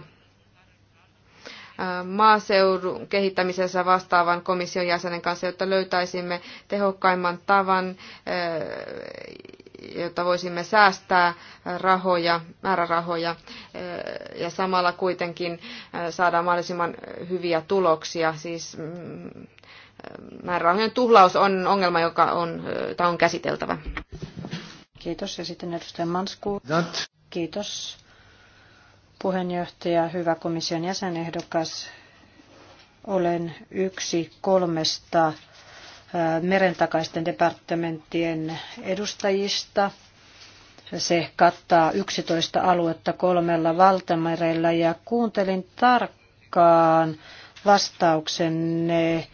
maaseudun kehittämisessä vastaavan komission jäsenen kanssa, jotta löytäisimme tehokkaimman tavan jotta voisimme säästää rahoja, määrärahoja eh, ja samalla kuitenkin eh, saada mahdollisimman hyviä tuloksia. Siis mm, eh, määrärahojen tuhlaus on ongelma, joka on, jota on käsiteltävä. Kiitos. Ja sitten edustaja Mansku. Kiitos. Puheenjohtaja, hyvä komission jäsenehdokas. Olen yksi kolmesta Äh, merentakaisten departementtien edustajista. Se kattaa 11 aluetta kolmella valtamerellä ja kuuntelin tarkkaan vastauksenne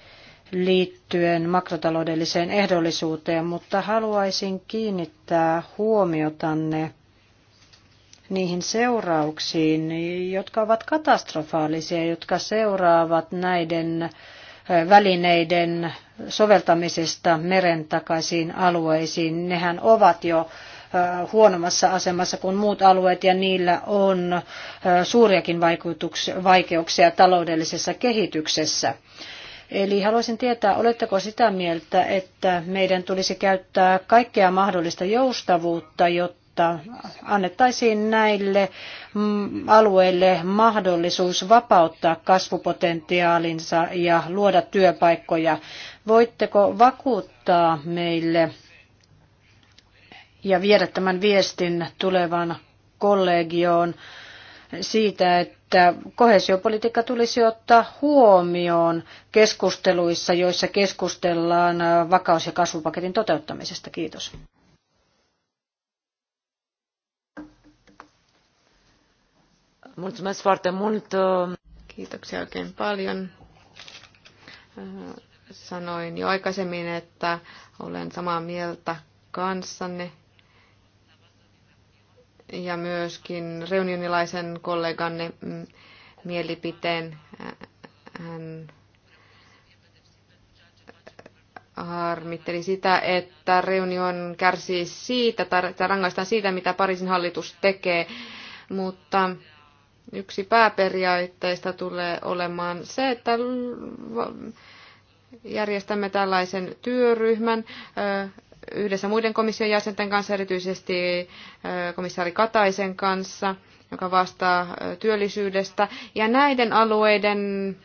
liittyen makrotaloudelliseen ehdollisuuteen, mutta haluaisin kiinnittää huomiotanne niihin seurauksiin, jotka ovat katastrofaalisia, jotka seuraavat näiden välineiden soveltamisesta meren takaisiin alueisiin. Nehän ovat jo huonommassa asemassa kuin muut alueet ja niillä on suuriakin vaikeuksia taloudellisessa kehityksessä. Eli haluaisin tietää, oletteko sitä mieltä, että meidän tulisi käyttää kaikkea mahdollista joustavuutta, jotta jotta annettaisiin näille mm, alueille mahdollisuus vapauttaa kasvupotentiaalinsa ja luoda työpaikkoja. Voitteko vakuuttaa meille ja viedä tämän viestin tulevan kollegioon siitä, että kohesiopolitiikka tulisi ottaa huomioon keskusteluissa, joissa keskustellaan vakaus- ja kasvupaketin toteuttamisesta. Kiitos. Mulțumesc foarte mult. Uh, Kiitoksia oikein paljon. Äh, sanoin jo aikaisemmin, että olen samaa mieltä kanssanne ja myöskin reunionilaisen kolleganne mm, mielipiteen. Äh, hän harmitteli sitä, että reunion kärsii siitä tai rangaistaan siitä, mitä Pariisin hallitus tekee, mutta yksi pääperiaatteista tulee olemaan se, että järjestämme tällaisen työryhmän yhdessä muiden komission jäsenten kanssa, erityisesti komissaari Kataisen kanssa, joka vastaa työllisyydestä, ja näiden alueiden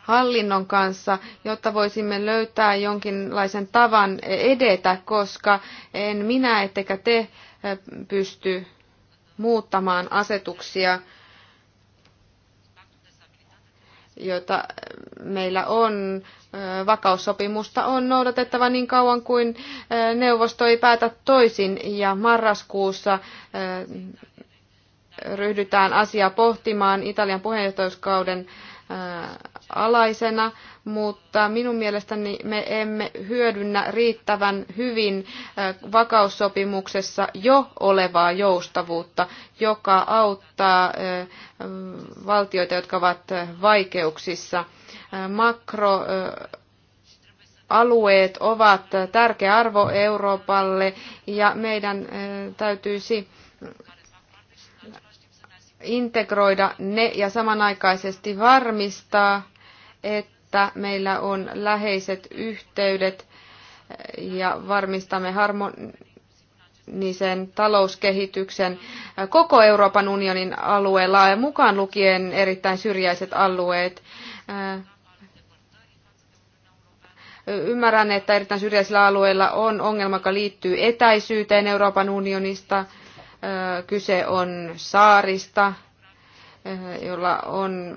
hallinnon kanssa, jotta voisimme löytää jonkinlaisen tavan edetä, koska en minä ettekä te pysty muuttamaan asetuksia, joita meillä on. Vakaussopimusta on noudatettava niin kauan kuin neuvosto ei päätä toisin ja marraskuussa ryhdytään asiaa pohtimaan Italian puheenjohtajuuskauden alaisena, mutta minun mielestäni me emme hyödynnä riittävän hyvin vakaussopimuksessa jo olevaa joustavuutta, joka auttaa valtioita, jotka ovat vaikeuksissa. Makro alueet ovat tärkeä arvo Euroopalle ja meidän täytyisi integroida ne ja samanaikaisesti varmistaa, että meillä on läheiset yhteydet ja varmistamme harmonisen talouskehityksen koko Euroopan unionin alueella ja mukaan lukien erittäin syrjäiset alueet. Ymmärrän, että erittäin syrjäisillä alueilla on ongelma, joka liittyy etäisyyteen Euroopan unionista. Kyse on saarista, jolla on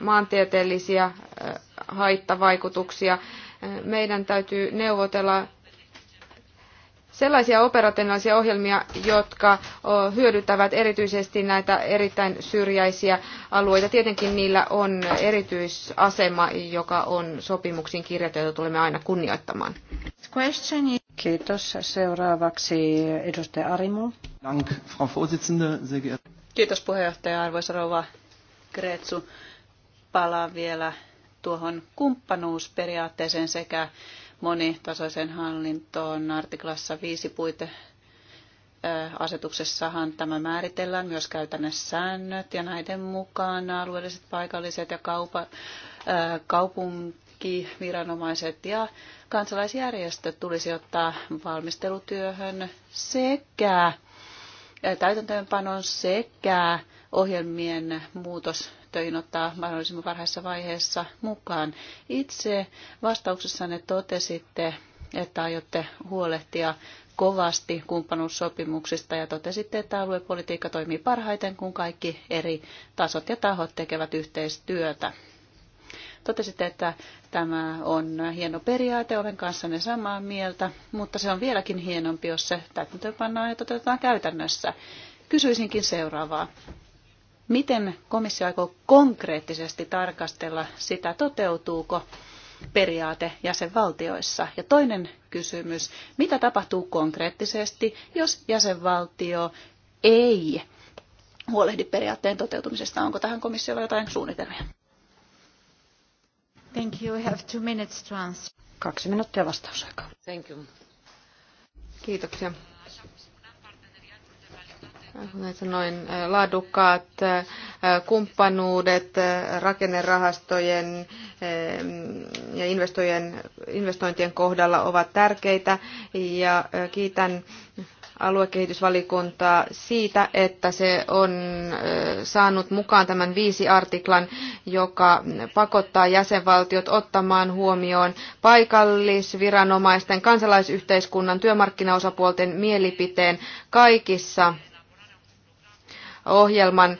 maantieteellisiä haittavaikutuksia. Meidän täytyy neuvotella sellaisia operationaalisia ohjelmia, jotka hyödyttävät erityisesti näitä erittäin syrjäisiä alueita. Tietenkin niillä on erityisasema, joka on sopimuksiin kirjattu, jota tulemme aina kunnioittamaan. Kiitos. Seuraavaksi edustaja Arimu. Dank, Frau Vorsitzende, sehr Kiitos puheenjohtaja, arvoisa rouva Kretsu palaan vielä tuohon kumppanuusperiaatteeseen sekä monitasoisen hallintoon artiklassa 5 puite asetuksessahan tämä määritellään myös käytännössä säännöt ja näiden mukaan alueelliset, paikalliset ja kaupa, kaupunkiviranomaiset ja kansalaisjärjestöt tulisi ottaa valmistelutyöhön sekä täytäntöönpanon sekä ohjelmien muutos käyttöön ottaa mahdollisimman varhaisessa vaiheessa mukaan. Itse vastauksessanne totesitte, että aiotte huolehtia kovasti kumppanuussopimuksista ja totesitte, että aluepolitiikka toimii parhaiten, kun kaikki eri tasot ja tahot tekevät yhteistyötä. Totesitte, että tämä on hieno periaate, olen kanssanne samaa mieltä, mutta se on vieläkin hienompi, jos se täytäntöönpannaan ja toteutetaan käytännössä. Kysyisinkin seuraavaa. Miten komissio aikoo konkreettisesti tarkastella sitä, toteutuuko periaate jäsenvaltioissa? Ja toinen kysymys, mitä tapahtuu konkreettisesti, jos jäsenvaltio ei huolehdi periaatteen toteutumisesta? Onko tähän komissiolla jotain suunnitelmia? Thank you. We have two minutes to answer. Kaksi minuuttia vastausaikaa. Thank you. Kiitoksia kuten sanoin, äh, laadukkaat äh, kumppanuudet äh, rakennerahastojen ja investointien kohdalla ovat tärkeitä ja kiitän aluekehitysvalikuntaa siitä, että se on saanut mukaan tämän viisi artiklan, joka pakottaa jäsenvaltiot ottamaan huomioon paikallisviranomaisten, kansalaisyhteiskunnan, työmarkkinaosapuolten mielipiteen kaikissa ohjelman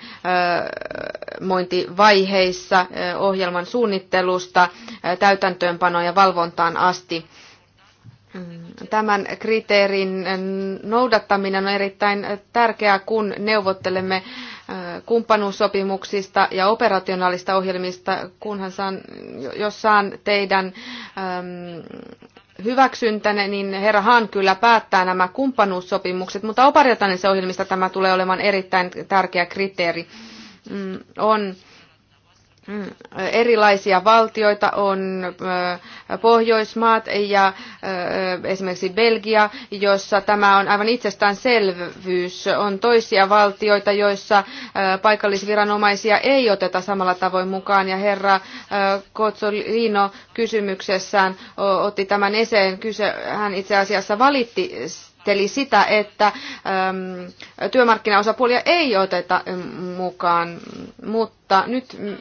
mointivaiheissa, ohjelman suunnittelusta, täytäntöönpanoon ja valvontaan asti. Mm, tämän kriteerin noudattaminen on erittäin tärkeää, kun neuvottelemme kumppanuussopimuksista ja operationaalista ohjelmista, kunhan saan, jos saan teidän hyväksyntäne, niin herra Han kyllä päättää nämä kumppanuussopimukset, mutta oparjatanen se ohjelmista tämä tulee olemaan erittäin tärkeä kriteeri. Mm, on Mm, erilaisia valtioita, on Pohjoismaat ja esimerkiksi Belgia, jossa tämä on aivan itsestäänselvyys. On toisia valtioita, joissa paikallisviranomaisia ei oteta samalla tavoin mukaan, ja herra Kotsolino kysymyksessään otti tämän eseen. hän itse asiassa valitti käsitteli sitä, että ähm, työmarkkinaosapuolia ei oteta ähm, mukaan, mutta nyt mm,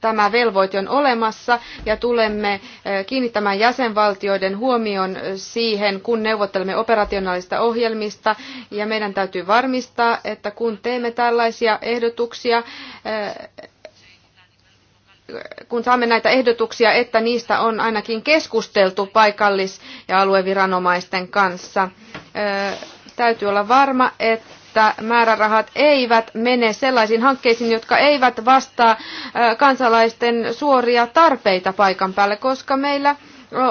tämä velvoite on olemassa ja tulemme äh, kiinnittämään jäsenvaltioiden huomion siihen, kun neuvottelemme operationaalista ohjelmista ja meidän täytyy varmistaa, että kun teemme tällaisia ehdotuksia, äh, kun saamme näitä ehdotuksia, että niistä on ainakin keskusteltu paikallis- ja alueviranomaisten kanssa. Täytyy olla varma, että määrärahat eivät mene sellaisiin hankkeisiin, jotka eivät vastaa kansalaisten suoria tarpeita paikan päälle, koska meillä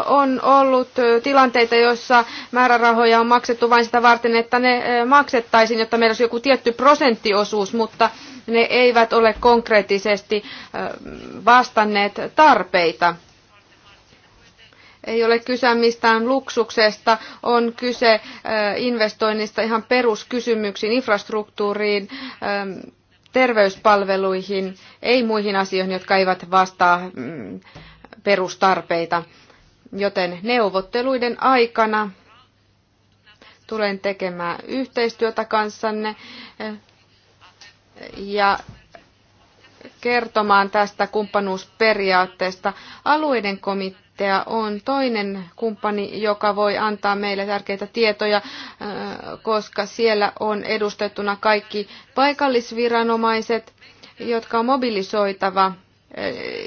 on ollut tilanteita, joissa määrärahoja on maksettu vain sitä varten, että ne maksettaisiin, jotta meillä olisi joku tietty prosenttiosuus, mutta ne eivät ole konkreettisesti vastanneet tarpeita. Ei ole kyse mistään luksuksesta, on kyse investoinnista ihan peruskysymyksiin, infrastruktuuriin, terveyspalveluihin, ei muihin asioihin, jotka eivät vastaa mm, perustarpeita. Joten neuvotteluiden aikana tulen tekemään yhteistyötä kanssanne ja kertomaan tästä kumppanuusperiaatteesta. Alueiden komitea on toinen kumppani, joka voi antaa meille tärkeitä tietoja, koska siellä on edustettuna kaikki paikallisviranomaiset, jotka on mobilisoitava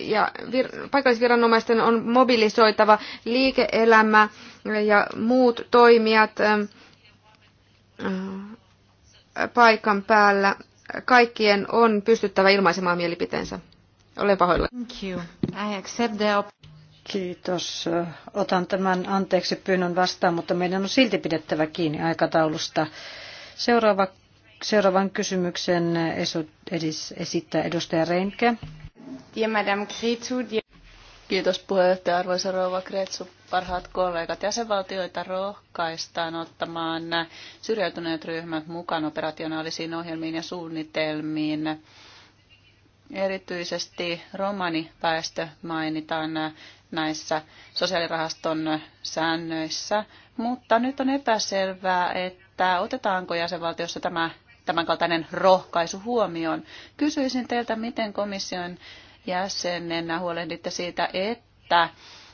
ja vir- paikallisviranomaisten on mobilisoitava liike-elämä ja muut toimijat paikan päällä kaikkien on pystyttävä ilmaisemaan mielipiteensä. Olen pahoilla. Thank you. I accept the Kiitos. Otan tämän anteeksi pyynnön vastaan, mutta meidän on silti pidettävä kiinni aikataulusta. Seuraava, seuraavan kysymyksen esittää edustaja Reinke. Dear Madame Cretu, Kiitos puheenjohtaja arvoisa rouva Kretsu. Parhaat kollegat, jäsenvaltioita rohkaistaan ottamaan syrjäytyneet ryhmät mukaan operationaalisiin ohjelmiin ja suunnitelmiin. Erityisesti romaniväestö mainitaan näissä sosiaalirahaston säännöissä, mutta nyt on epäselvää, että otetaanko jäsenvaltiossa tämä tämänkaltainen rohkaisu huomioon. Kysyisin teiltä, miten komission jäsenenä huolehditte siitä, että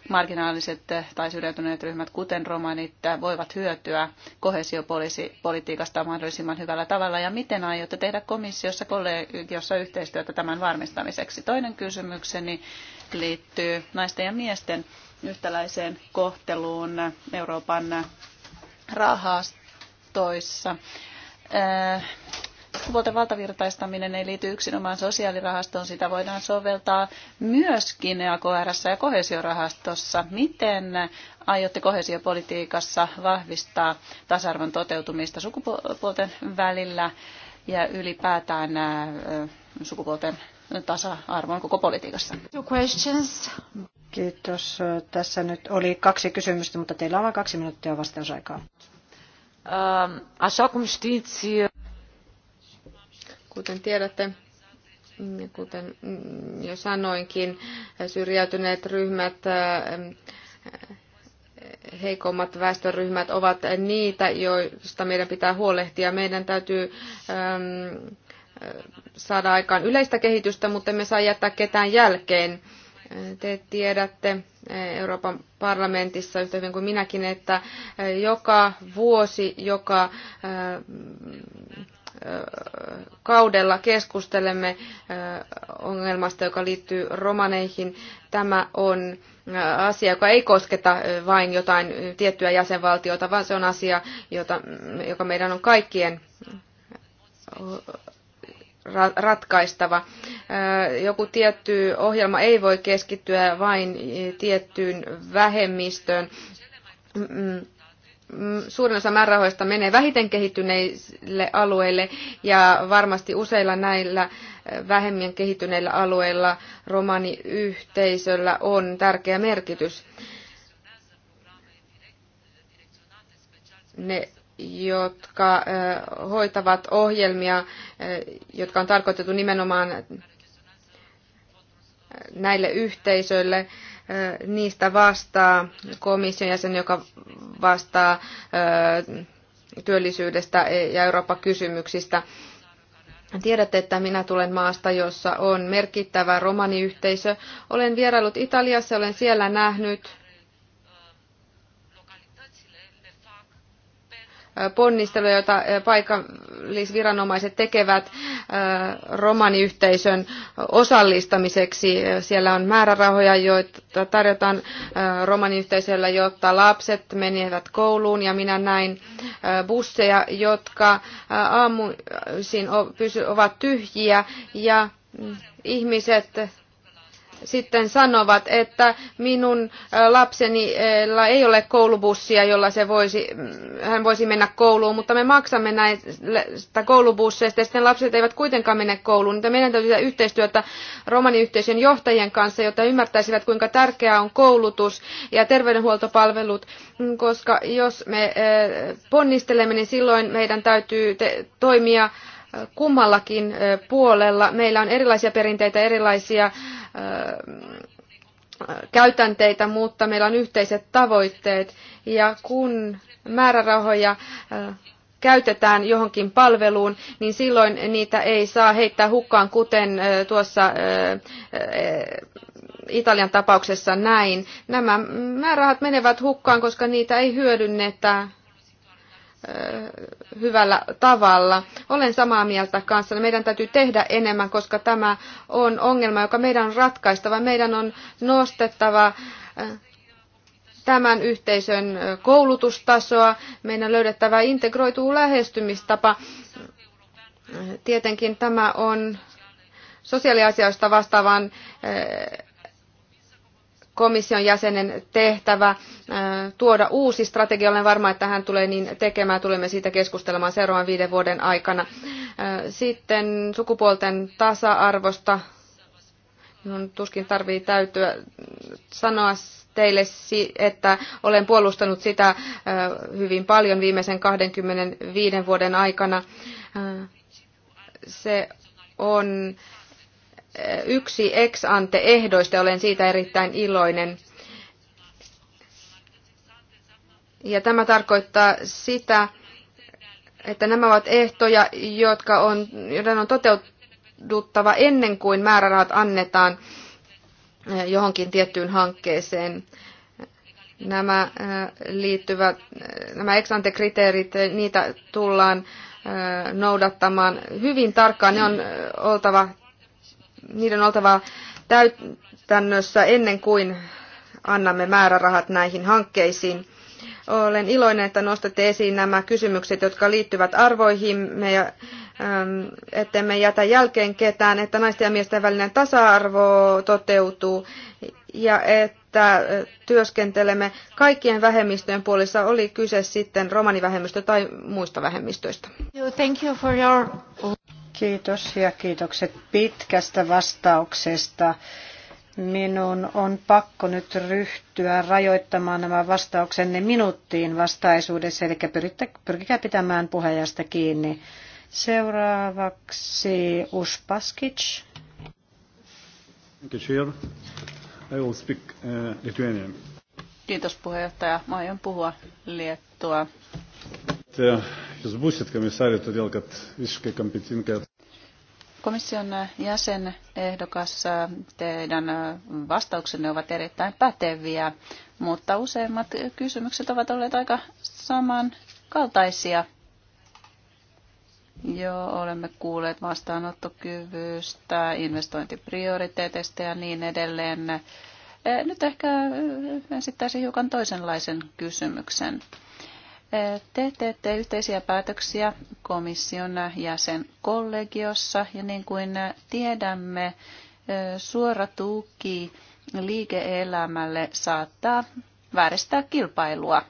marginaaliset tai syrjäytyneet ryhmät, kuten romanit, voivat hyötyä kohesiopolitiikasta mahdollisimman hyvällä tavalla? Ja miten aiotte tehdä komissiossa kollegiossa yhteistyötä tämän varmistamiseksi? Toinen kysymykseni liittyy naisten ja miesten yhtäläiseen kohteluun Euroopan rahastoissa. Äh, sukupuolten valtavirtaistaminen ei liity yksinomaan sosiaalirahastoon, sitä voidaan soveltaa myöskin AKR ja kohesiorahastossa. Miten aiotte kohesiopolitiikassa vahvistaa tasa-arvon toteutumista sukupuolten välillä ja ylipäätään sukupuolten tasa-arvon koko politiikassa? Kiitos. Tässä nyt oli kaksi kysymystä, mutta teillä on vain kaksi minuuttia vastausaikaa. Um, Kuten tiedätte, kuten jo sanoinkin, syrjäytyneet ryhmät, heikommat väestöryhmät ovat niitä, joista meidän pitää huolehtia. Meidän täytyy ähm, saada aikaan yleistä kehitystä, mutta me saa jättää ketään jälkeen. Te tiedätte eh, Euroopan parlamentissa yhtä hyvin kuin minäkin, että eh, joka vuosi, joka eh, kaudella keskustelemme ongelmasta, joka liittyy romaneihin. Tämä on asia, joka ei kosketa vain jotain tiettyä jäsenvaltiota, vaan se on asia, jota, mm, joka meidän on kaikkien ratkaistava. Joku tietty ohjelma ei voi keskittyä vain e, tiettyyn vähemmistöön mm, Mm, suurin osa määrärahoista menee vähiten kehittyneille alueille ja varmasti useilla näillä eh, vähemmän kehittyneillä alueilla romaniyhteisöllä on tärkeä merkitys. Ne jotka eh, hoitavat ohjelmia, eh, jotka on tarkoitettu nimenomaan näille yhteisöille, niistä vastaa komission jäsen, joka vastaa työllisyydestä ja Eurooppa-kysymyksistä. Tiedätte, että minä tulen maasta, jossa on merkittävä romaniyhteisö. Olen vierailut Italiassa, olen siellä nähnyt ponnisteluja, joita eh, paikallisviranomaiset tekevät eh, romaniyhteisön osallistamiseksi. Siellä on määrärahoja, joita tarjotaan eh, romaniyhteisöllä, jotta lapset menevät kouluun ja minä näin busseja, jotka aamuisin ovat tyhjiä ja mm, ihmiset sitten sanovat, että minun lapseni ei ole koulubussia, jolla se voisi, mm, hän voisi mennä kouluun, mutta me maksamme näistä koulubusseista ja sitten lapset eivät kuitenkaan mene kouluun. Niin meidän täytyy tehdä yhteistyötä romaniyhteisön johtajien kanssa, jotta ymmärtäisivät, kuinka tärkeää on koulutus ja terveydenhuoltopalvelut, mm, koska jos me ponnistelemme, niin silloin meidän täytyy toimia kummallakin puolella. Meillä on erilaisia perinteitä, erilaisia käytänteitä, mutta meillä on yhteiset tavoitteet. Ja kun määrärahoja käytetään johonkin palveluun, niin silloin niitä ei saa heittää hukkaan, kuten tuossa Italian tapauksessa näin. Nämä määrärahat menevät hukkaan, koska niitä ei hyödynnetä hyvällä tavalla. Olen samaa mieltä kanssa. Meidän täytyy tehdä enemmän, koska tämä on ongelma, joka meidän on ratkaistava. Meidän on nostettava tämän yhteisön koulutustasoa. Meidän on löydettävä integroitu lähestymistapa. Tietenkin tämä on sosiaaliasioista vastaavan komission jäsenen tehtävä äh, tuoda uusi strategia. Olen varma, että hän tulee niin tekemään. Tulemme siitä keskustelemaan seuraavan viiden vuoden aikana. Äh, sitten sukupuolten tasa-arvosta. Minun tuskin tarvii täytyä sanoa teille, että olen puolustanut sitä äh, hyvin paljon viimeisen 25 vuoden aikana. Se on yksi ex ante ehdoista, olen siitä erittäin iloinen. Ja tämä tarkoittaa sitä, että nämä ovat ehtoja, jotka on, joiden on toteuduttava ennen kuin määrärahat annetaan eh, johonkin tiettyyn hankkeeseen. Nämä eh, liittyvät, eh, nämä ex ante kriteerit, niitä tullaan noudattamaan hyvin tarkkaan. Ne on oltava niiden on oltava täytännössä ennen kuin annamme määrärahat näihin hankkeisiin. Olen iloinen, että nostatte esiin nämä kysymykset, jotka liittyvät arvoihimme ja ähm, me jätä jälkeen ketään, että naisten ja miesten välinen tasa-arvo toteutuu ja että äh, työskentelemme kaikkien vähemmistöjen puolissa, oli kyse sitten romanivähemmistö tai muista vähemmistöistä. Thank you for your... Kiitos ja kiitokset pitkästä vastauksesta. Minun on pakko nyt ryhtyä rajoittamaan nämä vastauksenne minuuttiin vastaisuudessa, eli pyrkikää pitämään puheenjohtajasta kiinni. Seuraavaksi Uspaskic. Uh, Kiitos puheenjohtaja. Mä aion puhua liettua. Jos būsit komissaari, todėl kad visiškai kompetinkai Komission jäsenehdokas, teidän vastauksenne ovat erittäin päteviä, mutta useimmat kysymykset ovat olleet aika samankaltaisia. Joo, olemme kuulleet vastaanottokyvystä, investointiprioriteeteista ja niin edelleen. Nyt ehkä esittäisin hiukan toisenlaisen kysymyksen. Te teette yhteisiä päätöksiä komission jäsenkollegiossa ja niin kuin tiedämme, suora tuki liike-elämälle saattaa vääristää kilpailua.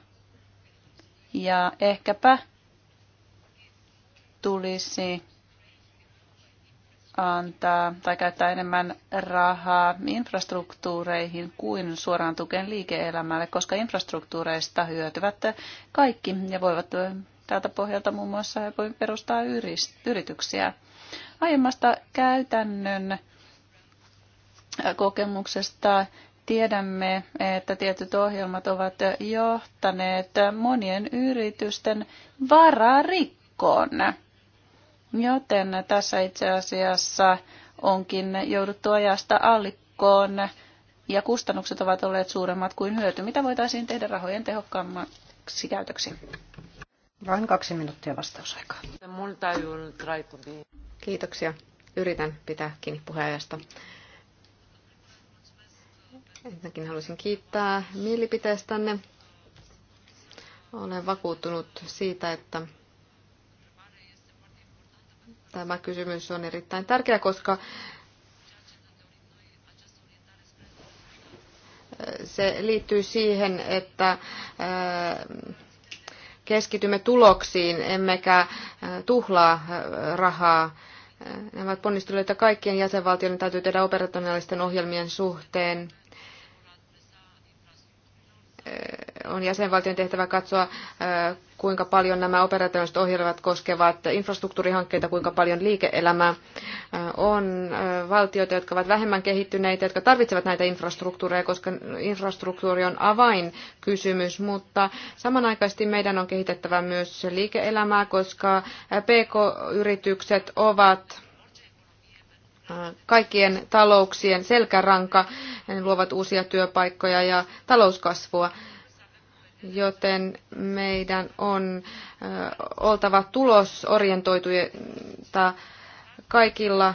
Ja ehkäpä tulisi antaa tai käyttää enemmän rahaa infrastruktuureihin kuin suoraan tukeen liike-elämälle, koska infrastruktuureista hyötyvät kaikki ja voivat tältä pohjalta muun muassa helpommin perustaa yrityksiä. Aiemmasta käytännön kokemuksesta tiedämme, että tietyt ohjelmat ovat johtaneet monien yritysten vararikkoon. Joten tässä itse asiassa onkin jouduttu ajasta allikkoon ja kustannukset ovat olleet suuremmat kuin hyöty. Mitä voitaisiin tehdä rahojen tehokkaammaksi käytöksi? Vain kaksi minuuttia vastausaikaa. Kiitoksia. Yritän pitää kiinni puheenjohtajasta. Ensinnäkin haluaisin kiittää mielipiteestänne. Olen vakuuttunut siitä, että Tämä kysymys on erittäin tärkeä, koska se liittyy siihen, että äh, keskitymme tuloksiin, emmekä äh, tuhlaa äh, rahaa. Nämä ponnisteluita kaikkien jäsenvaltioiden täytyy tehdä operationaalisten ohjelmien suhteen on jäsenvaltion tehtävä katsoa, kuinka paljon nämä operatiiviset ohjelmat koskevat infrastruktuurihankkeita, kuinka paljon liike-elämää on valtioita, jotka ovat vähemmän kehittyneitä, jotka tarvitsevat näitä infrastruktuureja, koska infrastruktuuri on avainkysymys, mutta samanaikaisesti meidän on kehitettävä myös liike-elämää, koska PK-yritykset ovat kaikkien talouksien selkäranka, ne luovat uusia työpaikkoja ja talouskasvua joten meidän on oltava tulosorientoituja. Kaikilla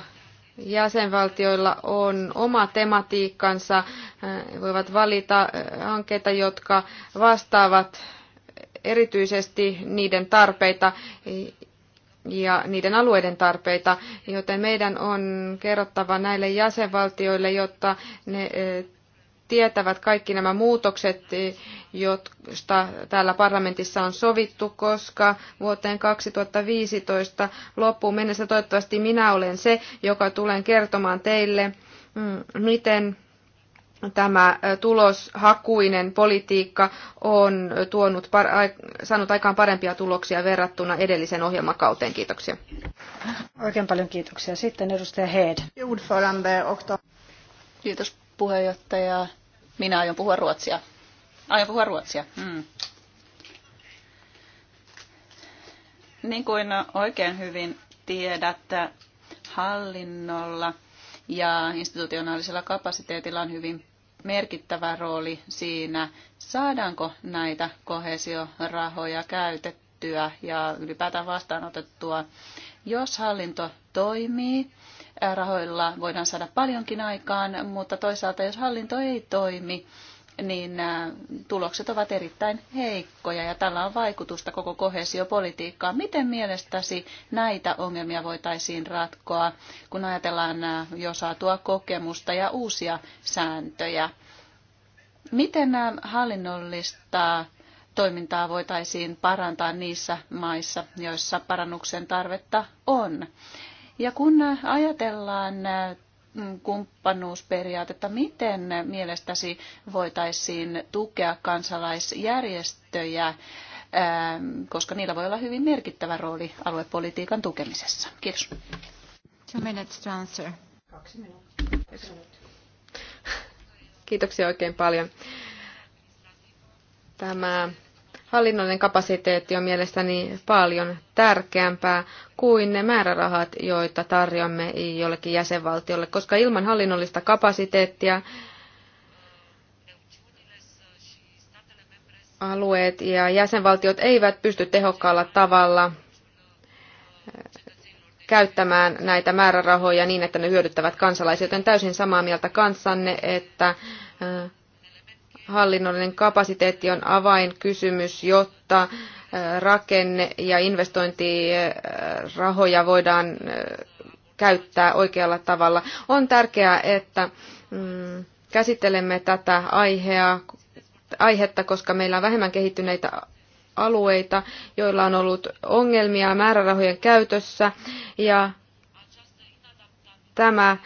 jäsenvaltioilla on oma tematiikkansa, He voivat valita hankkeita, jotka vastaavat erityisesti niiden tarpeita ja niiden alueiden tarpeita, joten meidän on kerrottava näille jäsenvaltioille, jotta ne tietävät kaikki nämä muutokset, joista täällä parlamentissa on sovittu, koska vuoteen 2015 loppuun mennessä toivottavasti minä olen se, joka tulen kertomaan teille, mm, miten tämä tuloshakuinen politiikka on tuonut, saanut aikaan parempia tuloksia verrattuna edellisen ohjelmakauteen. Kiitoksia. Oikein paljon kiitoksia. Sitten edustaja Heed. Kiitos puheenjohtaja. Minä aion puhua ruotsia. Aion puhua ruotsia. Mm. Niin kuin oikein hyvin tiedät, hallinnolla ja institutionaalisella kapasiteetilla on hyvin merkittävä rooli siinä, saadaanko näitä kohesiorahoja käytettyä ja ylipäätään vastaanotettua. Jos hallinto toimii, rahoilla voidaan saada paljonkin aikaan, mutta toisaalta jos hallinto ei toimi, niin äh, tulokset ovat erittäin heikkoja ja tällä on vaikutusta koko kohesiopolitiikkaan. Miten mielestäsi näitä ongelmia voitaisiin ratkoa, kun ajatellaan äh, jo saatua kokemusta ja uusia sääntöjä? Miten nämä äh, hallinnollista toimintaa voitaisiin parantaa niissä maissa, joissa parannuksen tarvetta on? Ja kun ajatellaan mm, kumppanuusperiaatetta, miten mielestäsi voitaisiin tukea kansalaisjärjestöjä, ähm, koska niillä voi olla hyvin merkittävä rooli aluepolitiikan tukemisessa. Kiitos. Two minutes to answer. Kaksi minuuttia. Kiitoksia oikein paljon. Tämä hallinnollinen kapasiteetti on mielestäni paljon tärkeämpää kuin ne määrärahat, joita tarjoamme jollekin jäsenvaltiolle, koska ilman hallinnollista kapasiteettia alueet ja jäsenvaltiot eivät pysty tehokkaalla tavalla eh, käyttämään näitä määrärahoja niin, että ne hyödyttävät kansalaisia. Joten täysin samaa mieltä kanssanne, että eh, hallinnollinen kapasiteetti on avainkysymys, jotta rakenne- ja investointirahoja voidaan käyttää oikealla tavalla. On tärkeää, että mm, käsittelemme tätä aihea, aihetta, koska meillä on vähemmän kehittyneitä alueita, joilla on ollut ongelmia määrärahojen käytössä ja tämä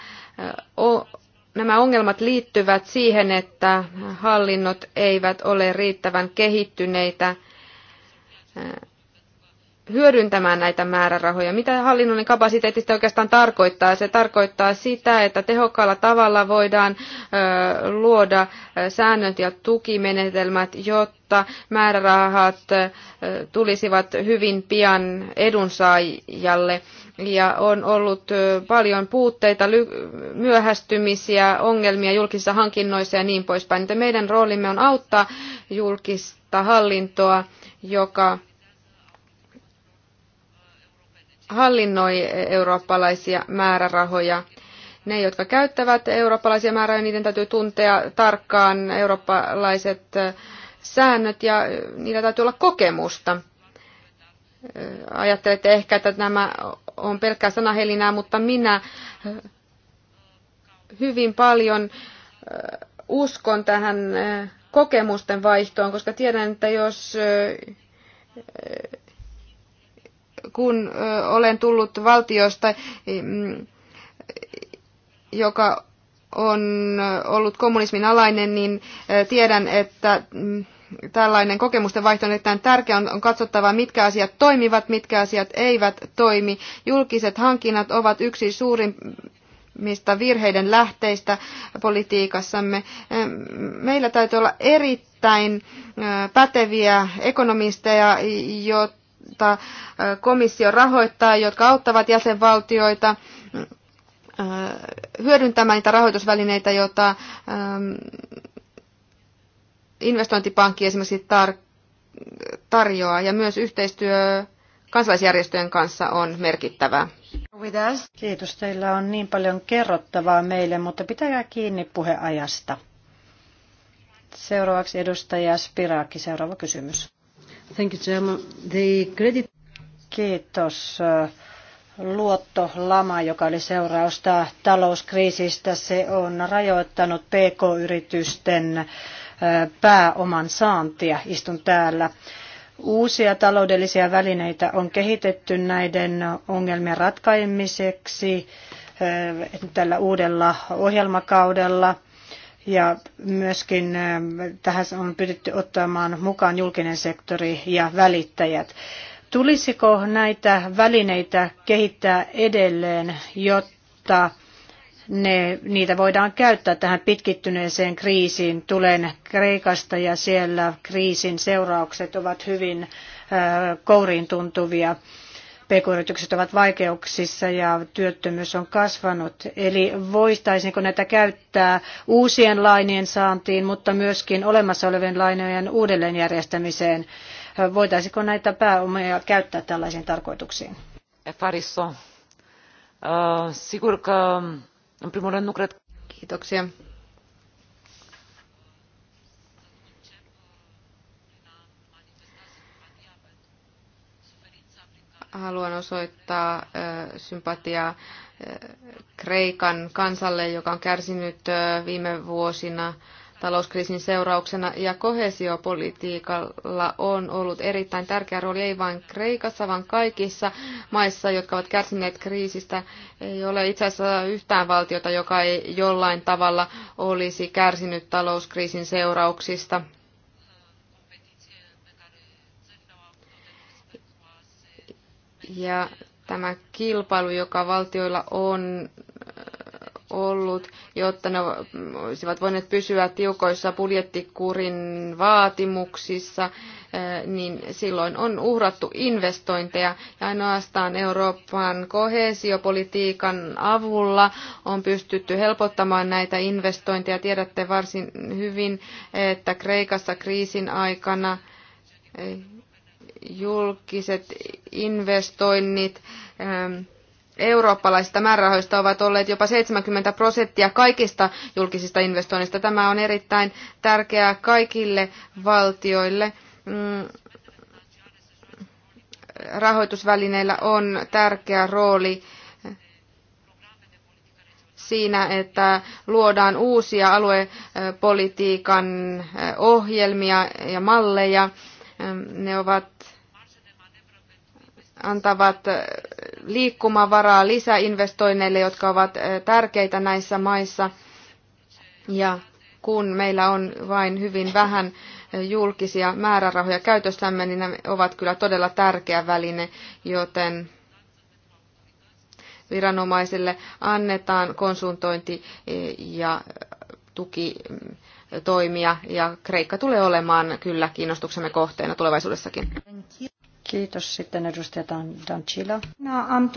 nämä ongelmat liittyvät siihen, että hallinnot eivät ole riittävän kehittyneitä hyödyntämään näitä määrärahoja. Mitä hallinnollinen kapasiteetti oikeastaan tarkoittaa? Se tarkoittaa sitä, että tehokkaalla tavalla voidaan luoda säännöt ja tukimenetelmät, jotta määrärahat tulisivat hyvin pian edunsaajalle. Ja on ollut paljon puutteita, myöhästymisiä, ongelmia julkisissa hankinnoissa ja niin poispäin. Meidän roolimme on auttaa julkista hallintoa, joka hallinnoi eurooppalaisia määrärahoja. Ne, jotka käyttävät eurooppalaisia määrärahoja, niiden täytyy tuntea tarkkaan eurooppalaiset säännöt ja niillä täytyy olla kokemusta. Ajattelette ehkä, että nämä on pelkkää sanahelinää, mutta minä hyvin paljon uskon tähän kokemusten vaihtoon, koska tiedän, että jos kun olen tullut valtiosta, mm, joka on ollut kommunismin alainen, niin tiedän, että mm, tällainen kokemusten vaihto on erittäin tärkeä. On katsottava, mitkä asiat toimivat, mitkä asiat eivät toimi. Julkiset hankinnat ovat yksi suurin mistä virheiden lähteistä politiikassamme. Meillä täytyy olla erittäin päteviä ekonomisteja, jotta joita äh, komissio rahoittaa, jotka auttavat jäsenvaltioita äh, hyödyntämään niitä rahoitusvälineitä, joita ähm, investointipankki esimerkiksi tarjoaa, ja myös yhteistyö kansalaisjärjestöjen kanssa on merkittävää. Kiitos, teillä on niin paljon kerrottavaa meille, mutta pitäkää kiinni puheajasta. Seuraavaksi edustaja Spiraakki, seuraava kysymys. Thank you, The credit... Kiitos. Luottolama, joka oli seurausta talouskriisistä, se on rajoittanut PK-yritysten pääoman saantia. Istun täällä. Uusia taloudellisia välineitä on kehitetty näiden ongelmien ratkaimiseksi tällä uudella ohjelmakaudella ja myöskin äh, tähän on pyritty ottamaan mukaan julkinen sektori ja välittäjät. Tulisiko näitä välineitä kehittää edelleen, jotta ne, niitä voidaan käyttää tähän pitkittyneeseen kriisiin. Tulen Kreikasta ja siellä kriisin seuraukset ovat hyvin äh, kouriin tuntuvia pk-yritykset ovat vaikeuksissa ja työttömyys on kasvanut. Eli voitaisinko näitä käyttää uusien lainien saantiin, mutta myöskin olemassa olevien lainojen uudelleenjärjestämiseen? voitaisiinko näitä pääomia käyttää tällaisiin tarkoituksiin? Farisso. sigur că, în primul rând, nu cred... Kiitoksia. haluan osoittaa sympatiaa Kreikan kansalle, joka on kärsinyt viime vuosina talouskriisin seurauksena ja kohesiopolitiikalla on ollut erittäin tärkeä rooli ei vain Kreikassa, vaan kaikissa maissa, jotka ovat kärsineet kriisistä. Ei ole itse asiassa yhtään valtiota, joka ei jollain tavalla olisi kärsinyt talouskriisin seurauksista. Ja tämä kilpailu, joka valtioilla on äh, ollut, jotta ne olisivat voineet pysyä tiukoissa budjettikurin vaatimuksissa, äh, niin silloin on uhrattu investointeja. Ja ainoastaan Euroopan kohesiopolitiikan avulla on pystytty helpottamaan näitä investointeja. Tiedätte varsin hyvin, että Kreikassa kriisin aikana äh, julkiset investoinnit ähm, eurooppalaisista määrärahoista ovat olleet jopa 70 prosenttia kaikista julkisista investoinneista. Tämä on erittäin tärkeää kaikille valtioille. Mm, rahoitusvälineillä on tärkeä rooli siinä, että luodaan uusia aluepolitiikan ohjelmia ja malleja ne ovat antavat liikkumavaraa lisäinvestoinneille, jotka ovat eh, tärkeitä näissä maissa. Ja kun meillä on vain hyvin vähän eh, julkisia määrärahoja käytössämme, niin ne ovat kyllä todella tärkeä väline, joten viranomaisille annetaan konsultointi eh, ja tuki mm, toimia ja Kreikka tulee olemaan kyllä kiinnostuksemme kohteena tulevaisuudessakin. Kiitos. Sitten edustaja Dancila. No, am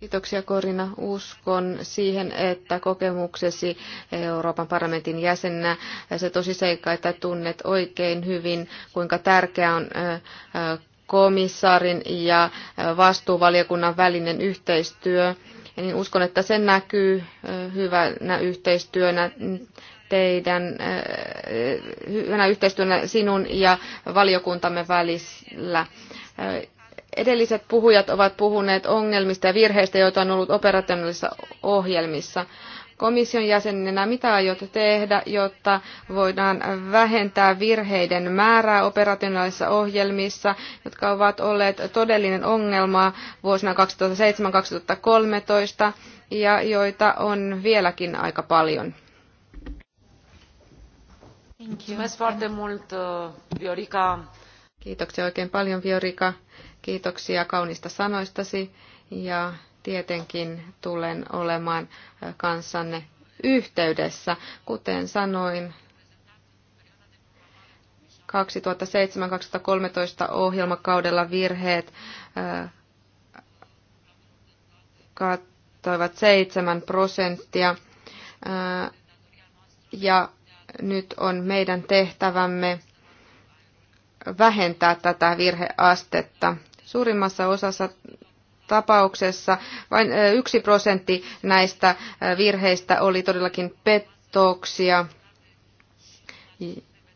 Kiitoksia Korina. Uskon siihen, että kokemuksesi Euroopan parlamentin jäsennä, ja se tosiseikka, että tunnet oikein hyvin, kuinka tärkeä on komissaarin ja vastuuvaliokunnan välinen yhteistyö. niin uskon, että se näkyy hyvänä yhteistyönä teidän eh, hyvänä yhteistyönä sinun ja valiokuntamme välillä. Eh, edelliset puhujat ovat puhuneet ongelmista ja virheistä, joita on ollut operationaalisissa ohjelmissa. Komission jäsenenä, mitä aiot tehdä, jotta voidaan vähentää virheiden määrää operationaalisissa ohjelmissa, jotka ovat olleet todellinen ongelma vuosina 2007-2013 ja joita on vieläkin aika paljon? Mulțumesc foarte mult, uh, Viorica. Kiitoksia oikein paljon, Viorika. Kiitoksia kaunista sanoistasi ja tietenkin tulen olemaan äh, kanssanne yhteydessä. Kuten sanoin, 2007-2013 ohjelmakaudella virheet äh, kattoivat 7 prosenttia äh, ja nyt on meidän tehtävämme vähentää tätä virheastetta. Suurimmassa osassa tapauksessa vain yksi prosentti näistä virheistä oli todellakin petoksia,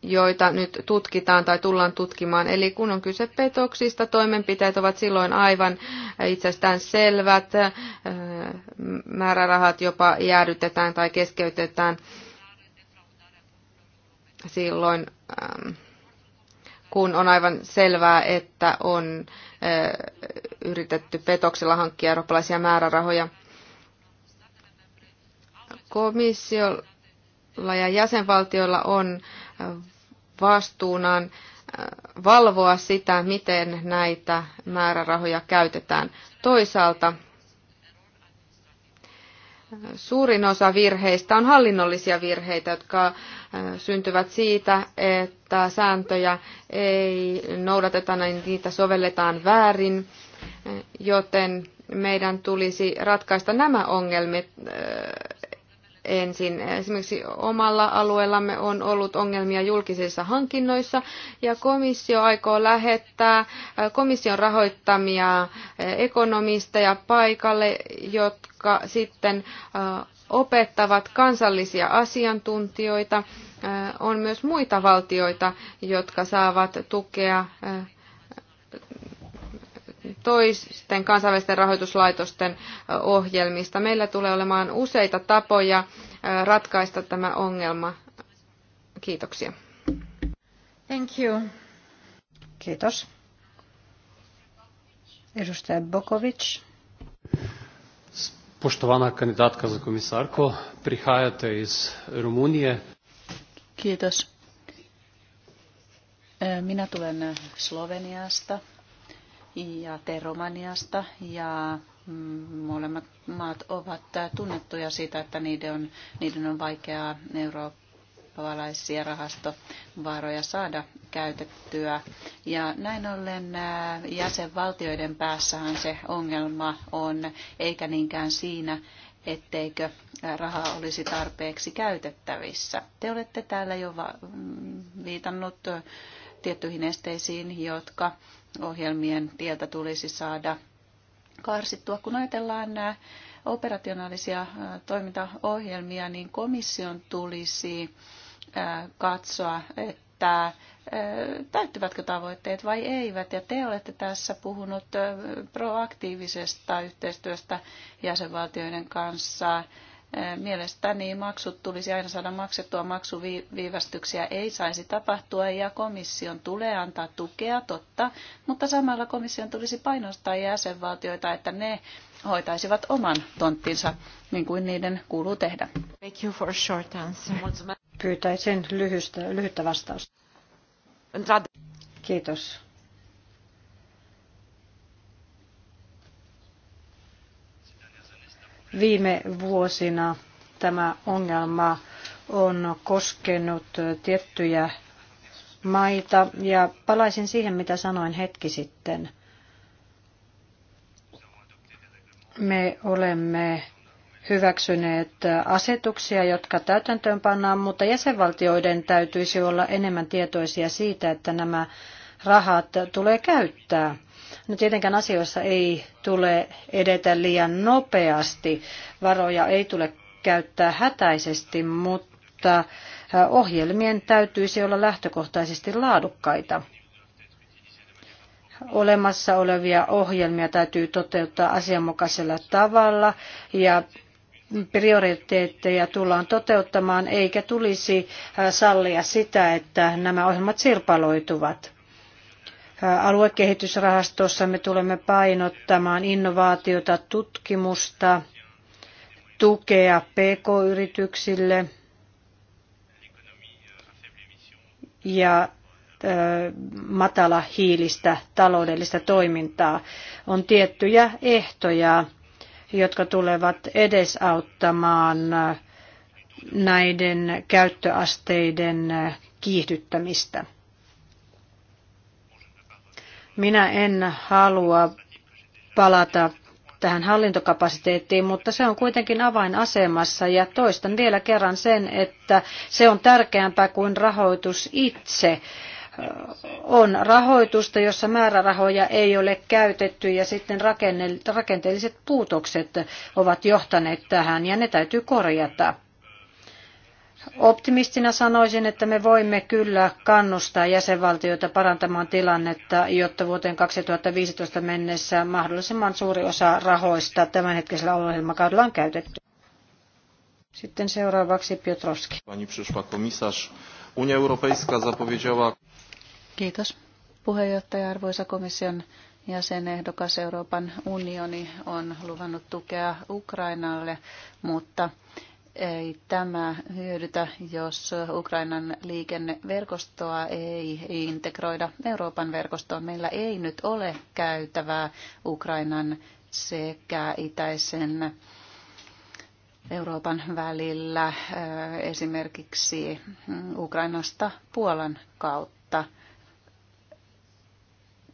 joita nyt tutkitaan tai tullaan tutkimaan. Eli kun on kyse petoksista, toimenpiteet ovat silloin aivan itsestään selvät, määrärahat jopa jäädytetään tai keskeytetään silloin, ähm, kun on aivan selvää, että on äh, yritetty petoksella hankkia eurooppalaisia määrärahoja. Komissiolla ja jäsenvaltioilla on äh, vastuunaan äh, valvoa sitä, miten näitä määrärahoja käytetään. Toisaalta suurin osa virheistä on hallinnollisia virheitä, jotka äh, syntyvät siitä, että sääntöjä ei noudateta, niin niitä sovelletaan väärin, joten meidän tulisi ratkaista nämä ongelmat äh, ensin. Esimerkiksi omalla alueellamme on ollut ongelmia julkisissa hankinnoissa ja komissio aikoo lähettää komission rahoittamia ekonomisteja paikalle, jotka sitten opettavat kansallisia asiantuntijoita. On myös muita valtioita, jotka saavat tukea toisten kansainvälisten rahoituslaitosten ohjelmista. Meillä tulee olemaan useita tapoja ratkaista tämä ongelma. Kiitoksia. Thank you. Kiitos. Edustaja Bokovic. Poštovana kandidatka za komisarko, prihajate iz Rumunije. Kiitos. E, Minä tulen Sloveniasta ja te Romaniasta ja mm, molemmat maat ovat tunnettuja siitä, että niiden on, niiden on vaikeaa eurooppalaisia rahastovaroja saada käytettyä. Ja näin ollen jäsenvaltioiden päässähän se ongelma on, eikä niinkään siinä, etteikö rahaa olisi tarpeeksi käytettävissä. Te olette täällä jo mm, viitannut tiettyihin esteisiin, jotka ohjelmien tieltä tulisi saada karsittua. Kun ajatellaan nämä äh, operationaalisia äh, toimintaohjelmia, niin komission tulisi äh, katsoa, että täyttyvätkö tavoitteet vai eivät. Ja te olette tässä puhunut proaktiivisesta yhteistyöstä jäsenvaltioiden kanssa Eh, mielestäni maksut tulisi aina saada maksettua, maksuviivästyksiä ei saisi tapahtua ja komission tulee antaa tukea, totta, mutta samalla komission tulisi painostaa jäsenvaltioita, että ne hoitaisivat oman tonttinsa, niin kuin niiden kuuluu tehdä. Thank you for a short answer. Pyytäisin lyhyttä vastausta. Kiitos. Viime vuosina tämä ongelma on koskenut tiettyjä maita ja palaisin siihen, mitä sanoin hetki sitten. Me olemme hyväksyneet asetuksia, jotka täytäntöön pannaan, mutta jäsenvaltioiden täytyisi olla enemmän tietoisia siitä, että nämä rahat tulee käyttää. No tietenkään asioissa ei tule edetä liian nopeasti, varoja ei tule käyttää hätäisesti, mutta ohjelmien täytyisi olla lähtökohtaisesti laadukkaita. Olemassa olevia ohjelmia täytyy toteuttaa asianmukaisella tavalla ja prioriteetteja tullaan toteuttamaan, eikä tulisi sallia sitä, että nämä ohjelmat sirpaloituvat. Aluekehitysrahastossa me tulemme painottamaan innovaatiota, tutkimusta, tukea pk-yrityksille ja matala hiilistä taloudellista toimintaa. On tiettyjä ehtoja, jotka tulevat edesauttamaan näiden käyttöasteiden kiihdyttämistä. Minä en halua palata tähän hallintokapasiteettiin, mutta se on kuitenkin avainasemassa ja toistan vielä kerran sen, että se on tärkeämpää kuin rahoitus itse on rahoitusta, jossa määrärahoja ei ole käytetty ja sitten rakenteelliset puutokset ovat johtaneet tähän ja ne täytyy korjata. Optimistina sanoisin, että me voimme kyllä kannustaa jäsenvaltioita parantamaan tilannetta, jotta vuoteen 2015 mennessä mahdollisimman suuri osa rahoista tämänhetkisellä ohjelmakaudella on käytetty. Sitten seuraavaksi Piotrowski. Pani przyszła komisarz. Unia Europejska zapowiedziała... Kiitos. Puheenjohtaja, arvoisa komission jäsenehdokas Euroopan unioni on luvannut tukea Ukrainalle, mutta ei tämä hyödytä, jos Ukrainan liikenneverkostoa ei integroida Euroopan verkostoon. Meillä ei nyt ole käytävää Ukrainan sekä itäisen Euroopan välillä esimerkiksi Ukrainasta Puolan kautta –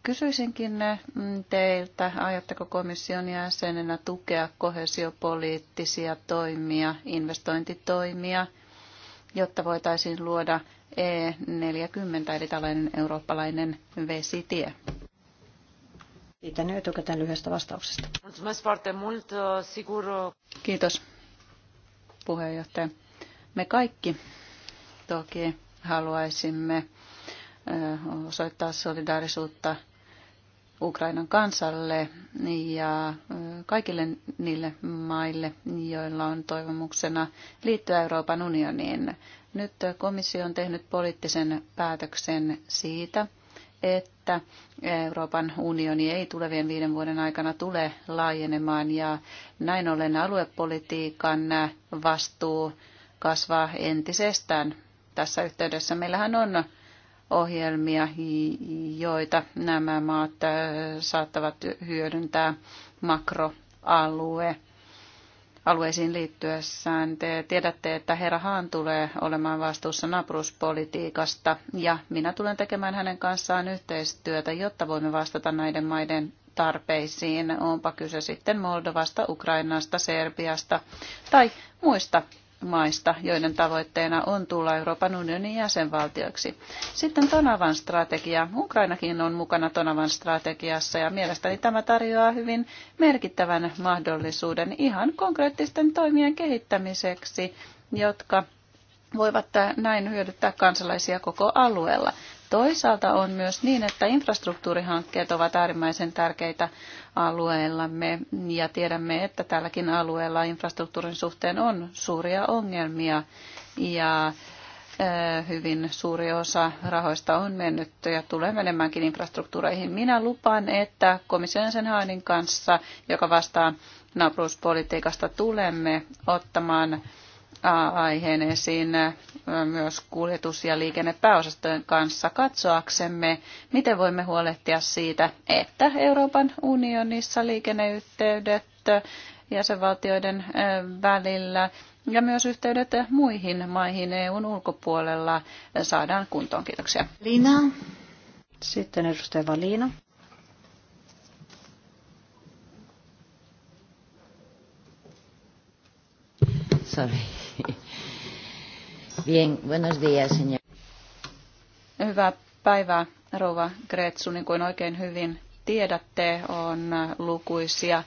Kysyisinkin mm, teiltä, aiotteko komission jäsenenä tukea kohesiopoliittisia toimia, investointitoimia, jotta voitaisiin luoda E40, eli tällainen eurooppalainen vesitie? Kiitän etukäteen lyhyestä vastauksesta. Kiitos puheenjohtaja. Me kaikki toki haluaisimme osoittaa solidaarisuutta Ukrainan kansalle ja kaikille niille maille, joilla on toivomuksena liittyä Euroopan unioniin. Nyt komissio on tehnyt poliittisen päätöksen siitä, että Euroopan unioni ei tulevien viiden vuoden aikana tule laajenemaan ja näin ollen aluepolitiikan vastuu kasvaa entisestään. Tässä yhteydessä meillähän on ohjelmia, joita nämä maat äh, saattavat hyödyntää makroalue alueisiin liittyessään. Te tiedätte, että herra Haan tulee olemaan vastuussa napruspolitiikasta ja minä tulen tekemään hänen kanssaan yhteistyötä, jotta voimme vastata näiden maiden tarpeisiin, onpa kyse sitten Moldovasta, Ukrainasta, Serbiasta tai muista maista, joiden tavoitteena on tulla Euroopan unionin jäsenvaltioiksi. Sitten Tonavan strategia. Ukrainakin on mukana Tonavan strategiassa ja mielestäni tämä tarjoaa hyvin merkittävän mahdollisuuden ihan konkreettisten toimien kehittämiseksi, jotka voivat näin hyödyttää kansalaisia koko alueella. Toisaalta on myös niin, että infrastruktuurihankkeet ovat äärimmäisen tärkeitä alueellamme ja tiedämme, että tälläkin alueella infrastruktuurin suhteen on suuria ongelmia ja hyvin suuri osa rahoista on mennyt ja tulee menemäänkin infrastruktuureihin. Minä lupaan, että komission sen Haanin kanssa, joka vastaa naapuruuspolitiikasta, tulemme ottamaan aiheen esiin myös kuljetus- ja liikennepääosastojen kanssa katsoaksemme, miten voimme huolehtia siitä, että Euroopan unionissa liikenneyhteydet jäsenvaltioiden välillä ja myös yhteydet muihin maihin EUn ulkopuolella saadaan kuntoon. Kiitoksia. Liina. Sitten edustaja Valina. Sorry. Bien, buenos días, señor. Hyvää päivää, rouva Gretsu. Niin kuin oikein hyvin tiedätte, on lukuisia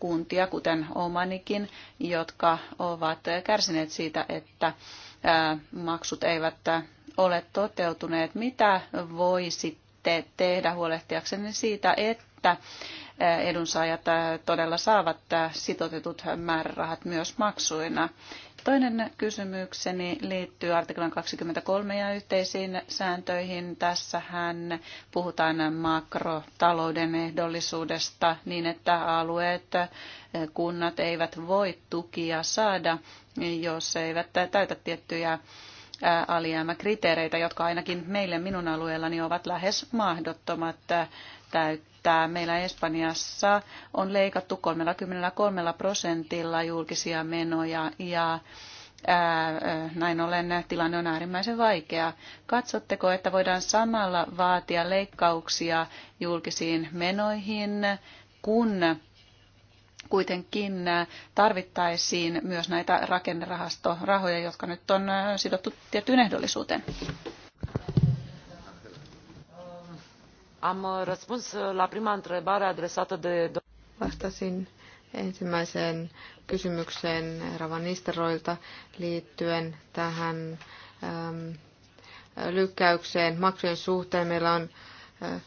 kuntia, kuten omanikin, jotka ovat kärsineet siitä, että maksut eivät ole toteutuneet. Mitä voisitte tehdä huolehtiaksenne siitä, että edunsaajat todella saavat sitotetut määrärahat myös maksuina? Toinen kysymykseni liittyy artiklan 23 ja yhteisiin sääntöihin. Tässähän puhutaan makrotalouden ehdollisuudesta niin, että alueet, kunnat eivät voi tukia saada, jos eivät täytä tiettyjä alijäämäkriteereitä, jotka ainakin meille minun alueellani ovat lähes mahdottomat täyttää. Meillä Espanjassa on leikattu 33 prosentilla julkisia menoja ja näin ollen tilanne on äärimmäisen vaikea. Katsotteko, että voidaan samalla vaatia leikkauksia julkisiin menoihin, kun kuitenkin tarvittaisiin myös näitä rakennerahastorahoja, jotka nyt on sidottu tiettyyn ehdollisuuteen? Am uh, răspuns uh, la prima întrebare adresată de... Vastasin ensimmäiseen kysymykseen Ravan Nisteroilta liittyen tähän ähm, lykkäykseen maksujen suhteen. Meillä on äh,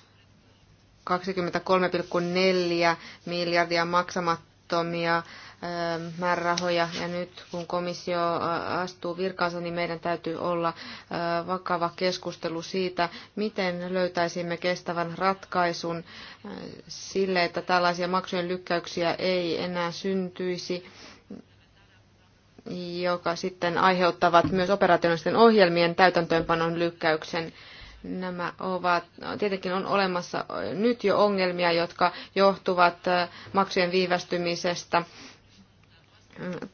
23,4 miljardia maksamatta riittämättömiä ähm, määrärahoja ja nyt kun komissio äh, astuu virkaansa, niin meidän täytyy olla äh, vakava keskustelu siitä, miten löytäisimme kestävän ratkaisun äh, sille, että tällaisia maksujen lykkäyksiä ei enää syntyisi joka sitten aiheuttavat myös operatiivisten ohjelmien täytäntöönpanon lykkäyksen nämä ovat, tietenkin on olemassa nyt jo ongelmia, jotka johtuvat äh, maksujen viivästymisestä.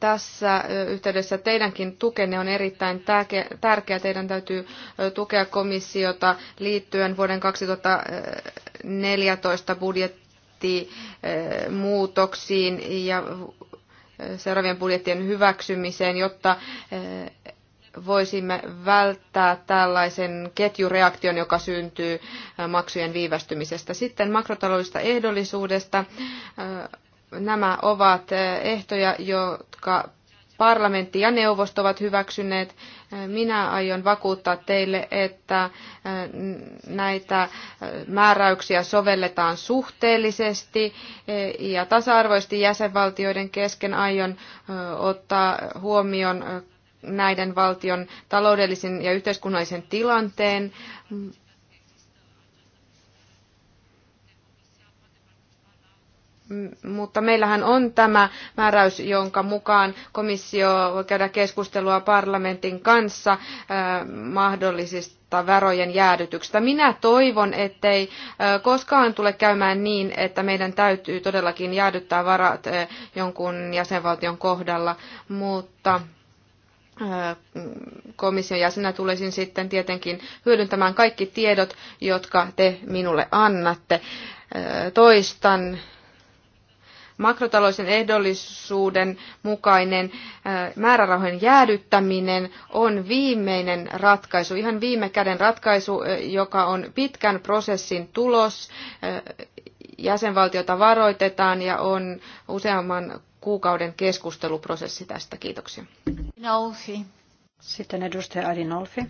Tässä äh, yhteydessä teidänkin tukenne on erittäin tärkeä. Teidän täytyy äh, tukea komissiota liittyen vuoden 2014 budjettimuutoksiin ja seuraavien budjettien hyväksymiseen, jotta voisimme välttää tällaisen ketjureaktion, joka syntyy äh, maksujen viivästymisestä. Sitten makrotaloudellisesta ehdollisuudesta. Äh, nämä ovat äh, ehtoja, jotka parlamentti ja neuvosto ovat hyväksyneet. Minä aion vakuuttaa teille, että näitä määräyksiä sovelletaan suhteellisesti ja tasa-arvoisesti jäsenvaltioiden kesken aion ottaa huomioon näiden valtion taloudellisen ja yhteiskunnallisen tilanteen. Mutta meillähän on tämä määräys, jonka mukaan komissio voi käydä keskustelua parlamentin kanssa äh, mahdollisista verojen jäädytyksestä. Minä toivon, ettei äh, koskaan tule käymään niin, että meidän täytyy todellakin jäädyttää varat äh, jonkun jäsenvaltion kohdalla, mutta komission jäsenä tulisin sitten tietenkin hyödyntämään kaikki tiedot, jotka te minulle annatte. Toistan makrotalouden ehdollisuuden mukainen määrärahojen jäädyttäminen on viimeinen ratkaisu, ihan viime käden ratkaisu, joka on pitkän prosessin tulos. Jäsenvaltiota varoitetaan ja on useamman kuukauden keskusteluprosessi tästä. Kiitoksia. Nolfi. Sitten edustaja Arinolfi.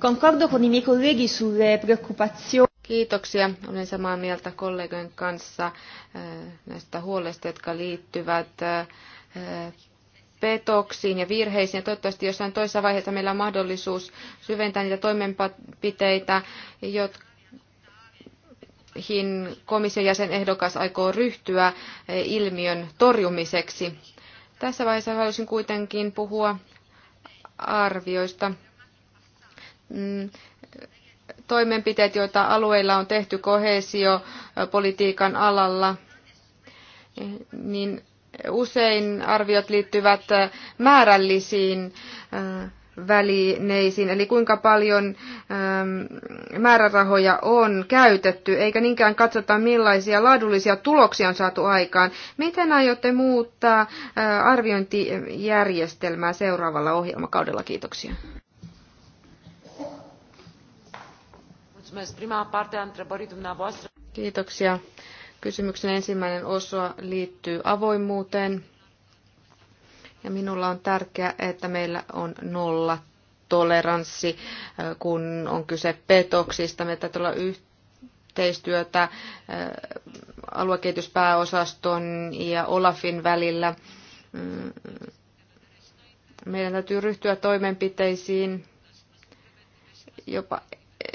Concordo con i miei colleghi sulle preoccupazioni. Kiitoksia. Olen samaa mieltä kollegojen kanssa eh, näistä huolesta, jotka liittyvät eh, petoksiin ja virheisiin. Ja toivottavasti jossain toisessa vaiheessa meillä on mahdollisuus syventää niitä toimenpiteitä, jotka joihin komission jäsenehdokas aikoo ryhtyä eh, ilmiön torjumiseksi. Tässä vaiheessa haluaisin kuitenkin puhua arvioista. Mm, toimenpiteet, joita alueilla on tehty kohesiopolitiikan alalla, niin usein arviot liittyvät eh, määrällisiin eh, välineisiin, eli kuinka paljon ähm, määrärahoja on käytetty, eikä niinkään katsota millaisia laadullisia tuloksia on saatu aikaan. Miten aiotte muuttaa äh, arviointijärjestelmää seuraavalla ohjelmakaudella? Kiitoksia. Kiitoksia. Kysymyksen ensimmäinen osa liittyy avoimuuteen. Ja minulla on tärkeää, että meillä on nolla toleranssi, äh, kun on kyse petoksista. Meillä täytyy olla yhteistyötä äh, aluekehityspääosaston ja Olafin välillä. Mm, meidän täytyy ryhtyä toimenpiteisiin jopa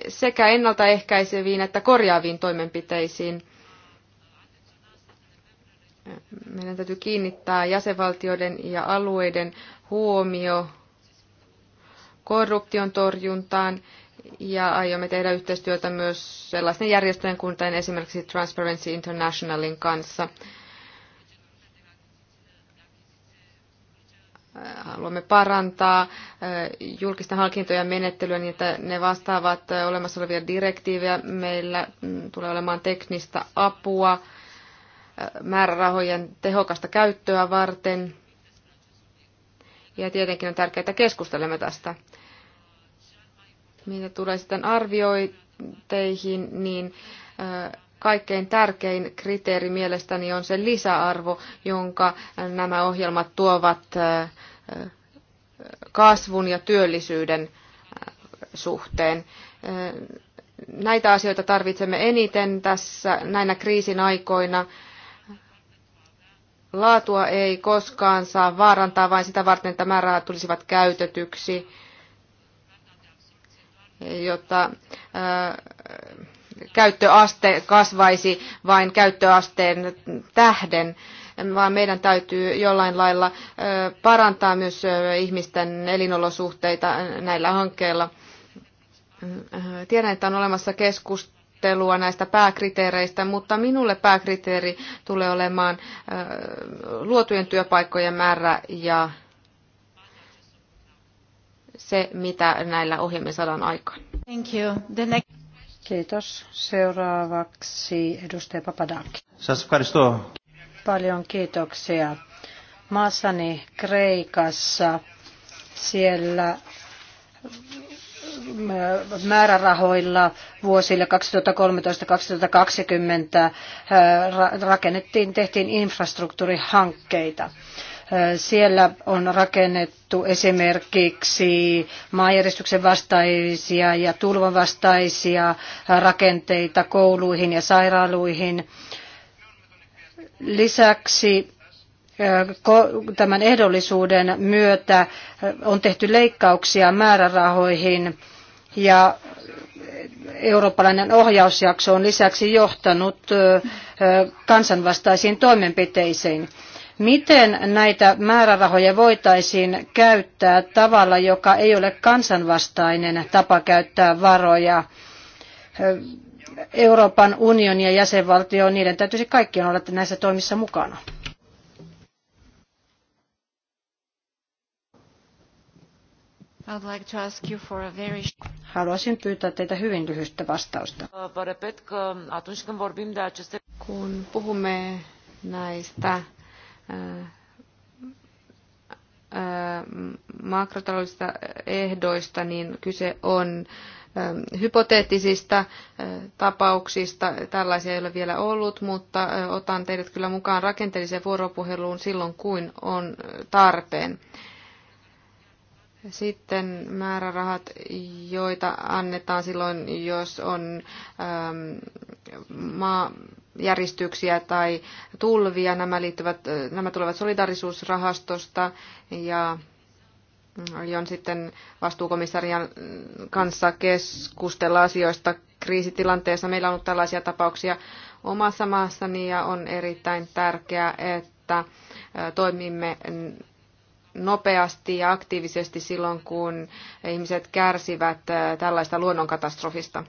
sekä ennaltaehkäiseviin että korjaaviin toimenpiteisiin meidän täytyy kiinnittää jäsenvaltioiden ja alueiden huomio korruption torjuntaan ja aiomme tehdä yhteistyötä myös sellaisten järjestöjen kuin esimerkiksi Transparency Internationalin kanssa. Haluamme parantaa eh, julkisten hankintojen menettelyä niin, että ne vastaavat eh, olemassa olevia direktiivejä. Meillä mm, tulee olemaan teknistä apua määrärahojen tehokasta käyttöä varten. Ja tietenkin on tärkeää, että keskustelemme tästä. Mitä tulee sitten arviointeihin, niin kaikkein tärkein kriteeri mielestäni on se lisäarvo, jonka nämä ohjelmat tuovat kasvun ja työllisyyden suhteen. Näitä asioita tarvitsemme eniten tässä näinä kriisin aikoina Laatua ei koskaan saa vaarantaa vain sitä varten, että määrärahat tulisivat käytetyksi, jotta ää, käyttöaste kasvaisi vain käyttöasteen tähden, vaan meidän täytyy jollain lailla parantaa myös ihmisten elinolosuhteita näillä hankkeilla. Tiedän, että on olemassa keskustelua keskustelua näistä pääkriteereistä, mutta minulle pääkriteeri tulee olemaan luotujen työpaikkojen määrä ja se, mitä näillä ohjelmilla saadaan aikaan. Thank you. The next... Kiitos. Seuraavaksi edustaja Papadakki. Paljon kiitoksia. Maassani Kreikassa siellä määrärahoilla vuosille 2013-2020 äh, rakennettiin, tehtiin infrastruktuurihankkeita. Äh, siellä on rakennettu esimerkiksi maanjäristyksen vastaisia ja tulvan vastaisia äh, rakenteita kouluihin ja sairaaluihin. Lisäksi tämän ehdollisuuden myötä on tehty leikkauksia määrärahoihin ja eurooppalainen ohjausjakso on lisäksi johtanut kansanvastaisiin toimenpiteisiin. Miten näitä määrärahoja voitaisiin käyttää tavalla, joka ei ole kansanvastainen tapa käyttää varoja? Euroopan unionin ja jäsenvaltio, niiden täytyisi kaikkien olla näissä toimissa mukana. Haluaisin pyytää teitä hyvin lyhyistä vastausta. Kun puhumme näistä makrotaloudellisista ehdoista, niin kyse on hypoteettisista tapauksista. Tällaisia ei ole vielä ollut, mutta otan teidät kyllä mukaan rakenteelliseen vuoropuheluun silloin, kuin on tarpeen. Sitten määrärahat, joita annetaan silloin, jos on ähm, maa, järjestyksiä tai tulvia. Nämä, liittyvät, äh, nämä tulevat solidarisuusrahastosta ja äh, on sitten vastuukomissarian kanssa keskustella asioista kriisitilanteessa. Meillä on ollut tällaisia tapauksia omassa maassani ja on erittäin tärkeää, että äh, toimimme nopeasti ja aktiivisesti silloin, kun ihmiset kärsivät äh, tällaista luonnonkatastrofista.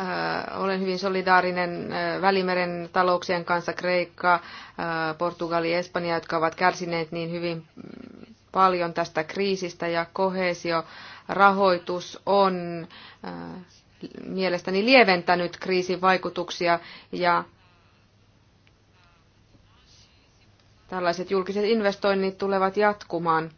Äh, olen hyvin solidaarinen äh, Välimeren talouksien kanssa, Kreikka, Portugali, ja Espanja, jotka ovat kärsineet niin hyvin paljon tästä kriisistä ja kohesio rahoitus on mielestäni lieventänyt kriisin vaikutuksia ja tällaiset julkiset investoinnit tulevat jatkumaan.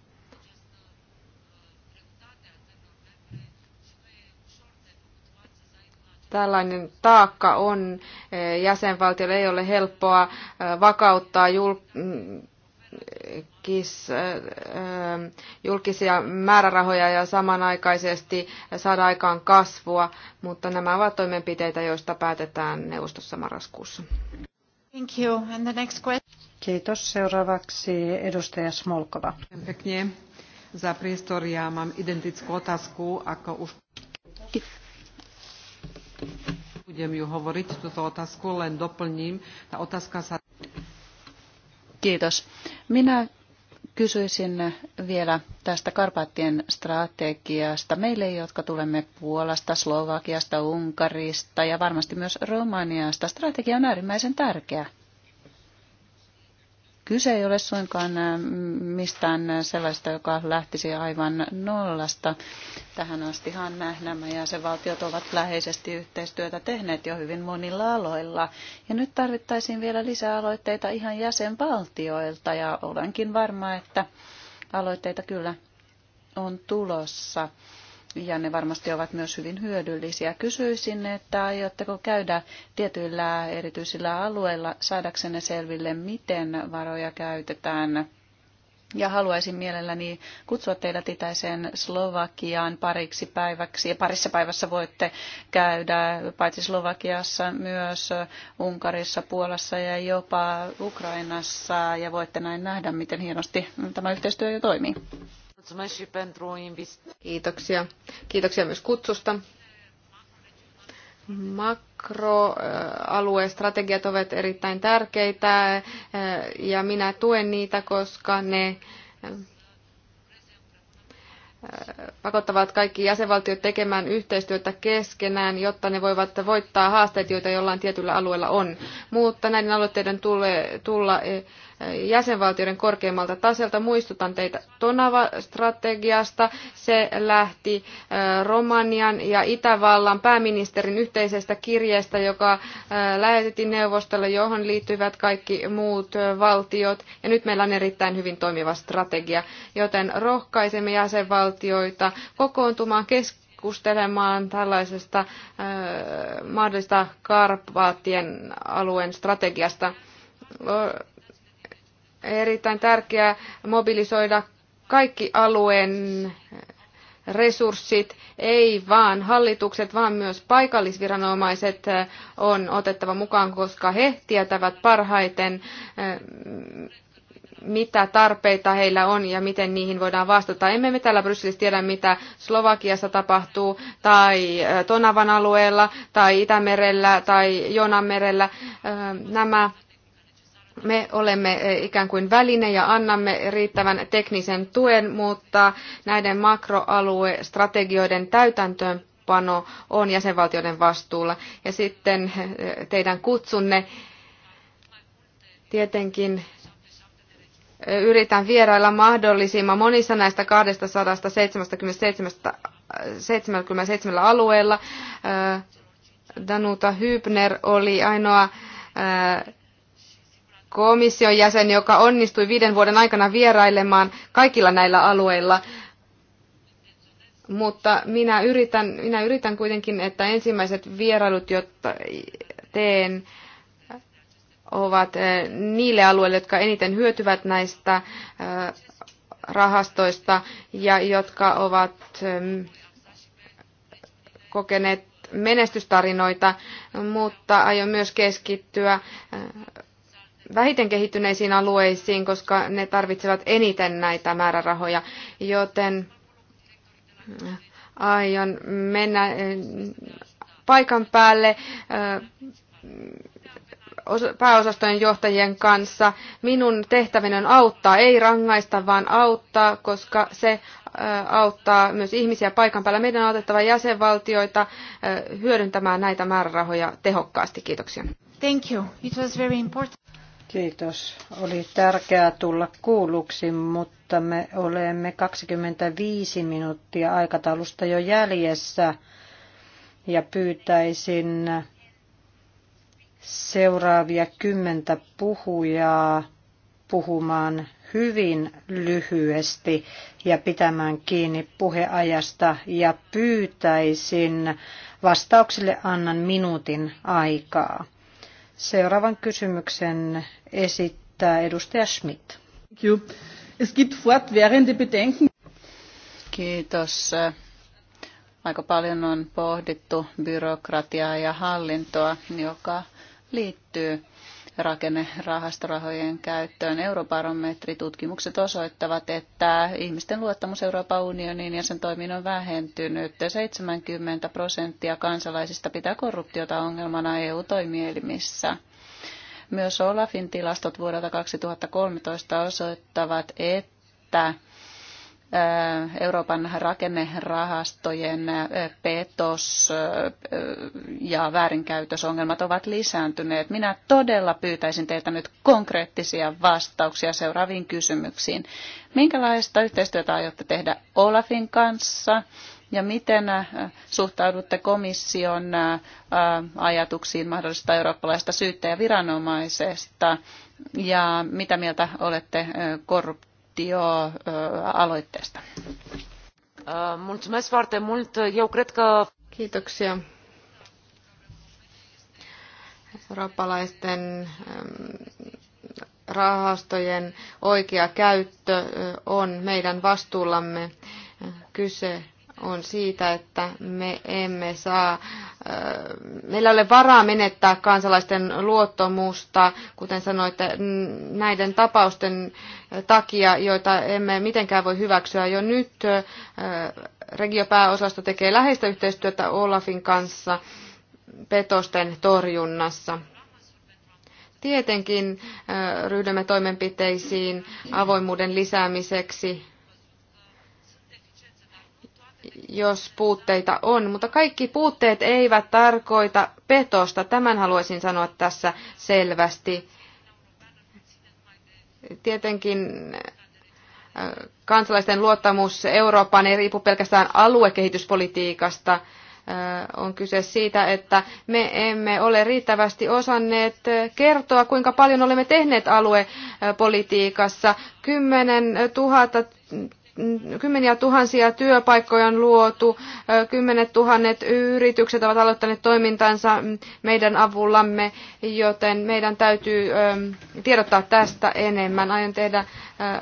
tällainen taakka on. E, jäsenvaltiolle ei ole helppoa e, vakauttaa julkis, e, julkisia määrärahoja ja samanaikaisesti saada aikaan kasvua, mutta nämä ovat toimenpiteitä, joista päätetään neuvostossa marraskuussa. Thank you. And the next question. Kiitos. Seuraavaksi edustaja Smolkova. Pekne. Za priestor ja mám identickú otázku, ako už budem ju hovoriť, túto otázku len doplním. Tá otázka sa... Kiitos. Minä kysyisin vielä tästä Karpaattien strategiasta. Meille, jotka tulemme Puolasta, Slovakiasta, Unkarista ja varmasti myös Romaniasta, strategia on äärimmäisen tärkeä Kyse ei ole suinkaan mistään sellaista, joka lähtisi aivan nollasta. Tähän astihan nämä jäsenvaltiot ovat läheisesti yhteistyötä tehneet jo hyvin monilla aloilla. Ja nyt tarvittaisiin vielä lisää aloitteita ihan jäsenvaltioilta ja olenkin varma, että aloitteita kyllä on tulossa ja ne varmasti ovat myös hyvin hyödyllisiä. Kysyisin, että aiotteko käydä tietyillä erityisillä alueilla saadaksenne selville, miten varoja käytetään ja haluaisin mielelläni kutsua teidät itäiseen Slovakiaan pariksi päiväksi. Ja parissa päivässä voitte käydä paitsi Slovakiassa myös Unkarissa, Puolassa ja jopa Ukrainassa. Ja voitte näin nähdä, miten hienosti tämä yhteistyö jo toimii. Kiitoksia. Kiitoksia myös kutsusta. Makroaluestrategiat eh, ovat erittäin tärkeitä eh, ja minä tuen niitä, koska ne eh, pakottavat kaikki jäsenvaltiot tekemään yhteistyötä keskenään, jotta ne voivat voittaa haasteet, joita jollain tietyllä alueella on. Mutta näiden aloitteiden tulee tulla jäsenvaltioiden korkeimmalta taselta. Muistutan teitä Tonava-strategiasta. Se lähti Romanian ja Itävallan pääministerin yhteisestä kirjeestä, joka lähetettiin neuvostolle, johon liittyivät kaikki muut valtiot. Ja nyt meillä on erittäin hyvin toimiva strategia, joten rohkaisemme jäsenvaltioita kokoontumaan keskustelemaan tällaisesta äh, mahdollisesta Karpaattien alueen strategiasta erittäin tärkeää mobilisoida kaikki alueen resurssit, ei vaan hallitukset, vaan myös paikallisviranomaiset äh, on otettava mukaan, koska he tietävät parhaiten, äh, mitä tarpeita heillä on ja miten niihin voidaan vastata. Emme me täällä Brysselissä tiedä, mitä Slovakiassa tapahtuu, tai äh, Tonavan alueella, tai Itämerellä, tai Jonanmerellä. Nämä me olemme eh, ikään kuin väline ja annamme riittävän teknisen tuen, mutta näiden makroaluestrategioiden täytäntöönpano on jäsenvaltioiden vastuulla. Ja sitten eh, teidän kutsunne tietenkin eh, yritän vierailla mahdollisimman monissa näistä 277 alueella. Danuta Hybner oli ainoa komission jäsen, joka onnistui viiden vuoden aikana vierailemaan kaikilla näillä alueilla. Mutta minä yritän, minä yritän kuitenkin, että ensimmäiset vierailut, jotka teen, ovat eh, niille alueille, jotka eniten hyötyvät näistä eh, rahastoista ja jotka ovat kokeneet menestystarinoita, mutta aion myös keskittyä eh, vähiten kehittyneisiin alueisiin, koska ne tarvitsevat eniten näitä määrärahoja, joten äh, aion mennä äh, paikan päälle äh, pääosastojen johtajien kanssa. Minun tehtäväni on auttaa, ei rangaista, vaan auttaa, koska se auttaa myös ihmisiä paikan päällä. Meidän on autettava jäsenvaltioita hyödyntämään näitä määrärahoja tehokkaasti. Kiitoksia. Thank you. It was very important. Kiitos. Oli tärkeää tulla kuulluksi, mutta me olemme 25 minuuttia aikataulusta jo jäljessä ja pyytäisin seuraavia kymmentä puhujaa puhumaan hyvin lyhyesti ja pitämään kiinni puheajasta ja pyytäisin vastauksille annan minuutin aikaa. Seuraavan kysymyksen esittää edustaja Schmidt. Es gibt fortwährende Bedenken. Kiitos. Aika paljon on pohdittu byrokratiaa ja hallintoa, joka liittyy rakennerahastorahojen käyttöön. Eurobarometritutkimukset osoittavat, että ihmisten luottamus Euroopan unioniin ja sen toimiin on vähentynyt. 70 prosenttia kansalaisista pitää korruptiota ongelmana EU-toimielimissä. Myös Olafin tilastot vuodelta 2013 osoittavat, että Euroopan rakennerahastojen petos ja väärinkäytösongelmat ovat lisääntyneet. Minä todella pyytäisin teiltä nyt konkreettisia vastauksia seuraaviin kysymyksiin. Minkälaista yhteistyötä aiotte tehdä Olafin kanssa? Ja miten suhtaudutte komission ajatuksiin mahdollisesta eurooppalaista syyttäjäviranomaisesta? Ja mitä mieltä olette korruptiosta? aloitteesta. Mulțumesc foarte mult. Eu cred că... Kiitoksia. Eurooppalaisten ähm, rahastojen oikea käyttö on meidän vastuullamme. Kyse on siitä, että me emme saa, meillä ei ole varaa menettää kansalaisten luottamusta, kuten sanoitte, näiden tapausten takia, joita emme mitenkään voi hyväksyä jo nyt. Regiopääosasto tekee läheistä yhteistyötä Olafin kanssa petosten torjunnassa. Tietenkin ryhdymme toimenpiteisiin avoimuuden lisäämiseksi jos puutteita on, mutta kaikki puutteet eivät tarkoita petosta. Tämän haluaisin sanoa tässä selvästi. Tietenkin äh, kansalaisten luottamus Eurooppaan ei riipu pelkästään aluekehityspolitiikasta. Äh, on kyse siitä, että me emme ole riittävästi osanneet kertoa, kuinka paljon olemme tehneet aluepolitiikassa. Kymmenen tuhatta kymmeniä tuhansia työpaikkoja on luotu, kymmenet tuhannet yritykset ovat aloittaneet toimintansa meidän avullamme, joten meidän täytyy tiedottaa tästä enemmän. Aion tehdä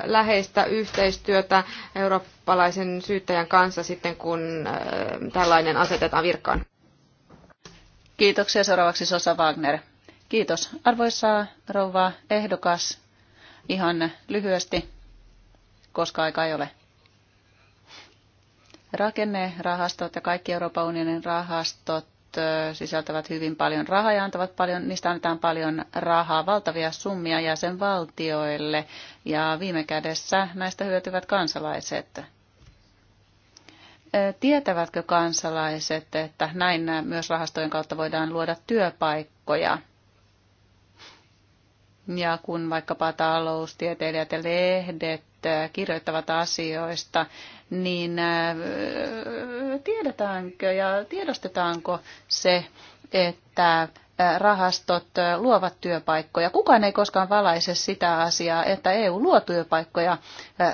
läheistä yhteistyötä eurooppalaisen syyttäjän kanssa sitten, kun tällainen asetetaan virkaan. Kiitoksia. Seuraavaksi Sosa Wagner. Kiitos. Arvoisa rouva ehdokas, ihan lyhyesti, koska aika ei ole rakennerahastot ja kaikki Euroopan unionin rahastot sisältävät hyvin paljon rahaa ja antavat paljon, niistä annetaan paljon rahaa, valtavia summia jäsenvaltioille ja viime kädessä näistä hyötyvät kansalaiset. Tietävätkö kansalaiset, että näin myös rahastojen kautta voidaan luoda työpaikkoja? Ja kun vaikkapa taloustieteilijät ja lehdet kirjoittavat asioista, niin äh, tiedetäänkö ja tiedostetaanko se, että rahastot luovat työpaikkoja. Kukaan ei koskaan valaise sitä asiaa, että EU luo työpaikkoja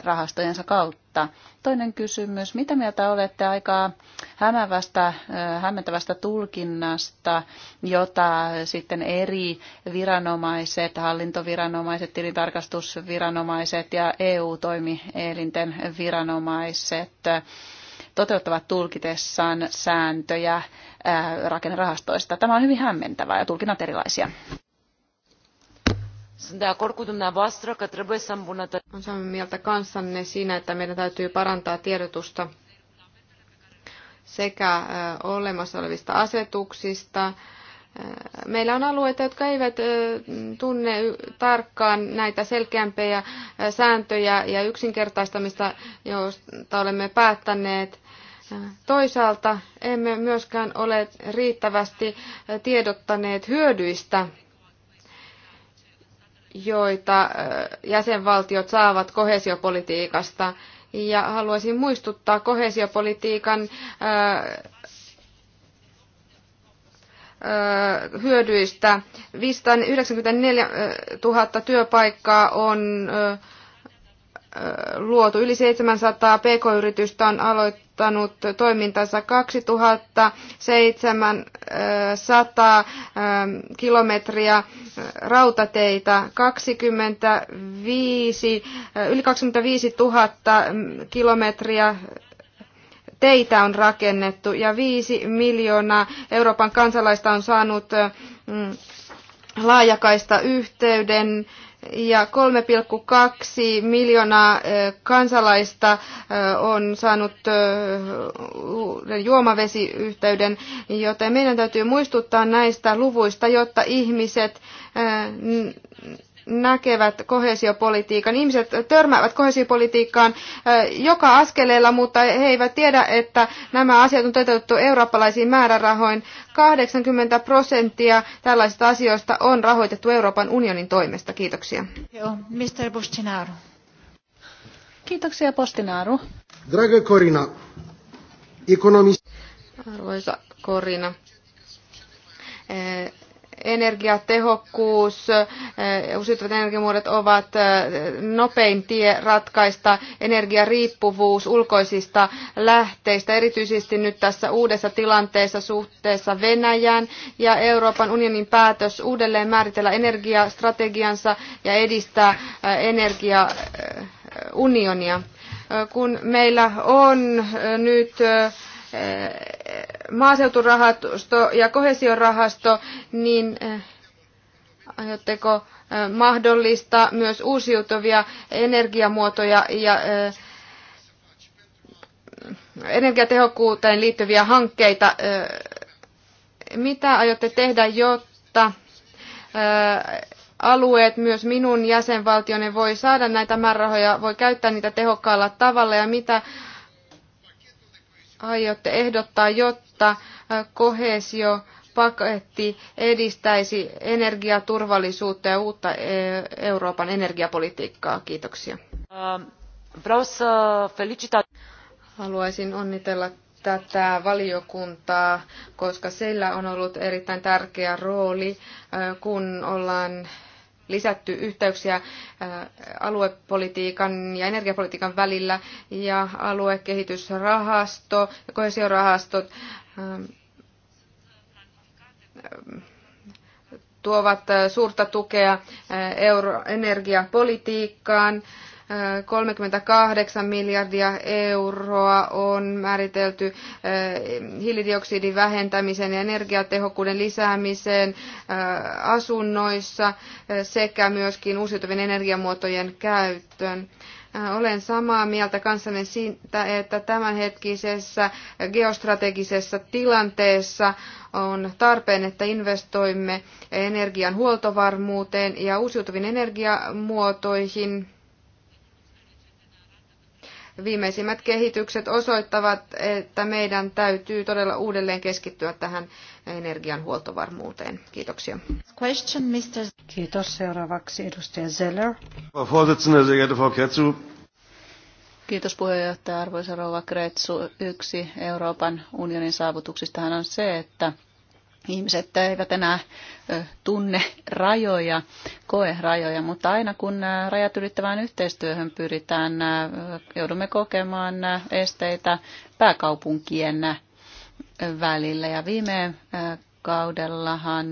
rahastojensa kautta. Toinen kysymys, mitä mieltä olette aika hämävästä, hämmentävästä tulkinnasta, jota sitten eri viranomaiset, hallintoviranomaiset, tilintarkastusviranomaiset ja EU-toimielinten viranomaiset toteuttavat tulkitessaan sääntöjä äh, rakennerahastoista. Tämä on hyvin hämmentävää ja tulkinnat erilaisia. On samaa mieltä kanssanne siinä, että meidän täytyy parantaa tiedotusta sekä äh, olemassa olevista asetuksista. Äh, meillä on alueita, jotka eivät tunne tarkkaan näitä selkeämpiä sääntöjä ja yksinkertaistamista, joista olemme päättäneet. Toisaalta emme myöskään ole riittävästi tiedottaneet hyödyistä, joita jäsenvaltiot saavat kohesiopolitiikasta. Ja haluaisin muistuttaa kohesiopolitiikan hyödyistä. 594 000 työpaikkaa on luotu. Yli 700 pk-yritystä on aloittanut aloittanut toimintansa 2700 ähm, kilometriä äh, rautateitä, 25, äh, yli 25 000 mm, kilometriä teitä on rakennettu ja 5 miljoonaa Euroopan kansalaista on saanut äh, mm, laajakaista yhteyden ja 3,2 miljoonaa kansalaista on saanut juomavesiyhteyden, joten meidän täytyy muistuttaa näistä luvuista, jotta ihmiset näkevät kohesiopolitiikan. Ihmiset törmäävät kohesiopolitiikkaan joka askeleella, mutta he eivät tiedä, että nämä asiat on toteutettu eurooppalaisiin määrärahoin. 80 prosenttia tällaisista asioista on rahoitettu Euroopan unionin toimesta. Kiitoksia. Joo, Mr. Kiitoksia, Postinaru. Draga Korina, ekonomist... Arvoisa Korina, eh, energiatehokkuus, eh, uusiutuvat energiamuodot ovat eh, nopein tie ratkaista energiariippuvuus ulkoisista lähteistä, erityisesti nyt tässä uudessa tilanteessa suhteessa Venäjään ja Euroopan unionin päätös uudelleen määritellä energiastrategiansa ja edistää eh, energiaunionia. Kun meillä on nyt Eh, maaseuturahasto ja kohesiorahasto, niin eh, aiotteko eh, mahdollistaa myös uusiutuvia energiamuotoja ja energiatehokkuuteen liittyviä hankkeita. Mitä aiotte tehdä, jotta alueet, myös minun jäsenvaltioni voi saada näitä määrärahoja, voi käyttää niitä tehokkaalla tavalla ja mitä aiotte ehdottaa, jotta kohesio paketti edistäisi energiaturvallisuutta ja uutta e, Euroopan energiapolitiikkaa. Kiitoksia. Haluaisin onnitella tätä valiokuntaa, koska sillä on ollut erittäin tärkeä rooli, kun ollaan lisätty yhteyksiä äh, aluepolitiikan ja energiapolitiikan välillä ja aluekehitysrahasto ja kohesiorahastot äh, äh, tuovat suurta tukea euroenergiapolitiikkaan. energiapolitiikkaan 38 miljardia euroa on määritelty äh, hiilidioksidin vähentämisen ja energiatehokkuuden lisäämiseen äh, asunnoissa äh, sekä myöskin uusiutuvien energiamuotojen käyttöön. Olen samaa mieltä kanssanne siitä, että tämänhetkisessä geostrategisessa tilanteessa on tarpeen, että investoimme energian huoltovarmuuteen ja uusiutuviin energiamuotoihin Viimeisimmät kehitykset osoittavat, että meidän täytyy todella uudelleen keskittyä tähän energian huoltovarmuuteen. Kiitoksia. Question, Mr. Kiitos. Seuraavaksi edustaja Zeller. Kiitos puheenjohtaja, arvoisa rouva Kretsu. Yksi Euroopan unionin saavutuksistahan on se, että ihmiset eivät enää tunne rajoja, koe rajoja, mutta aina kun rajat ylittävään yhteistyöhön pyritään, joudumme kokemaan esteitä pääkaupunkien välillä. Ja viime kaudellahan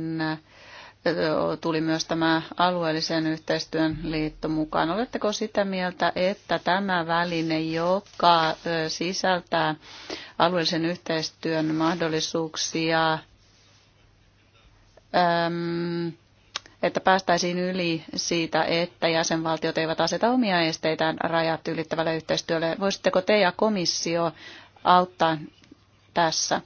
tuli myös tämä alueellisen yhteistyön liitto mukaan. Oletteko sitä mieltä, että tämä väline, joka sisältää alueellisen yhteistyön mahdollisuuksia, että päästäisiin yli siitä, että jäsenvaltiot eivät aseta omia esteitään rajat ylittävälle yhteistyölle. Voisitteko te ja komissio auttaa tässä?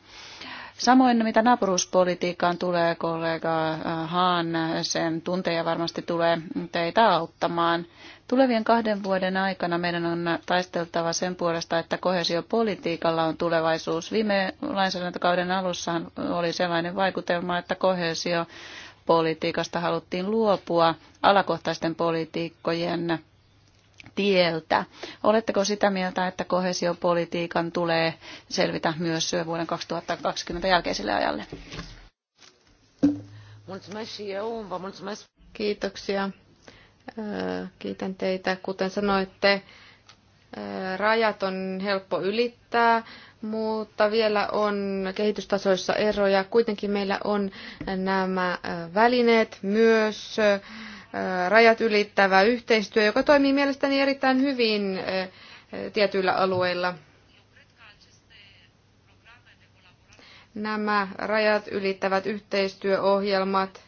Samoin mitä naapuruuspolitiikkaan tulee, kollega Haan, sen tunteja varmasti tulee teitä auttamaan. Tulevien kahden vuoden aikana meidän on taisteltava sen puolesta, että kohesiopolitiikalla on tulevaisuus. Viime lainsäädäntökauden alussa oli sellainen vaikutelma, että kohesiopolitiikasta haluttiin luopua alakohtaisten politiikkojen tieltä. Oletteko sitä mieltä, että kohesiopolitiikan tulee selvitä myös vuoden 2020 jälkeiselle ajalle? Kiitoksia. Äh, kiitän teitä. Kuten sanoitte, äh, rajat on helppo ylittää, mutta vielä on kehitystasoissa eroja. Kuitenkin meillä on nämä äh, välineet myös rajat ylittävä yhteistyö, joka toimii mielestäni erittäin hyvin tietyillä alueilla. Nämä rajat ylittävät yhteistyöohjelmat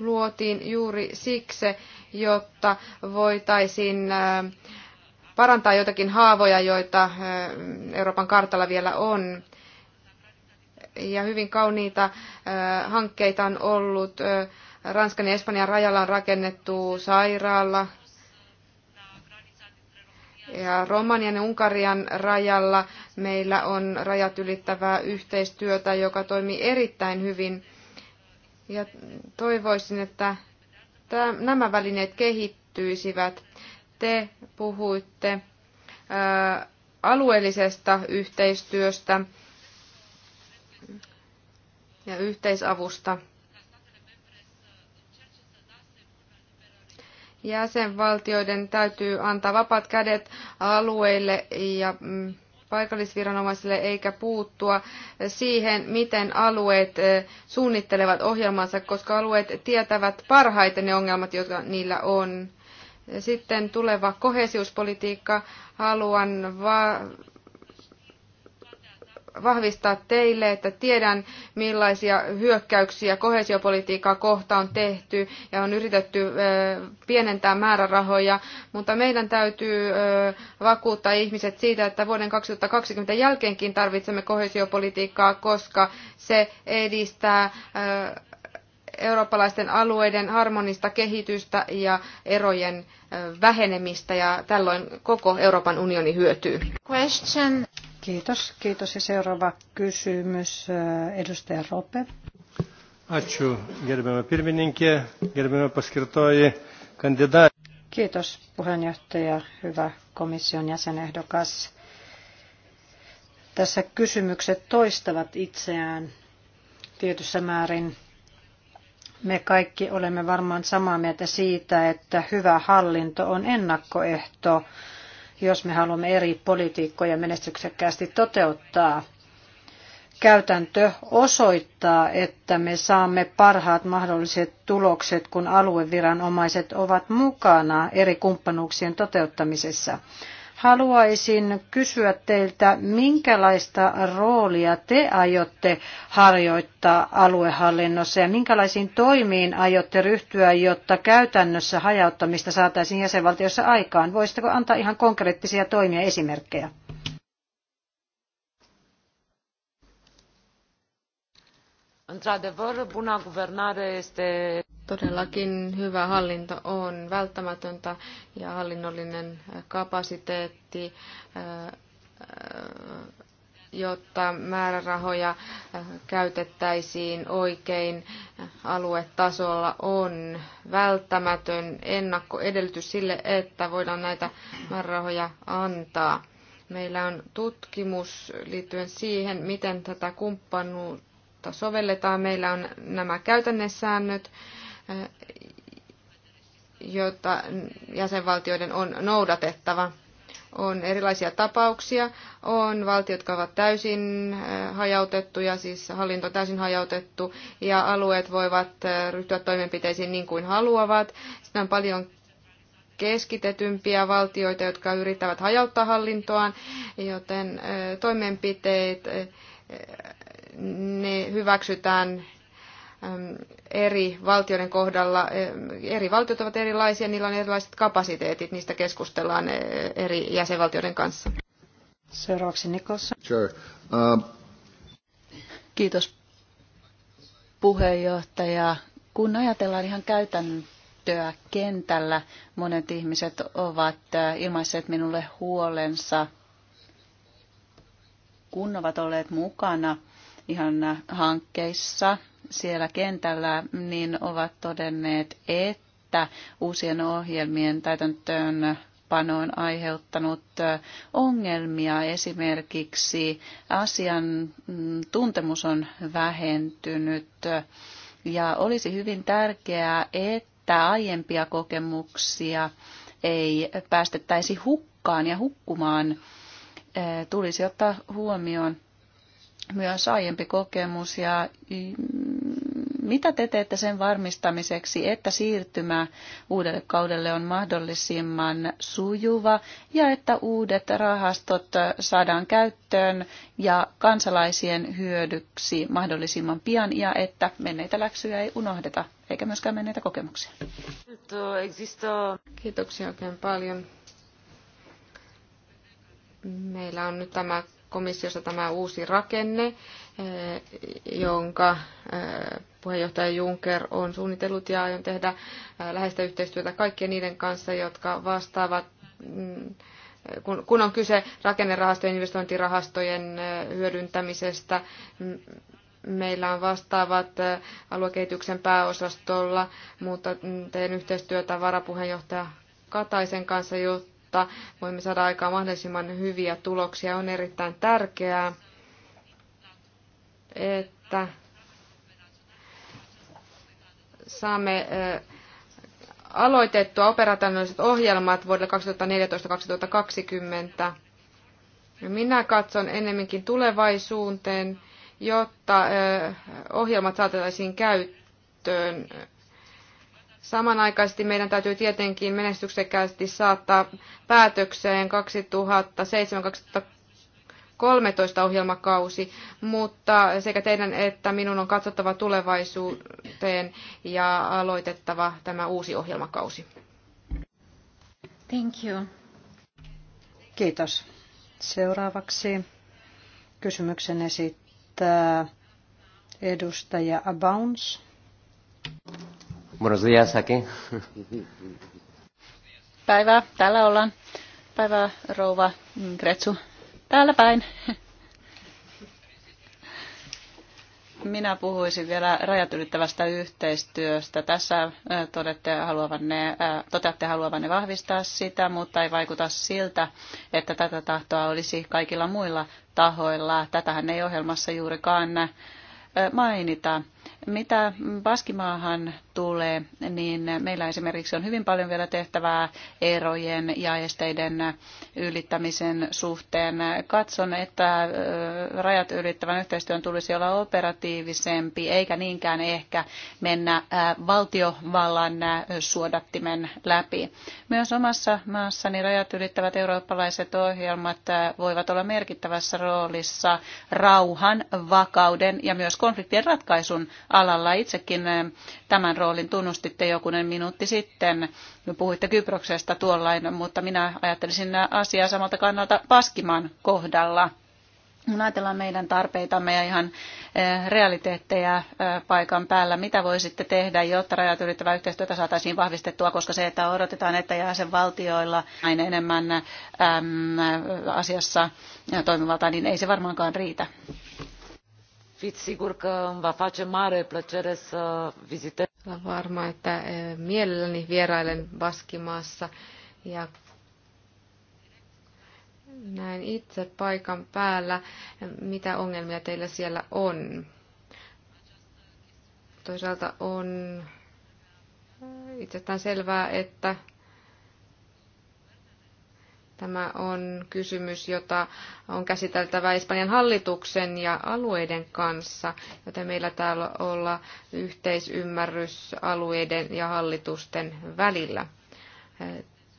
luotiin juuri siksi, jotta voitaisiin parantaa jotakin haavoja, joita Euroopan kartalla vielä on. Ja hyvin kauniita hankkeita on ollut. Ranskan ja Espanjan rajalla on rakennettu sairaala. Ja Romanian ja Unkarian rajalla meillä on rajat ylittävää yhteistyötä, joka toimii erittäin hyvin ja toivoisin, että nämä välineet kehittyisivät. Te puhuitte alueellisesta yhteistyöstä ja yhteisavusta. Jäsenvaltioiden täytyy antaa vapaat kädet alueille ja mm, paikallisviranomaisille eikä puuttua siihen, miten alueet eh, suunnittelevat ohjelmansa, koska alueet tietävät parhaiten ne ongelmat, jotka niillä on. Sitten tuleva kohesiuspolitiikka. Haluan va- vahvistaa teille, että tiedän millaisia hyökkäyksiä kohesiopolitiikkaa kohtaan on tehty ja on yritetty pienentää määrärahoja, mutta meidän täytyy vakuuttaa ihmiset siitä, että vuoden 2020 jälkeenkin tarvitsemme kohesiopolitiikkaa, koska se edistää eurooppalaisten alueiden harmonista kehitystä ja erojen vähenemistä ja tällöin koko Euroopan unioni hyötyy. Question. Kiitos, kiitos. Ja seuraava kysymys, äh, edustaja Rope. Ačiū, gerbiamä pirmininkė, gerbiamä paskirtoji kandidaatti. Kiitos puheenjohtaja, hyvä komission jäsenehdokas. Tässä kysymykset toistavat itseään tietyssä määrin. Me kaikki olemme varmaan samaa mieltä siitä, että hyvä hallinto on ennakkoehto jos me haluamme eri politiikkoja menestyksekkäästi toteuttaa. Käytäntö osoittaa, että me saamme parhaat mahdolliset tulokset, kun alueviranomaiset ovat mukana eri kumppanuuksien toteuttamisessa. Haluaisin kysyä teiltä, minkälaista roolia te aiotte harjoittaa aluehallinnossa ja minkälaisiin toimiin aiotte ryhtyä, jotta käytännössä hajauttamista saataisiin jäsenvaltiossa aikaan? Voisitteko antaa ihan konkreettisia toimia esimerkkejä? Todellakin hyvä hallinto on välttämätöntä ja hallinnollinen kapasiteetti, eh, eh, jotta määrärahoja eh, käytettäisiin oikein aluetasolla, on välttämätön ennakkoedellytys sille, että voidaan näitä määrärahoja antaa. Meillä on tutkimus liittyen siihen, miten tätä kumppanuutta kautta sovelletaan. Meillä on nämä käytännessäännöt, joita jäsenvaltioiden on noudatettava. On erilaisia tapauksia. On valtiot, jotka ovat täysin eh, hajautettuja, siis hallinto täysin hajautettu, ja alueet voivat eh, ryhtyä toimenpiteisiin niin kuin haluavat. Sitten on paljon keskitetympiä valtioita, jotka yrittävät hajauttaa hallintoaan, joten eh, toimenpiteet ne hyväksytään ähm, eri valtioiden kohdalla. Äh, eri valtiot ovat erilaisia, niillä on erilaiset kapasiteetit, niistä keskustellaan äh, eri jäsenvaltioiden kanssa. Seuraavaksi Nikolson. Sure. Uh... Kiitos puheenjohtaja. Kun ajatellaan ihan käytäntöä kentällä, monet ihmiset ovat äh, ilmaisseet minulle huolensa, kun ovat olleet mukana – ihan hankkeissa siellä kentällä, niin ovat todenneet, että uusien ohjelmien täytäntöön on aiheuttanut ongelmia. Esimerkiksi asian tuntemus on vähentynyt ja olisi hyvin tärkeää, että aiempia kokemuksia ei päästettäisi hukkaan ja hukkumaan. Tulisi ottaa huomioon myös aiempi kokemus ja mm, mitä te teette sen varmistamiseksi, että siirtymä uudelle kaudelle on mahdollisimman sujuva ja että uudet rahastot saadaan käyttöön ja kansalaisien hyödyksi mahdollisimman pian ja että menneitä läksyjä ei unohdeta eikä myöskään menneitä kokemuksia? Kiitoksia oikein paljon. Meillä on nyt tämä komissiossa tämä uusi rakenne, eh, jonka eh, puheenjohtaja Juncker on suunnitellut ja aion tehdä eh, läheistä yhteistyötä kaikkien niiden kanssa, jotka vastaavat mm, kun on kyse rakennerahastojen investointirahastojen hyödyntämisestä, meillä on vastaavat aluekehityksen pääosastolla, mutta mm, teen yhteistyötä varapuheenjohtaja Kataisen kanssa, jotta jotta voimme saada aikaan mahdollisimman hyviä tuloksia. On erittäin tärkeää, että saamme aloitettua operationaaliset ohjelmat vuodelle 2014-2020. Minä katson ennemminkin tulevaisuuteen, jotta ohjelmat saataisiin käyttöön Samanaikaisesti meidän täytyy tietenkin menestyksekkäästi saattaa päätökseen 2007-2013 ohjelmakausi, mutta sekä teidän että minun on katsottava tulevaisuuteen ja aloitettava tämä uusi ohjelmakausi. Thank you. Kiitos. Seuraavaksi kysymyksen esittää edustaja Abauns. Buenos días, Päivää, täällä ollaan. Päivää, rouva Gretsu. Täällä päin. Minä puhuisin vielä rajat ylittävästä yhteistyöstä. Tässä äh, todette haluavanne, äh, toteatte haluavanne vahvistaa sitä, mutta ei vaikuta siltä, että tätä tahtoa olisi kaikilla muilla tahoilla. Tätähän ei ohjelmassa juurikaan äh, mainita. Mitä Baskimaahan tulee, niin meillä esimerkiksi on hyvin paljon vielä tehtävää erojen ja esteiden ylittämisen suhteen. Katson, että rajat ylittävän yhteistyön tulisi olla operatiivisempi, eikä niinkään ehkä mennä valtiovallan suodattimen läpi. Myös omassa maassani rajat ylittävät eurooppalaiset ohjelmat voivat olla merkittävässä roolissa rauhan, vakauden ja myös konfliktien ratkaisun alalla. Itsekin tämän roolin tunnustitte jokunen minuutti sitten. Puhuitte Kyproksesta tuollain, mutta minä ajattelisin asiaa samalta kannalta Paskiman kohdalla. Kun ajatellaan meidän tarpeitamme ja ihan eh, realiteetteja eh, paikan päällä, mitä voisitte tehdä, jotta rajat ylittävää yhteistyötä saataisiin vahvistettua, koska se, että odotetaan, että jäsenvaltioilla aina enemmän äm, asiassa eh, toimivaltaa, niin ei se varmaankaan riitä fiți sigur că îmi va face mare plăcere să vizitez. Olen varma, että e, mielelläni vierailen Baskimaassa ja näen itse paikan päällä, mitä ongelmia teillä siellä on. Toisaalta on itsestään selvää, että Tämä on kysymys, jota on käsiteltävä Espanjan hallituksen ja alueiden kanssa, joten meillä täällä olla yhteisymmärrys alueiden ja hallitusten välillä.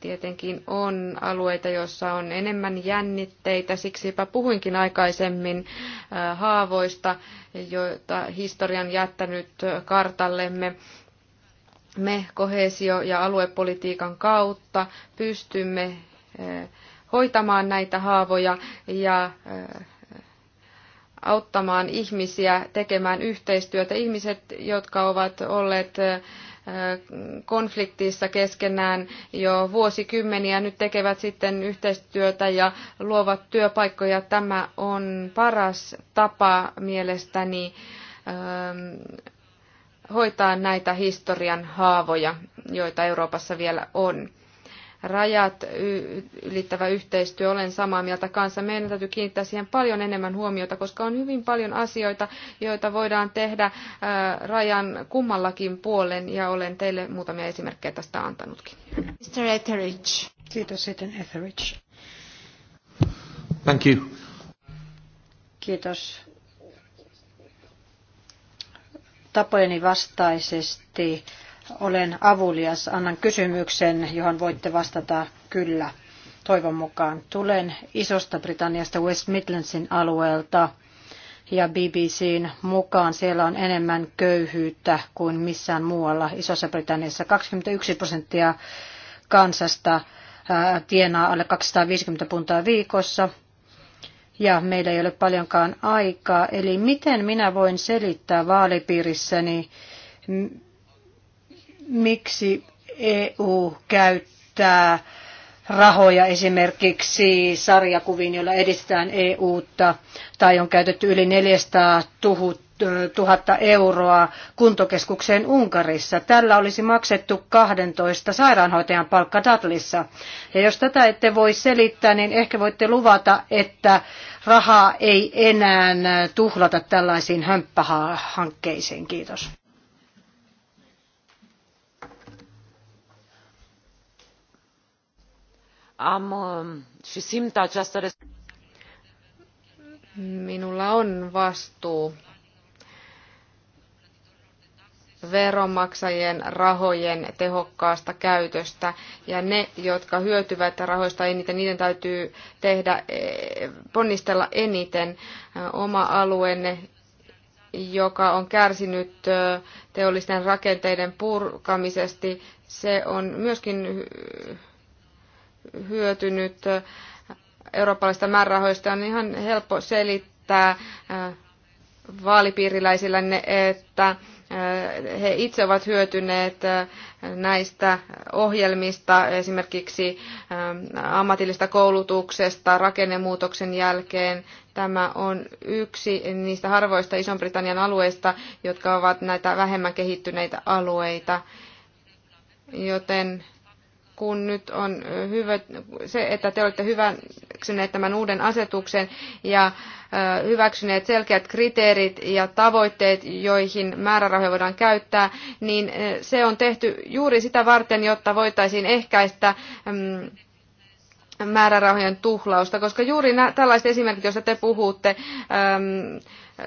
Tietenkin on alueita, joissa on enemmän jännitteitä, siksipä puhuinkin aikaisemmin haavoista, joita historian jättänyt kartallemme me kohesio- ja aluepolitiikan kautta pystymme Eh, hoitamaan näitä haavoja ja eh, auttamaan ihmisiä tekemään yhteistyötä. Ihmiset, jotka ovat olleet eh, konfliktissa keskenään jo vuosikymmeniä, nyt tekevät sitten yhteistyötä ja luovat työpaikkoja. Tämä on paras tapa mielestäni hoitaa näitä historian haavoja, joita Euroopassa vielä on rajat ylittävä yhteistyö, olen samaa mieltä kanssa. Meidän täytyy kiinnittää siihen paljon enemmän huomiota, koska on hyvin paljon asioita, joita voidaan tehdä rajan kummallakin puolen, ja olen teille muutamia esimerkkejä tästä antanutkin. Mr. Etheridge. Kiitos sitten Etheridge. Thank you. Kiitos. Tapojeni vastaisesti olen avulias. Annan kysymyksen, johon voitte vastata kyllä. Toivon mukaan. Tulen Isosta Britanniasta West Midlandsin alueelta ja BBCn mukaan siellä on enemmän köyhyyttä kuin missään muualla Isossa Britanniassa. 21 prosenttia kansasta tienaa alle 250 puntaa viikossa ja meillä ei ole paljonkaan aikaa. Eli miten minä voin selittää vaalipiirissäni miksi EU käyttää rahoja esimerkiksi sarjakuviin, joilla edistetään EUta, tai on käytetty yli 400 000 euroa kuntokeskukseen Unkarissa. Tällä olisi maksettu 12 sairaanhoitajan palkka Datlissa. Ja jos tätä ette voi selittää, niin ehkä voitte luvata, että rahaa ei enää tuhlata tällaisiin hömppähankkeisiin. Kiitos. am um, și simt această Minulla on vastuu veronmaksajien rahojen tehokkaasta käytöstä. Ja ne, jotka hyötyvät rahoista eniten, niiden täytyy tehdä, e, ponnistella eniten. Oma alueenne, joka on kärsinyt teollisten rakenteiden purkamisesta, se on myöskin hyötynyt eurooppalaisista määrärahoista, on ihan helppo selittää äh, vaalipiiriläisillänne, että äh, he itse ovat hyötyneet äh, näistä ohjelmista, esimerkiksi ammatillista koulutuksesta rakennemuutoksen jälkeen. Tämä on yksi niistä harvoista iso britannian alueista, jotka ovat näitä vähemmän kehittyneitä alueita. Joten kun nyt on hyvä, se, että te olette hyväksyneet tämän uuden asetuksen ja hyväksyneet selkeät kriteerit ja tavoitteet, joihin määrärahoja voidaan käyttää, niin se on tehty juuri sitä varten, jotta voitaisiin ehkäistä mm, määrärahojen tuhlausta, koska juuri nä- tällaiset esimerkit, joista te puhutte, äm, äh,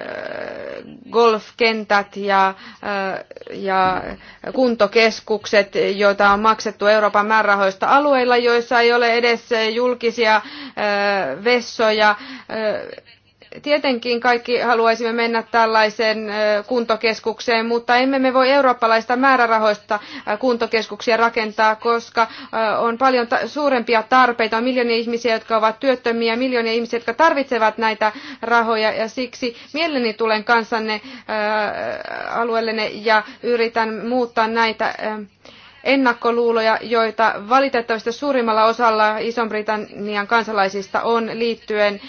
golfkentät ja, äh, ja kuntokeskukset, joita on maksettu Euroopan määrärahoista alueilla, joissa ei ole edes julkisia äh, vessoja, Tietenkin kaikki haluaisimme mennä tällaiseen kuntokeskukseen, mutta emme me voi eurooppalaista määrärahoista kuntokeskuksia rakentaa, koska on paljon suurempia tarpeita. On miljoonia ihmisiä, jotka ovat työttömiä, miljoonia ihmisiä, jotka tarvitsevat näitä rahoja ja siksi mielelläni tulen kanssanne alueellenne ja yritän muuttaa näitä ennakkoluuloja, joita valitettavasti suurimmalla osalla Ison-Britannian kansalaisista on liittyen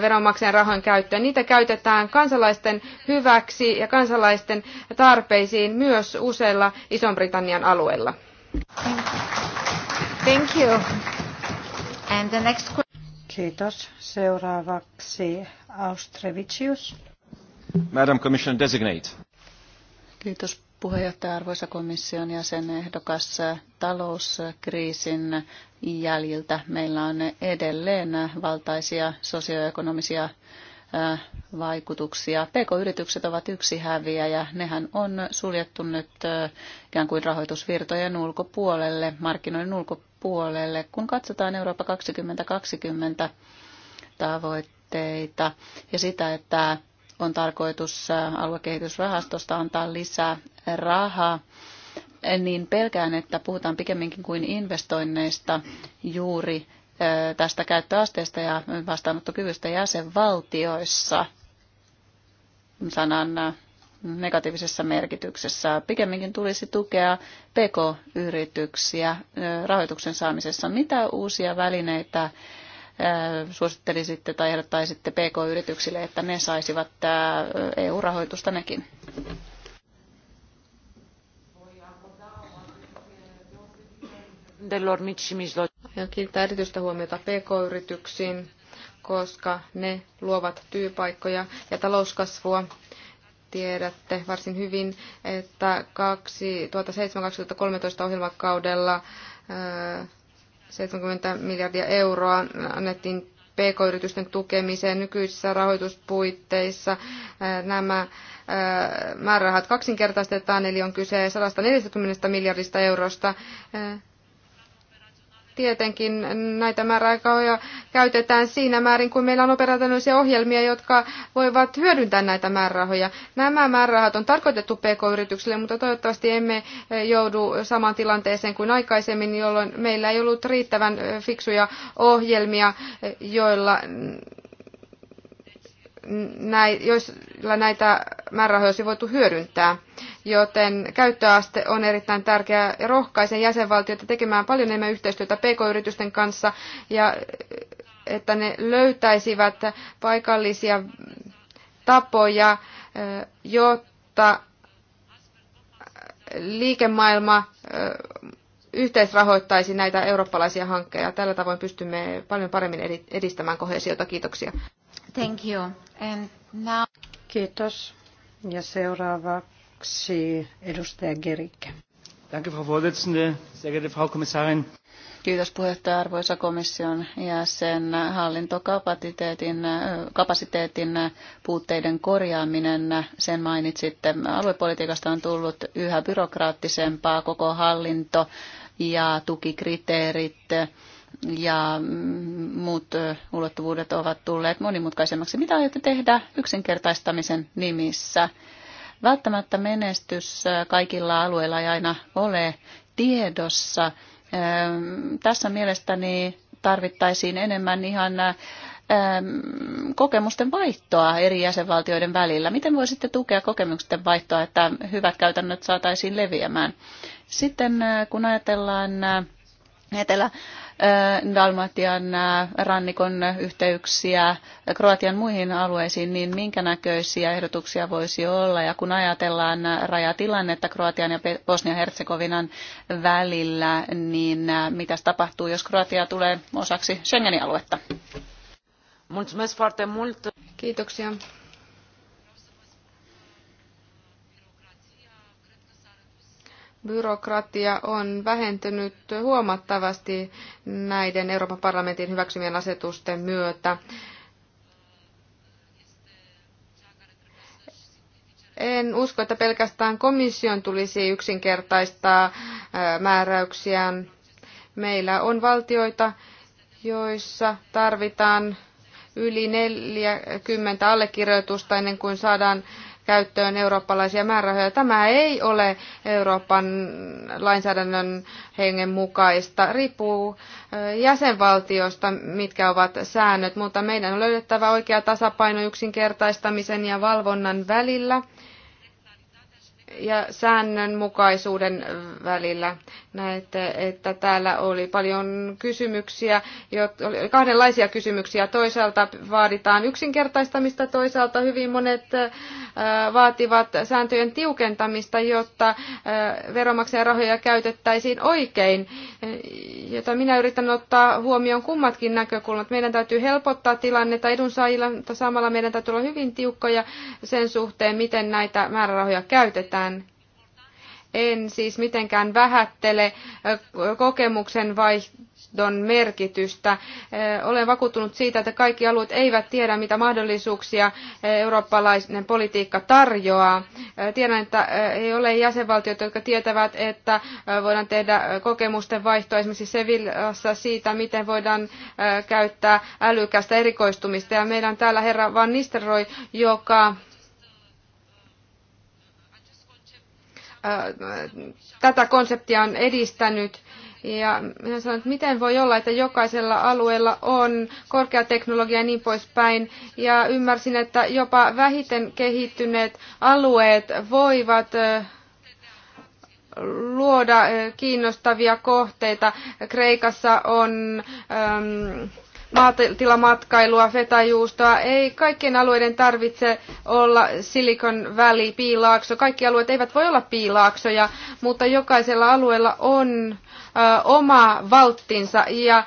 veronmaksajan rahojen käyttöön. Niitä käytetään kansalaisten hyväksi ja kansalaisten tarpeisiin myös useilla Ison-Britannian alueilla. Thank you. And the next... Kiitos. Seuraavaksi Austrevicius. Madam Commissioner Designate. Kiitos puheenjohtaja, arvoisa komission ehdokas talouskriisin jäljiltä meillä on edelleen valtaisia sosioekonomisia vaikutuksia. PK-yritykset ovat yksi häviä ja nehän on suljettu nyt ikään kuin rahoitusvirtojen ulkopuolelle, markkinoiden ulkopuolelle. Kun katsotaan Eurooppa 2020 tavoitteita ja sitä, että on tarkoitus äh, aluekehitysrahastosta antaa lisää rahaa, niin pelkään, että puhutaan pikemminkin kuin investoinneista juuri äh, tästä käyttöasteesta ja vastaanottokyvystä jäsenvaltioissa sanan äh, negatiivisessa merkityksessä. Pikemminkin tulisi tukea PK-yrityksiä rahoituksen saamisessa. Mitä uusia välineitä suosittelisitte tai ehdottaisitte PK-yrityksille, että ne saisivat EU-rahoitusta nekin? Aion kiinnittää erityistä huomiota PK-yrityksiin, koska ne luovat työpaikkoja ja talouskasvua tiedätte varsin hyvin, että 2007-2013 ohjelmakaudella 70 miljardia euroa annettiin PK-yritysten tukemiseen nykyisissä rahoituspuitteissa. Nämä määrärahat kaksinkertaistetaan, eli on kyse 140 miljardista eurosta tietenkin näitä määräaikoja käytetään siinä määrin, kun meillä on operatiivisia ohjelmia, jotka voivat hyödyntää näitä määrärahoja. Nämä määrärahat on tarkoitettu PK-yrityksille, mutta toivottavasti emme joudu samaan tilanteeseen kuin aikaisemmin, jolloin meillä ei ollut riittävän fiksuja ohjelmia, joilla joilla näitä määrärahoja olisi voitu hyödyntää. Joten käyttöaste on erittäin tärkeä ja rohkaisen jäsenvaltioita tekemään paljon enemmän yhteistyötä pk-yritysten kanssa ja että ne löytäisivät paikallisia tapoja, jotta liikemaailma yhteisrahoittaisi näitä eurooppalaisia hankkeja. Tällä tavoin pystymme paljon paremmin edistämään kohesiota. Kiitoksia. Thank you. And now... Kiitos. Ja seuraavaksi edustaja Gerikke. Danke, Frau Vorsitzende, sehr geehrte Frau Kommissarin. Kiitos puheenjohtaja arvoisa komission jäsen. Hallintokapasiteetin kapasiteetin puutteiden korjaaminen, sen mainitsitte. Aluepolitiikasta on tullut yhä byrokraattisempaa koko hallinto ja tukikriteerit ja mm, muut ulottuvuudet ovat tulleet monimutkaisemmaksi. Mitä aiotte tehdä yksinkertaistamisen nimissä? Välttämättä menestys kaikilla alueilla ei aina ole tiedossa. Tässä mielestäni tarvittaisiin enemmän ihan kokemusten vaihtoa eri jäsenvaltioiden välillä. Miten voisitte tukea kokemusten vaihtoa, että hyvät käytännöt saataisiin leviämään? Sitten kun ajatellaan Etelä- Dalmatian rannikon yhteyksiä Kroatian muihin alueisiin, niin minkä näköisiä ehdotuksia voisi olla? Ja kun ajatellaan rajatilannetta Kroatian ja Bosnia-Herzegovinan välillä, niin mitä tapahtuu, jos Kroatia tulee osaksi Schengenin aluetta? Kiitoksia byrokratia on vähentynyt huomattavasti näiden Euroopan parlamentin hyväksymien asetusten myötä. En usko, että pelkästään komission tulisi yksinkertaistaa määräyksiään. Meillä on valtioita, joissa tarvitaan yli 40 allekirjoitusta ennen kuin saadaan käyttöön eurooppalaisia määrärahoja. Tämä ei ole Euroopan lainsäädännön hengen mukaista. Riippuu jäsenvaltiosta, mitkä ovat säännöt, mutta meidän on löydettävä oikea tasapaino yksinkertaistamisen ja valvonnan välillä ja säännönmukaisuuden välillä. Näette, että täällä oli paljon kysymyksiä, oli kahdenlaisia kysymyksiä. Toisaalta vaaditaan yksinkertaistamista, toisaalta hyvin monet vaativat sääntöjen tiukentamista, jotta veromaksajan rahoja käytettäisiin oikein, jota minä yritän ottaa huomioon kummatkin näkökulmat. Meidän täytyy helpottaa tilannetta edunsaajilla, mutta samalla meidän täytyy olla hyvin tiukkoja sen suhteen, miten näitä määrärahoja käytetään mitään en siis mitenkään vähättele kokemuksen vaihdon merkitystä. Olen vakuuttunut siitä, että kaikki alueet eivät tiedä, mitä mahdollisuuksia eurooppalainen politiikka tarjoaa. Tiedän, että ei ole jäsenvaltioita, jotka tietävät, että voidaan tehdä kokemusten vaihtoa esimerkiksi Sevillassa siitä, miten voidaan käyttää älykästä erikoistumista. Ja meidän täällä herra Van Nisteroi, joka Äh, tätä konseptia on edistänyt. Ja minä sanoin, että miten voi olla, että jokaisella alueella on teknologia ja niin poispäin. Ja ymmärsin, että jopa vähiten kehittyneet alueet voivat äh, luoda äh, kiinnostavia kohteita. Kreikassa on... Ähm, maatilamatkailua, fetajuustoa. Ei kaikkien alueiden tarvitse olla Silicon Valley, piilaakso. Kaikki alueet eivät voi olla piilaaksoja, mutta jokaisella alueella on ö, oma valttinsa ja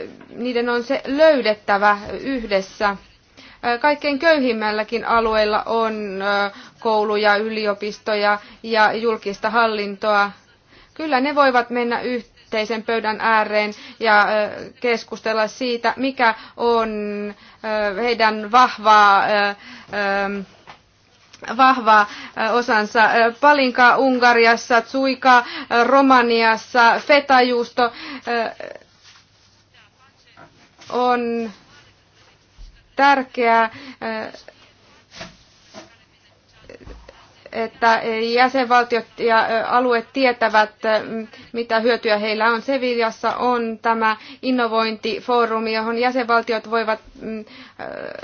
ö, niiden on se löydettävä yhdessä. Kaikkein köyhimmälläkin alueella on kouluja, yliopistoja ja julkista hallintoa. Kyllä ne voivat mennä yhteen yhteisen pöydän ääreen ja keskustella siitä, mikä on heidän vahvaa vahva osansa. Palinka Ungariassa, Tsuika Romaniassa, fetajuusto on tärkeää että jäsenvaltiot ja alueet tietävät, mitä hyötyä heillä on. Sevillassa on tämä innovointifoorumi, johon jäsenvaltiot voivat mm,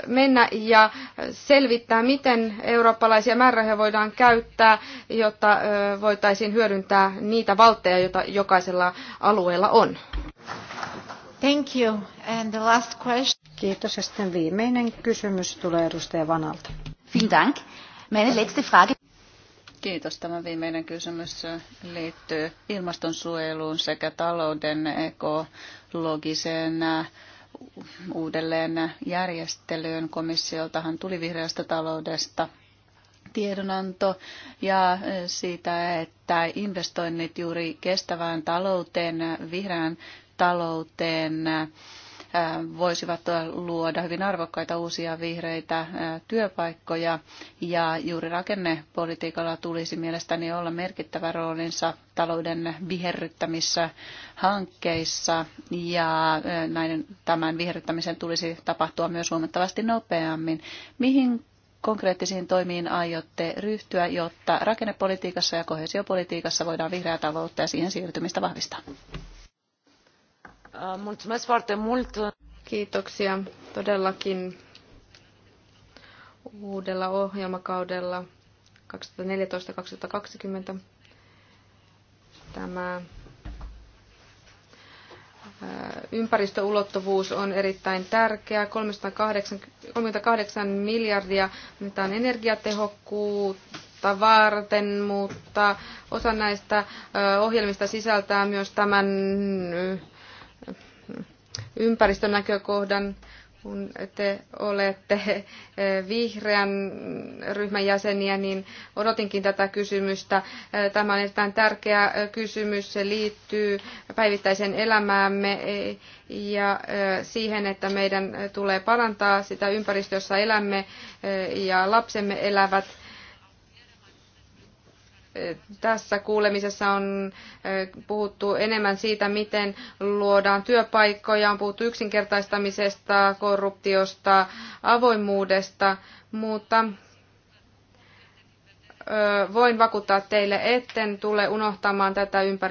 mennä ja selvittää, miten eurooppalaisia määrärahoja voidaan käyttää, jotta voitaisiin hyödyntää niitä valtteja, joita jokaisella alueella on. Thank you. And the last question. Kiitos. Ja sitten viimeinen kysymys tulee edustaja Vanalta. Vielen Dank. Meine letzte Frage. Kiitos. Tämä viimeinen kysymys liittyy ilmastonsuojeluun sekä talouden ekologiseen uudelleen järjestelyyn. Komissioltahan tuli vihreästä taloudesta tiedonanto ja siitä, että investoinnit juuri kestävään talouteen, vihreään talouteen voisivat luoda hyvin arvokkaita uusia vihreitä työpaikkoja ja juuri rakennepolitiikalla tulisi mielestäni olla merkittävä roolinsa talouden viherryttämissä hankkeissa ja näiden, tämän viherryttämisen tulisi tapahtua myös huomattavasti nopeammin. Mihin konkreettisiin toimiin aiotte ryhtyä, jotta rakennepolitiikassa ja kohesiopolitiikassa voidaan vihreää taloutta ja siihen siirtymistä vahvistaa? Mulțumesc foarte mult. Kiitoksia todellakin uudella ohjelmakaudella 2014-2020 tämä äh, ympäristöulottuvuus on erittäin tärkeä. 38 miljardia on energiatehokkuutta varten, mutta osa näistä äh, ohjelmista sisältää myös tämän ympäristönäkökohdan, kun te olette eh, vihreän ryhmän jäseniä, niin odotinkin tätä kysymystä. Eh, tämä on erittäin tärkeä eh, kysymys. Se liittyy päivittäiseen elämäämme ja siihen, että meidän tulee parantaa sitä ympäristössä elämme ja lapsemme elävät tässä kuulemisessa on puhuttu enemmän siitä, miten luodaan työpaikkoja, on puhuttu yksinkertaistamisesta, korruptiosta, avoimuudesta, mutta voin vakuuttaa teille, etten tule unohtamaan tätä ympäristöä.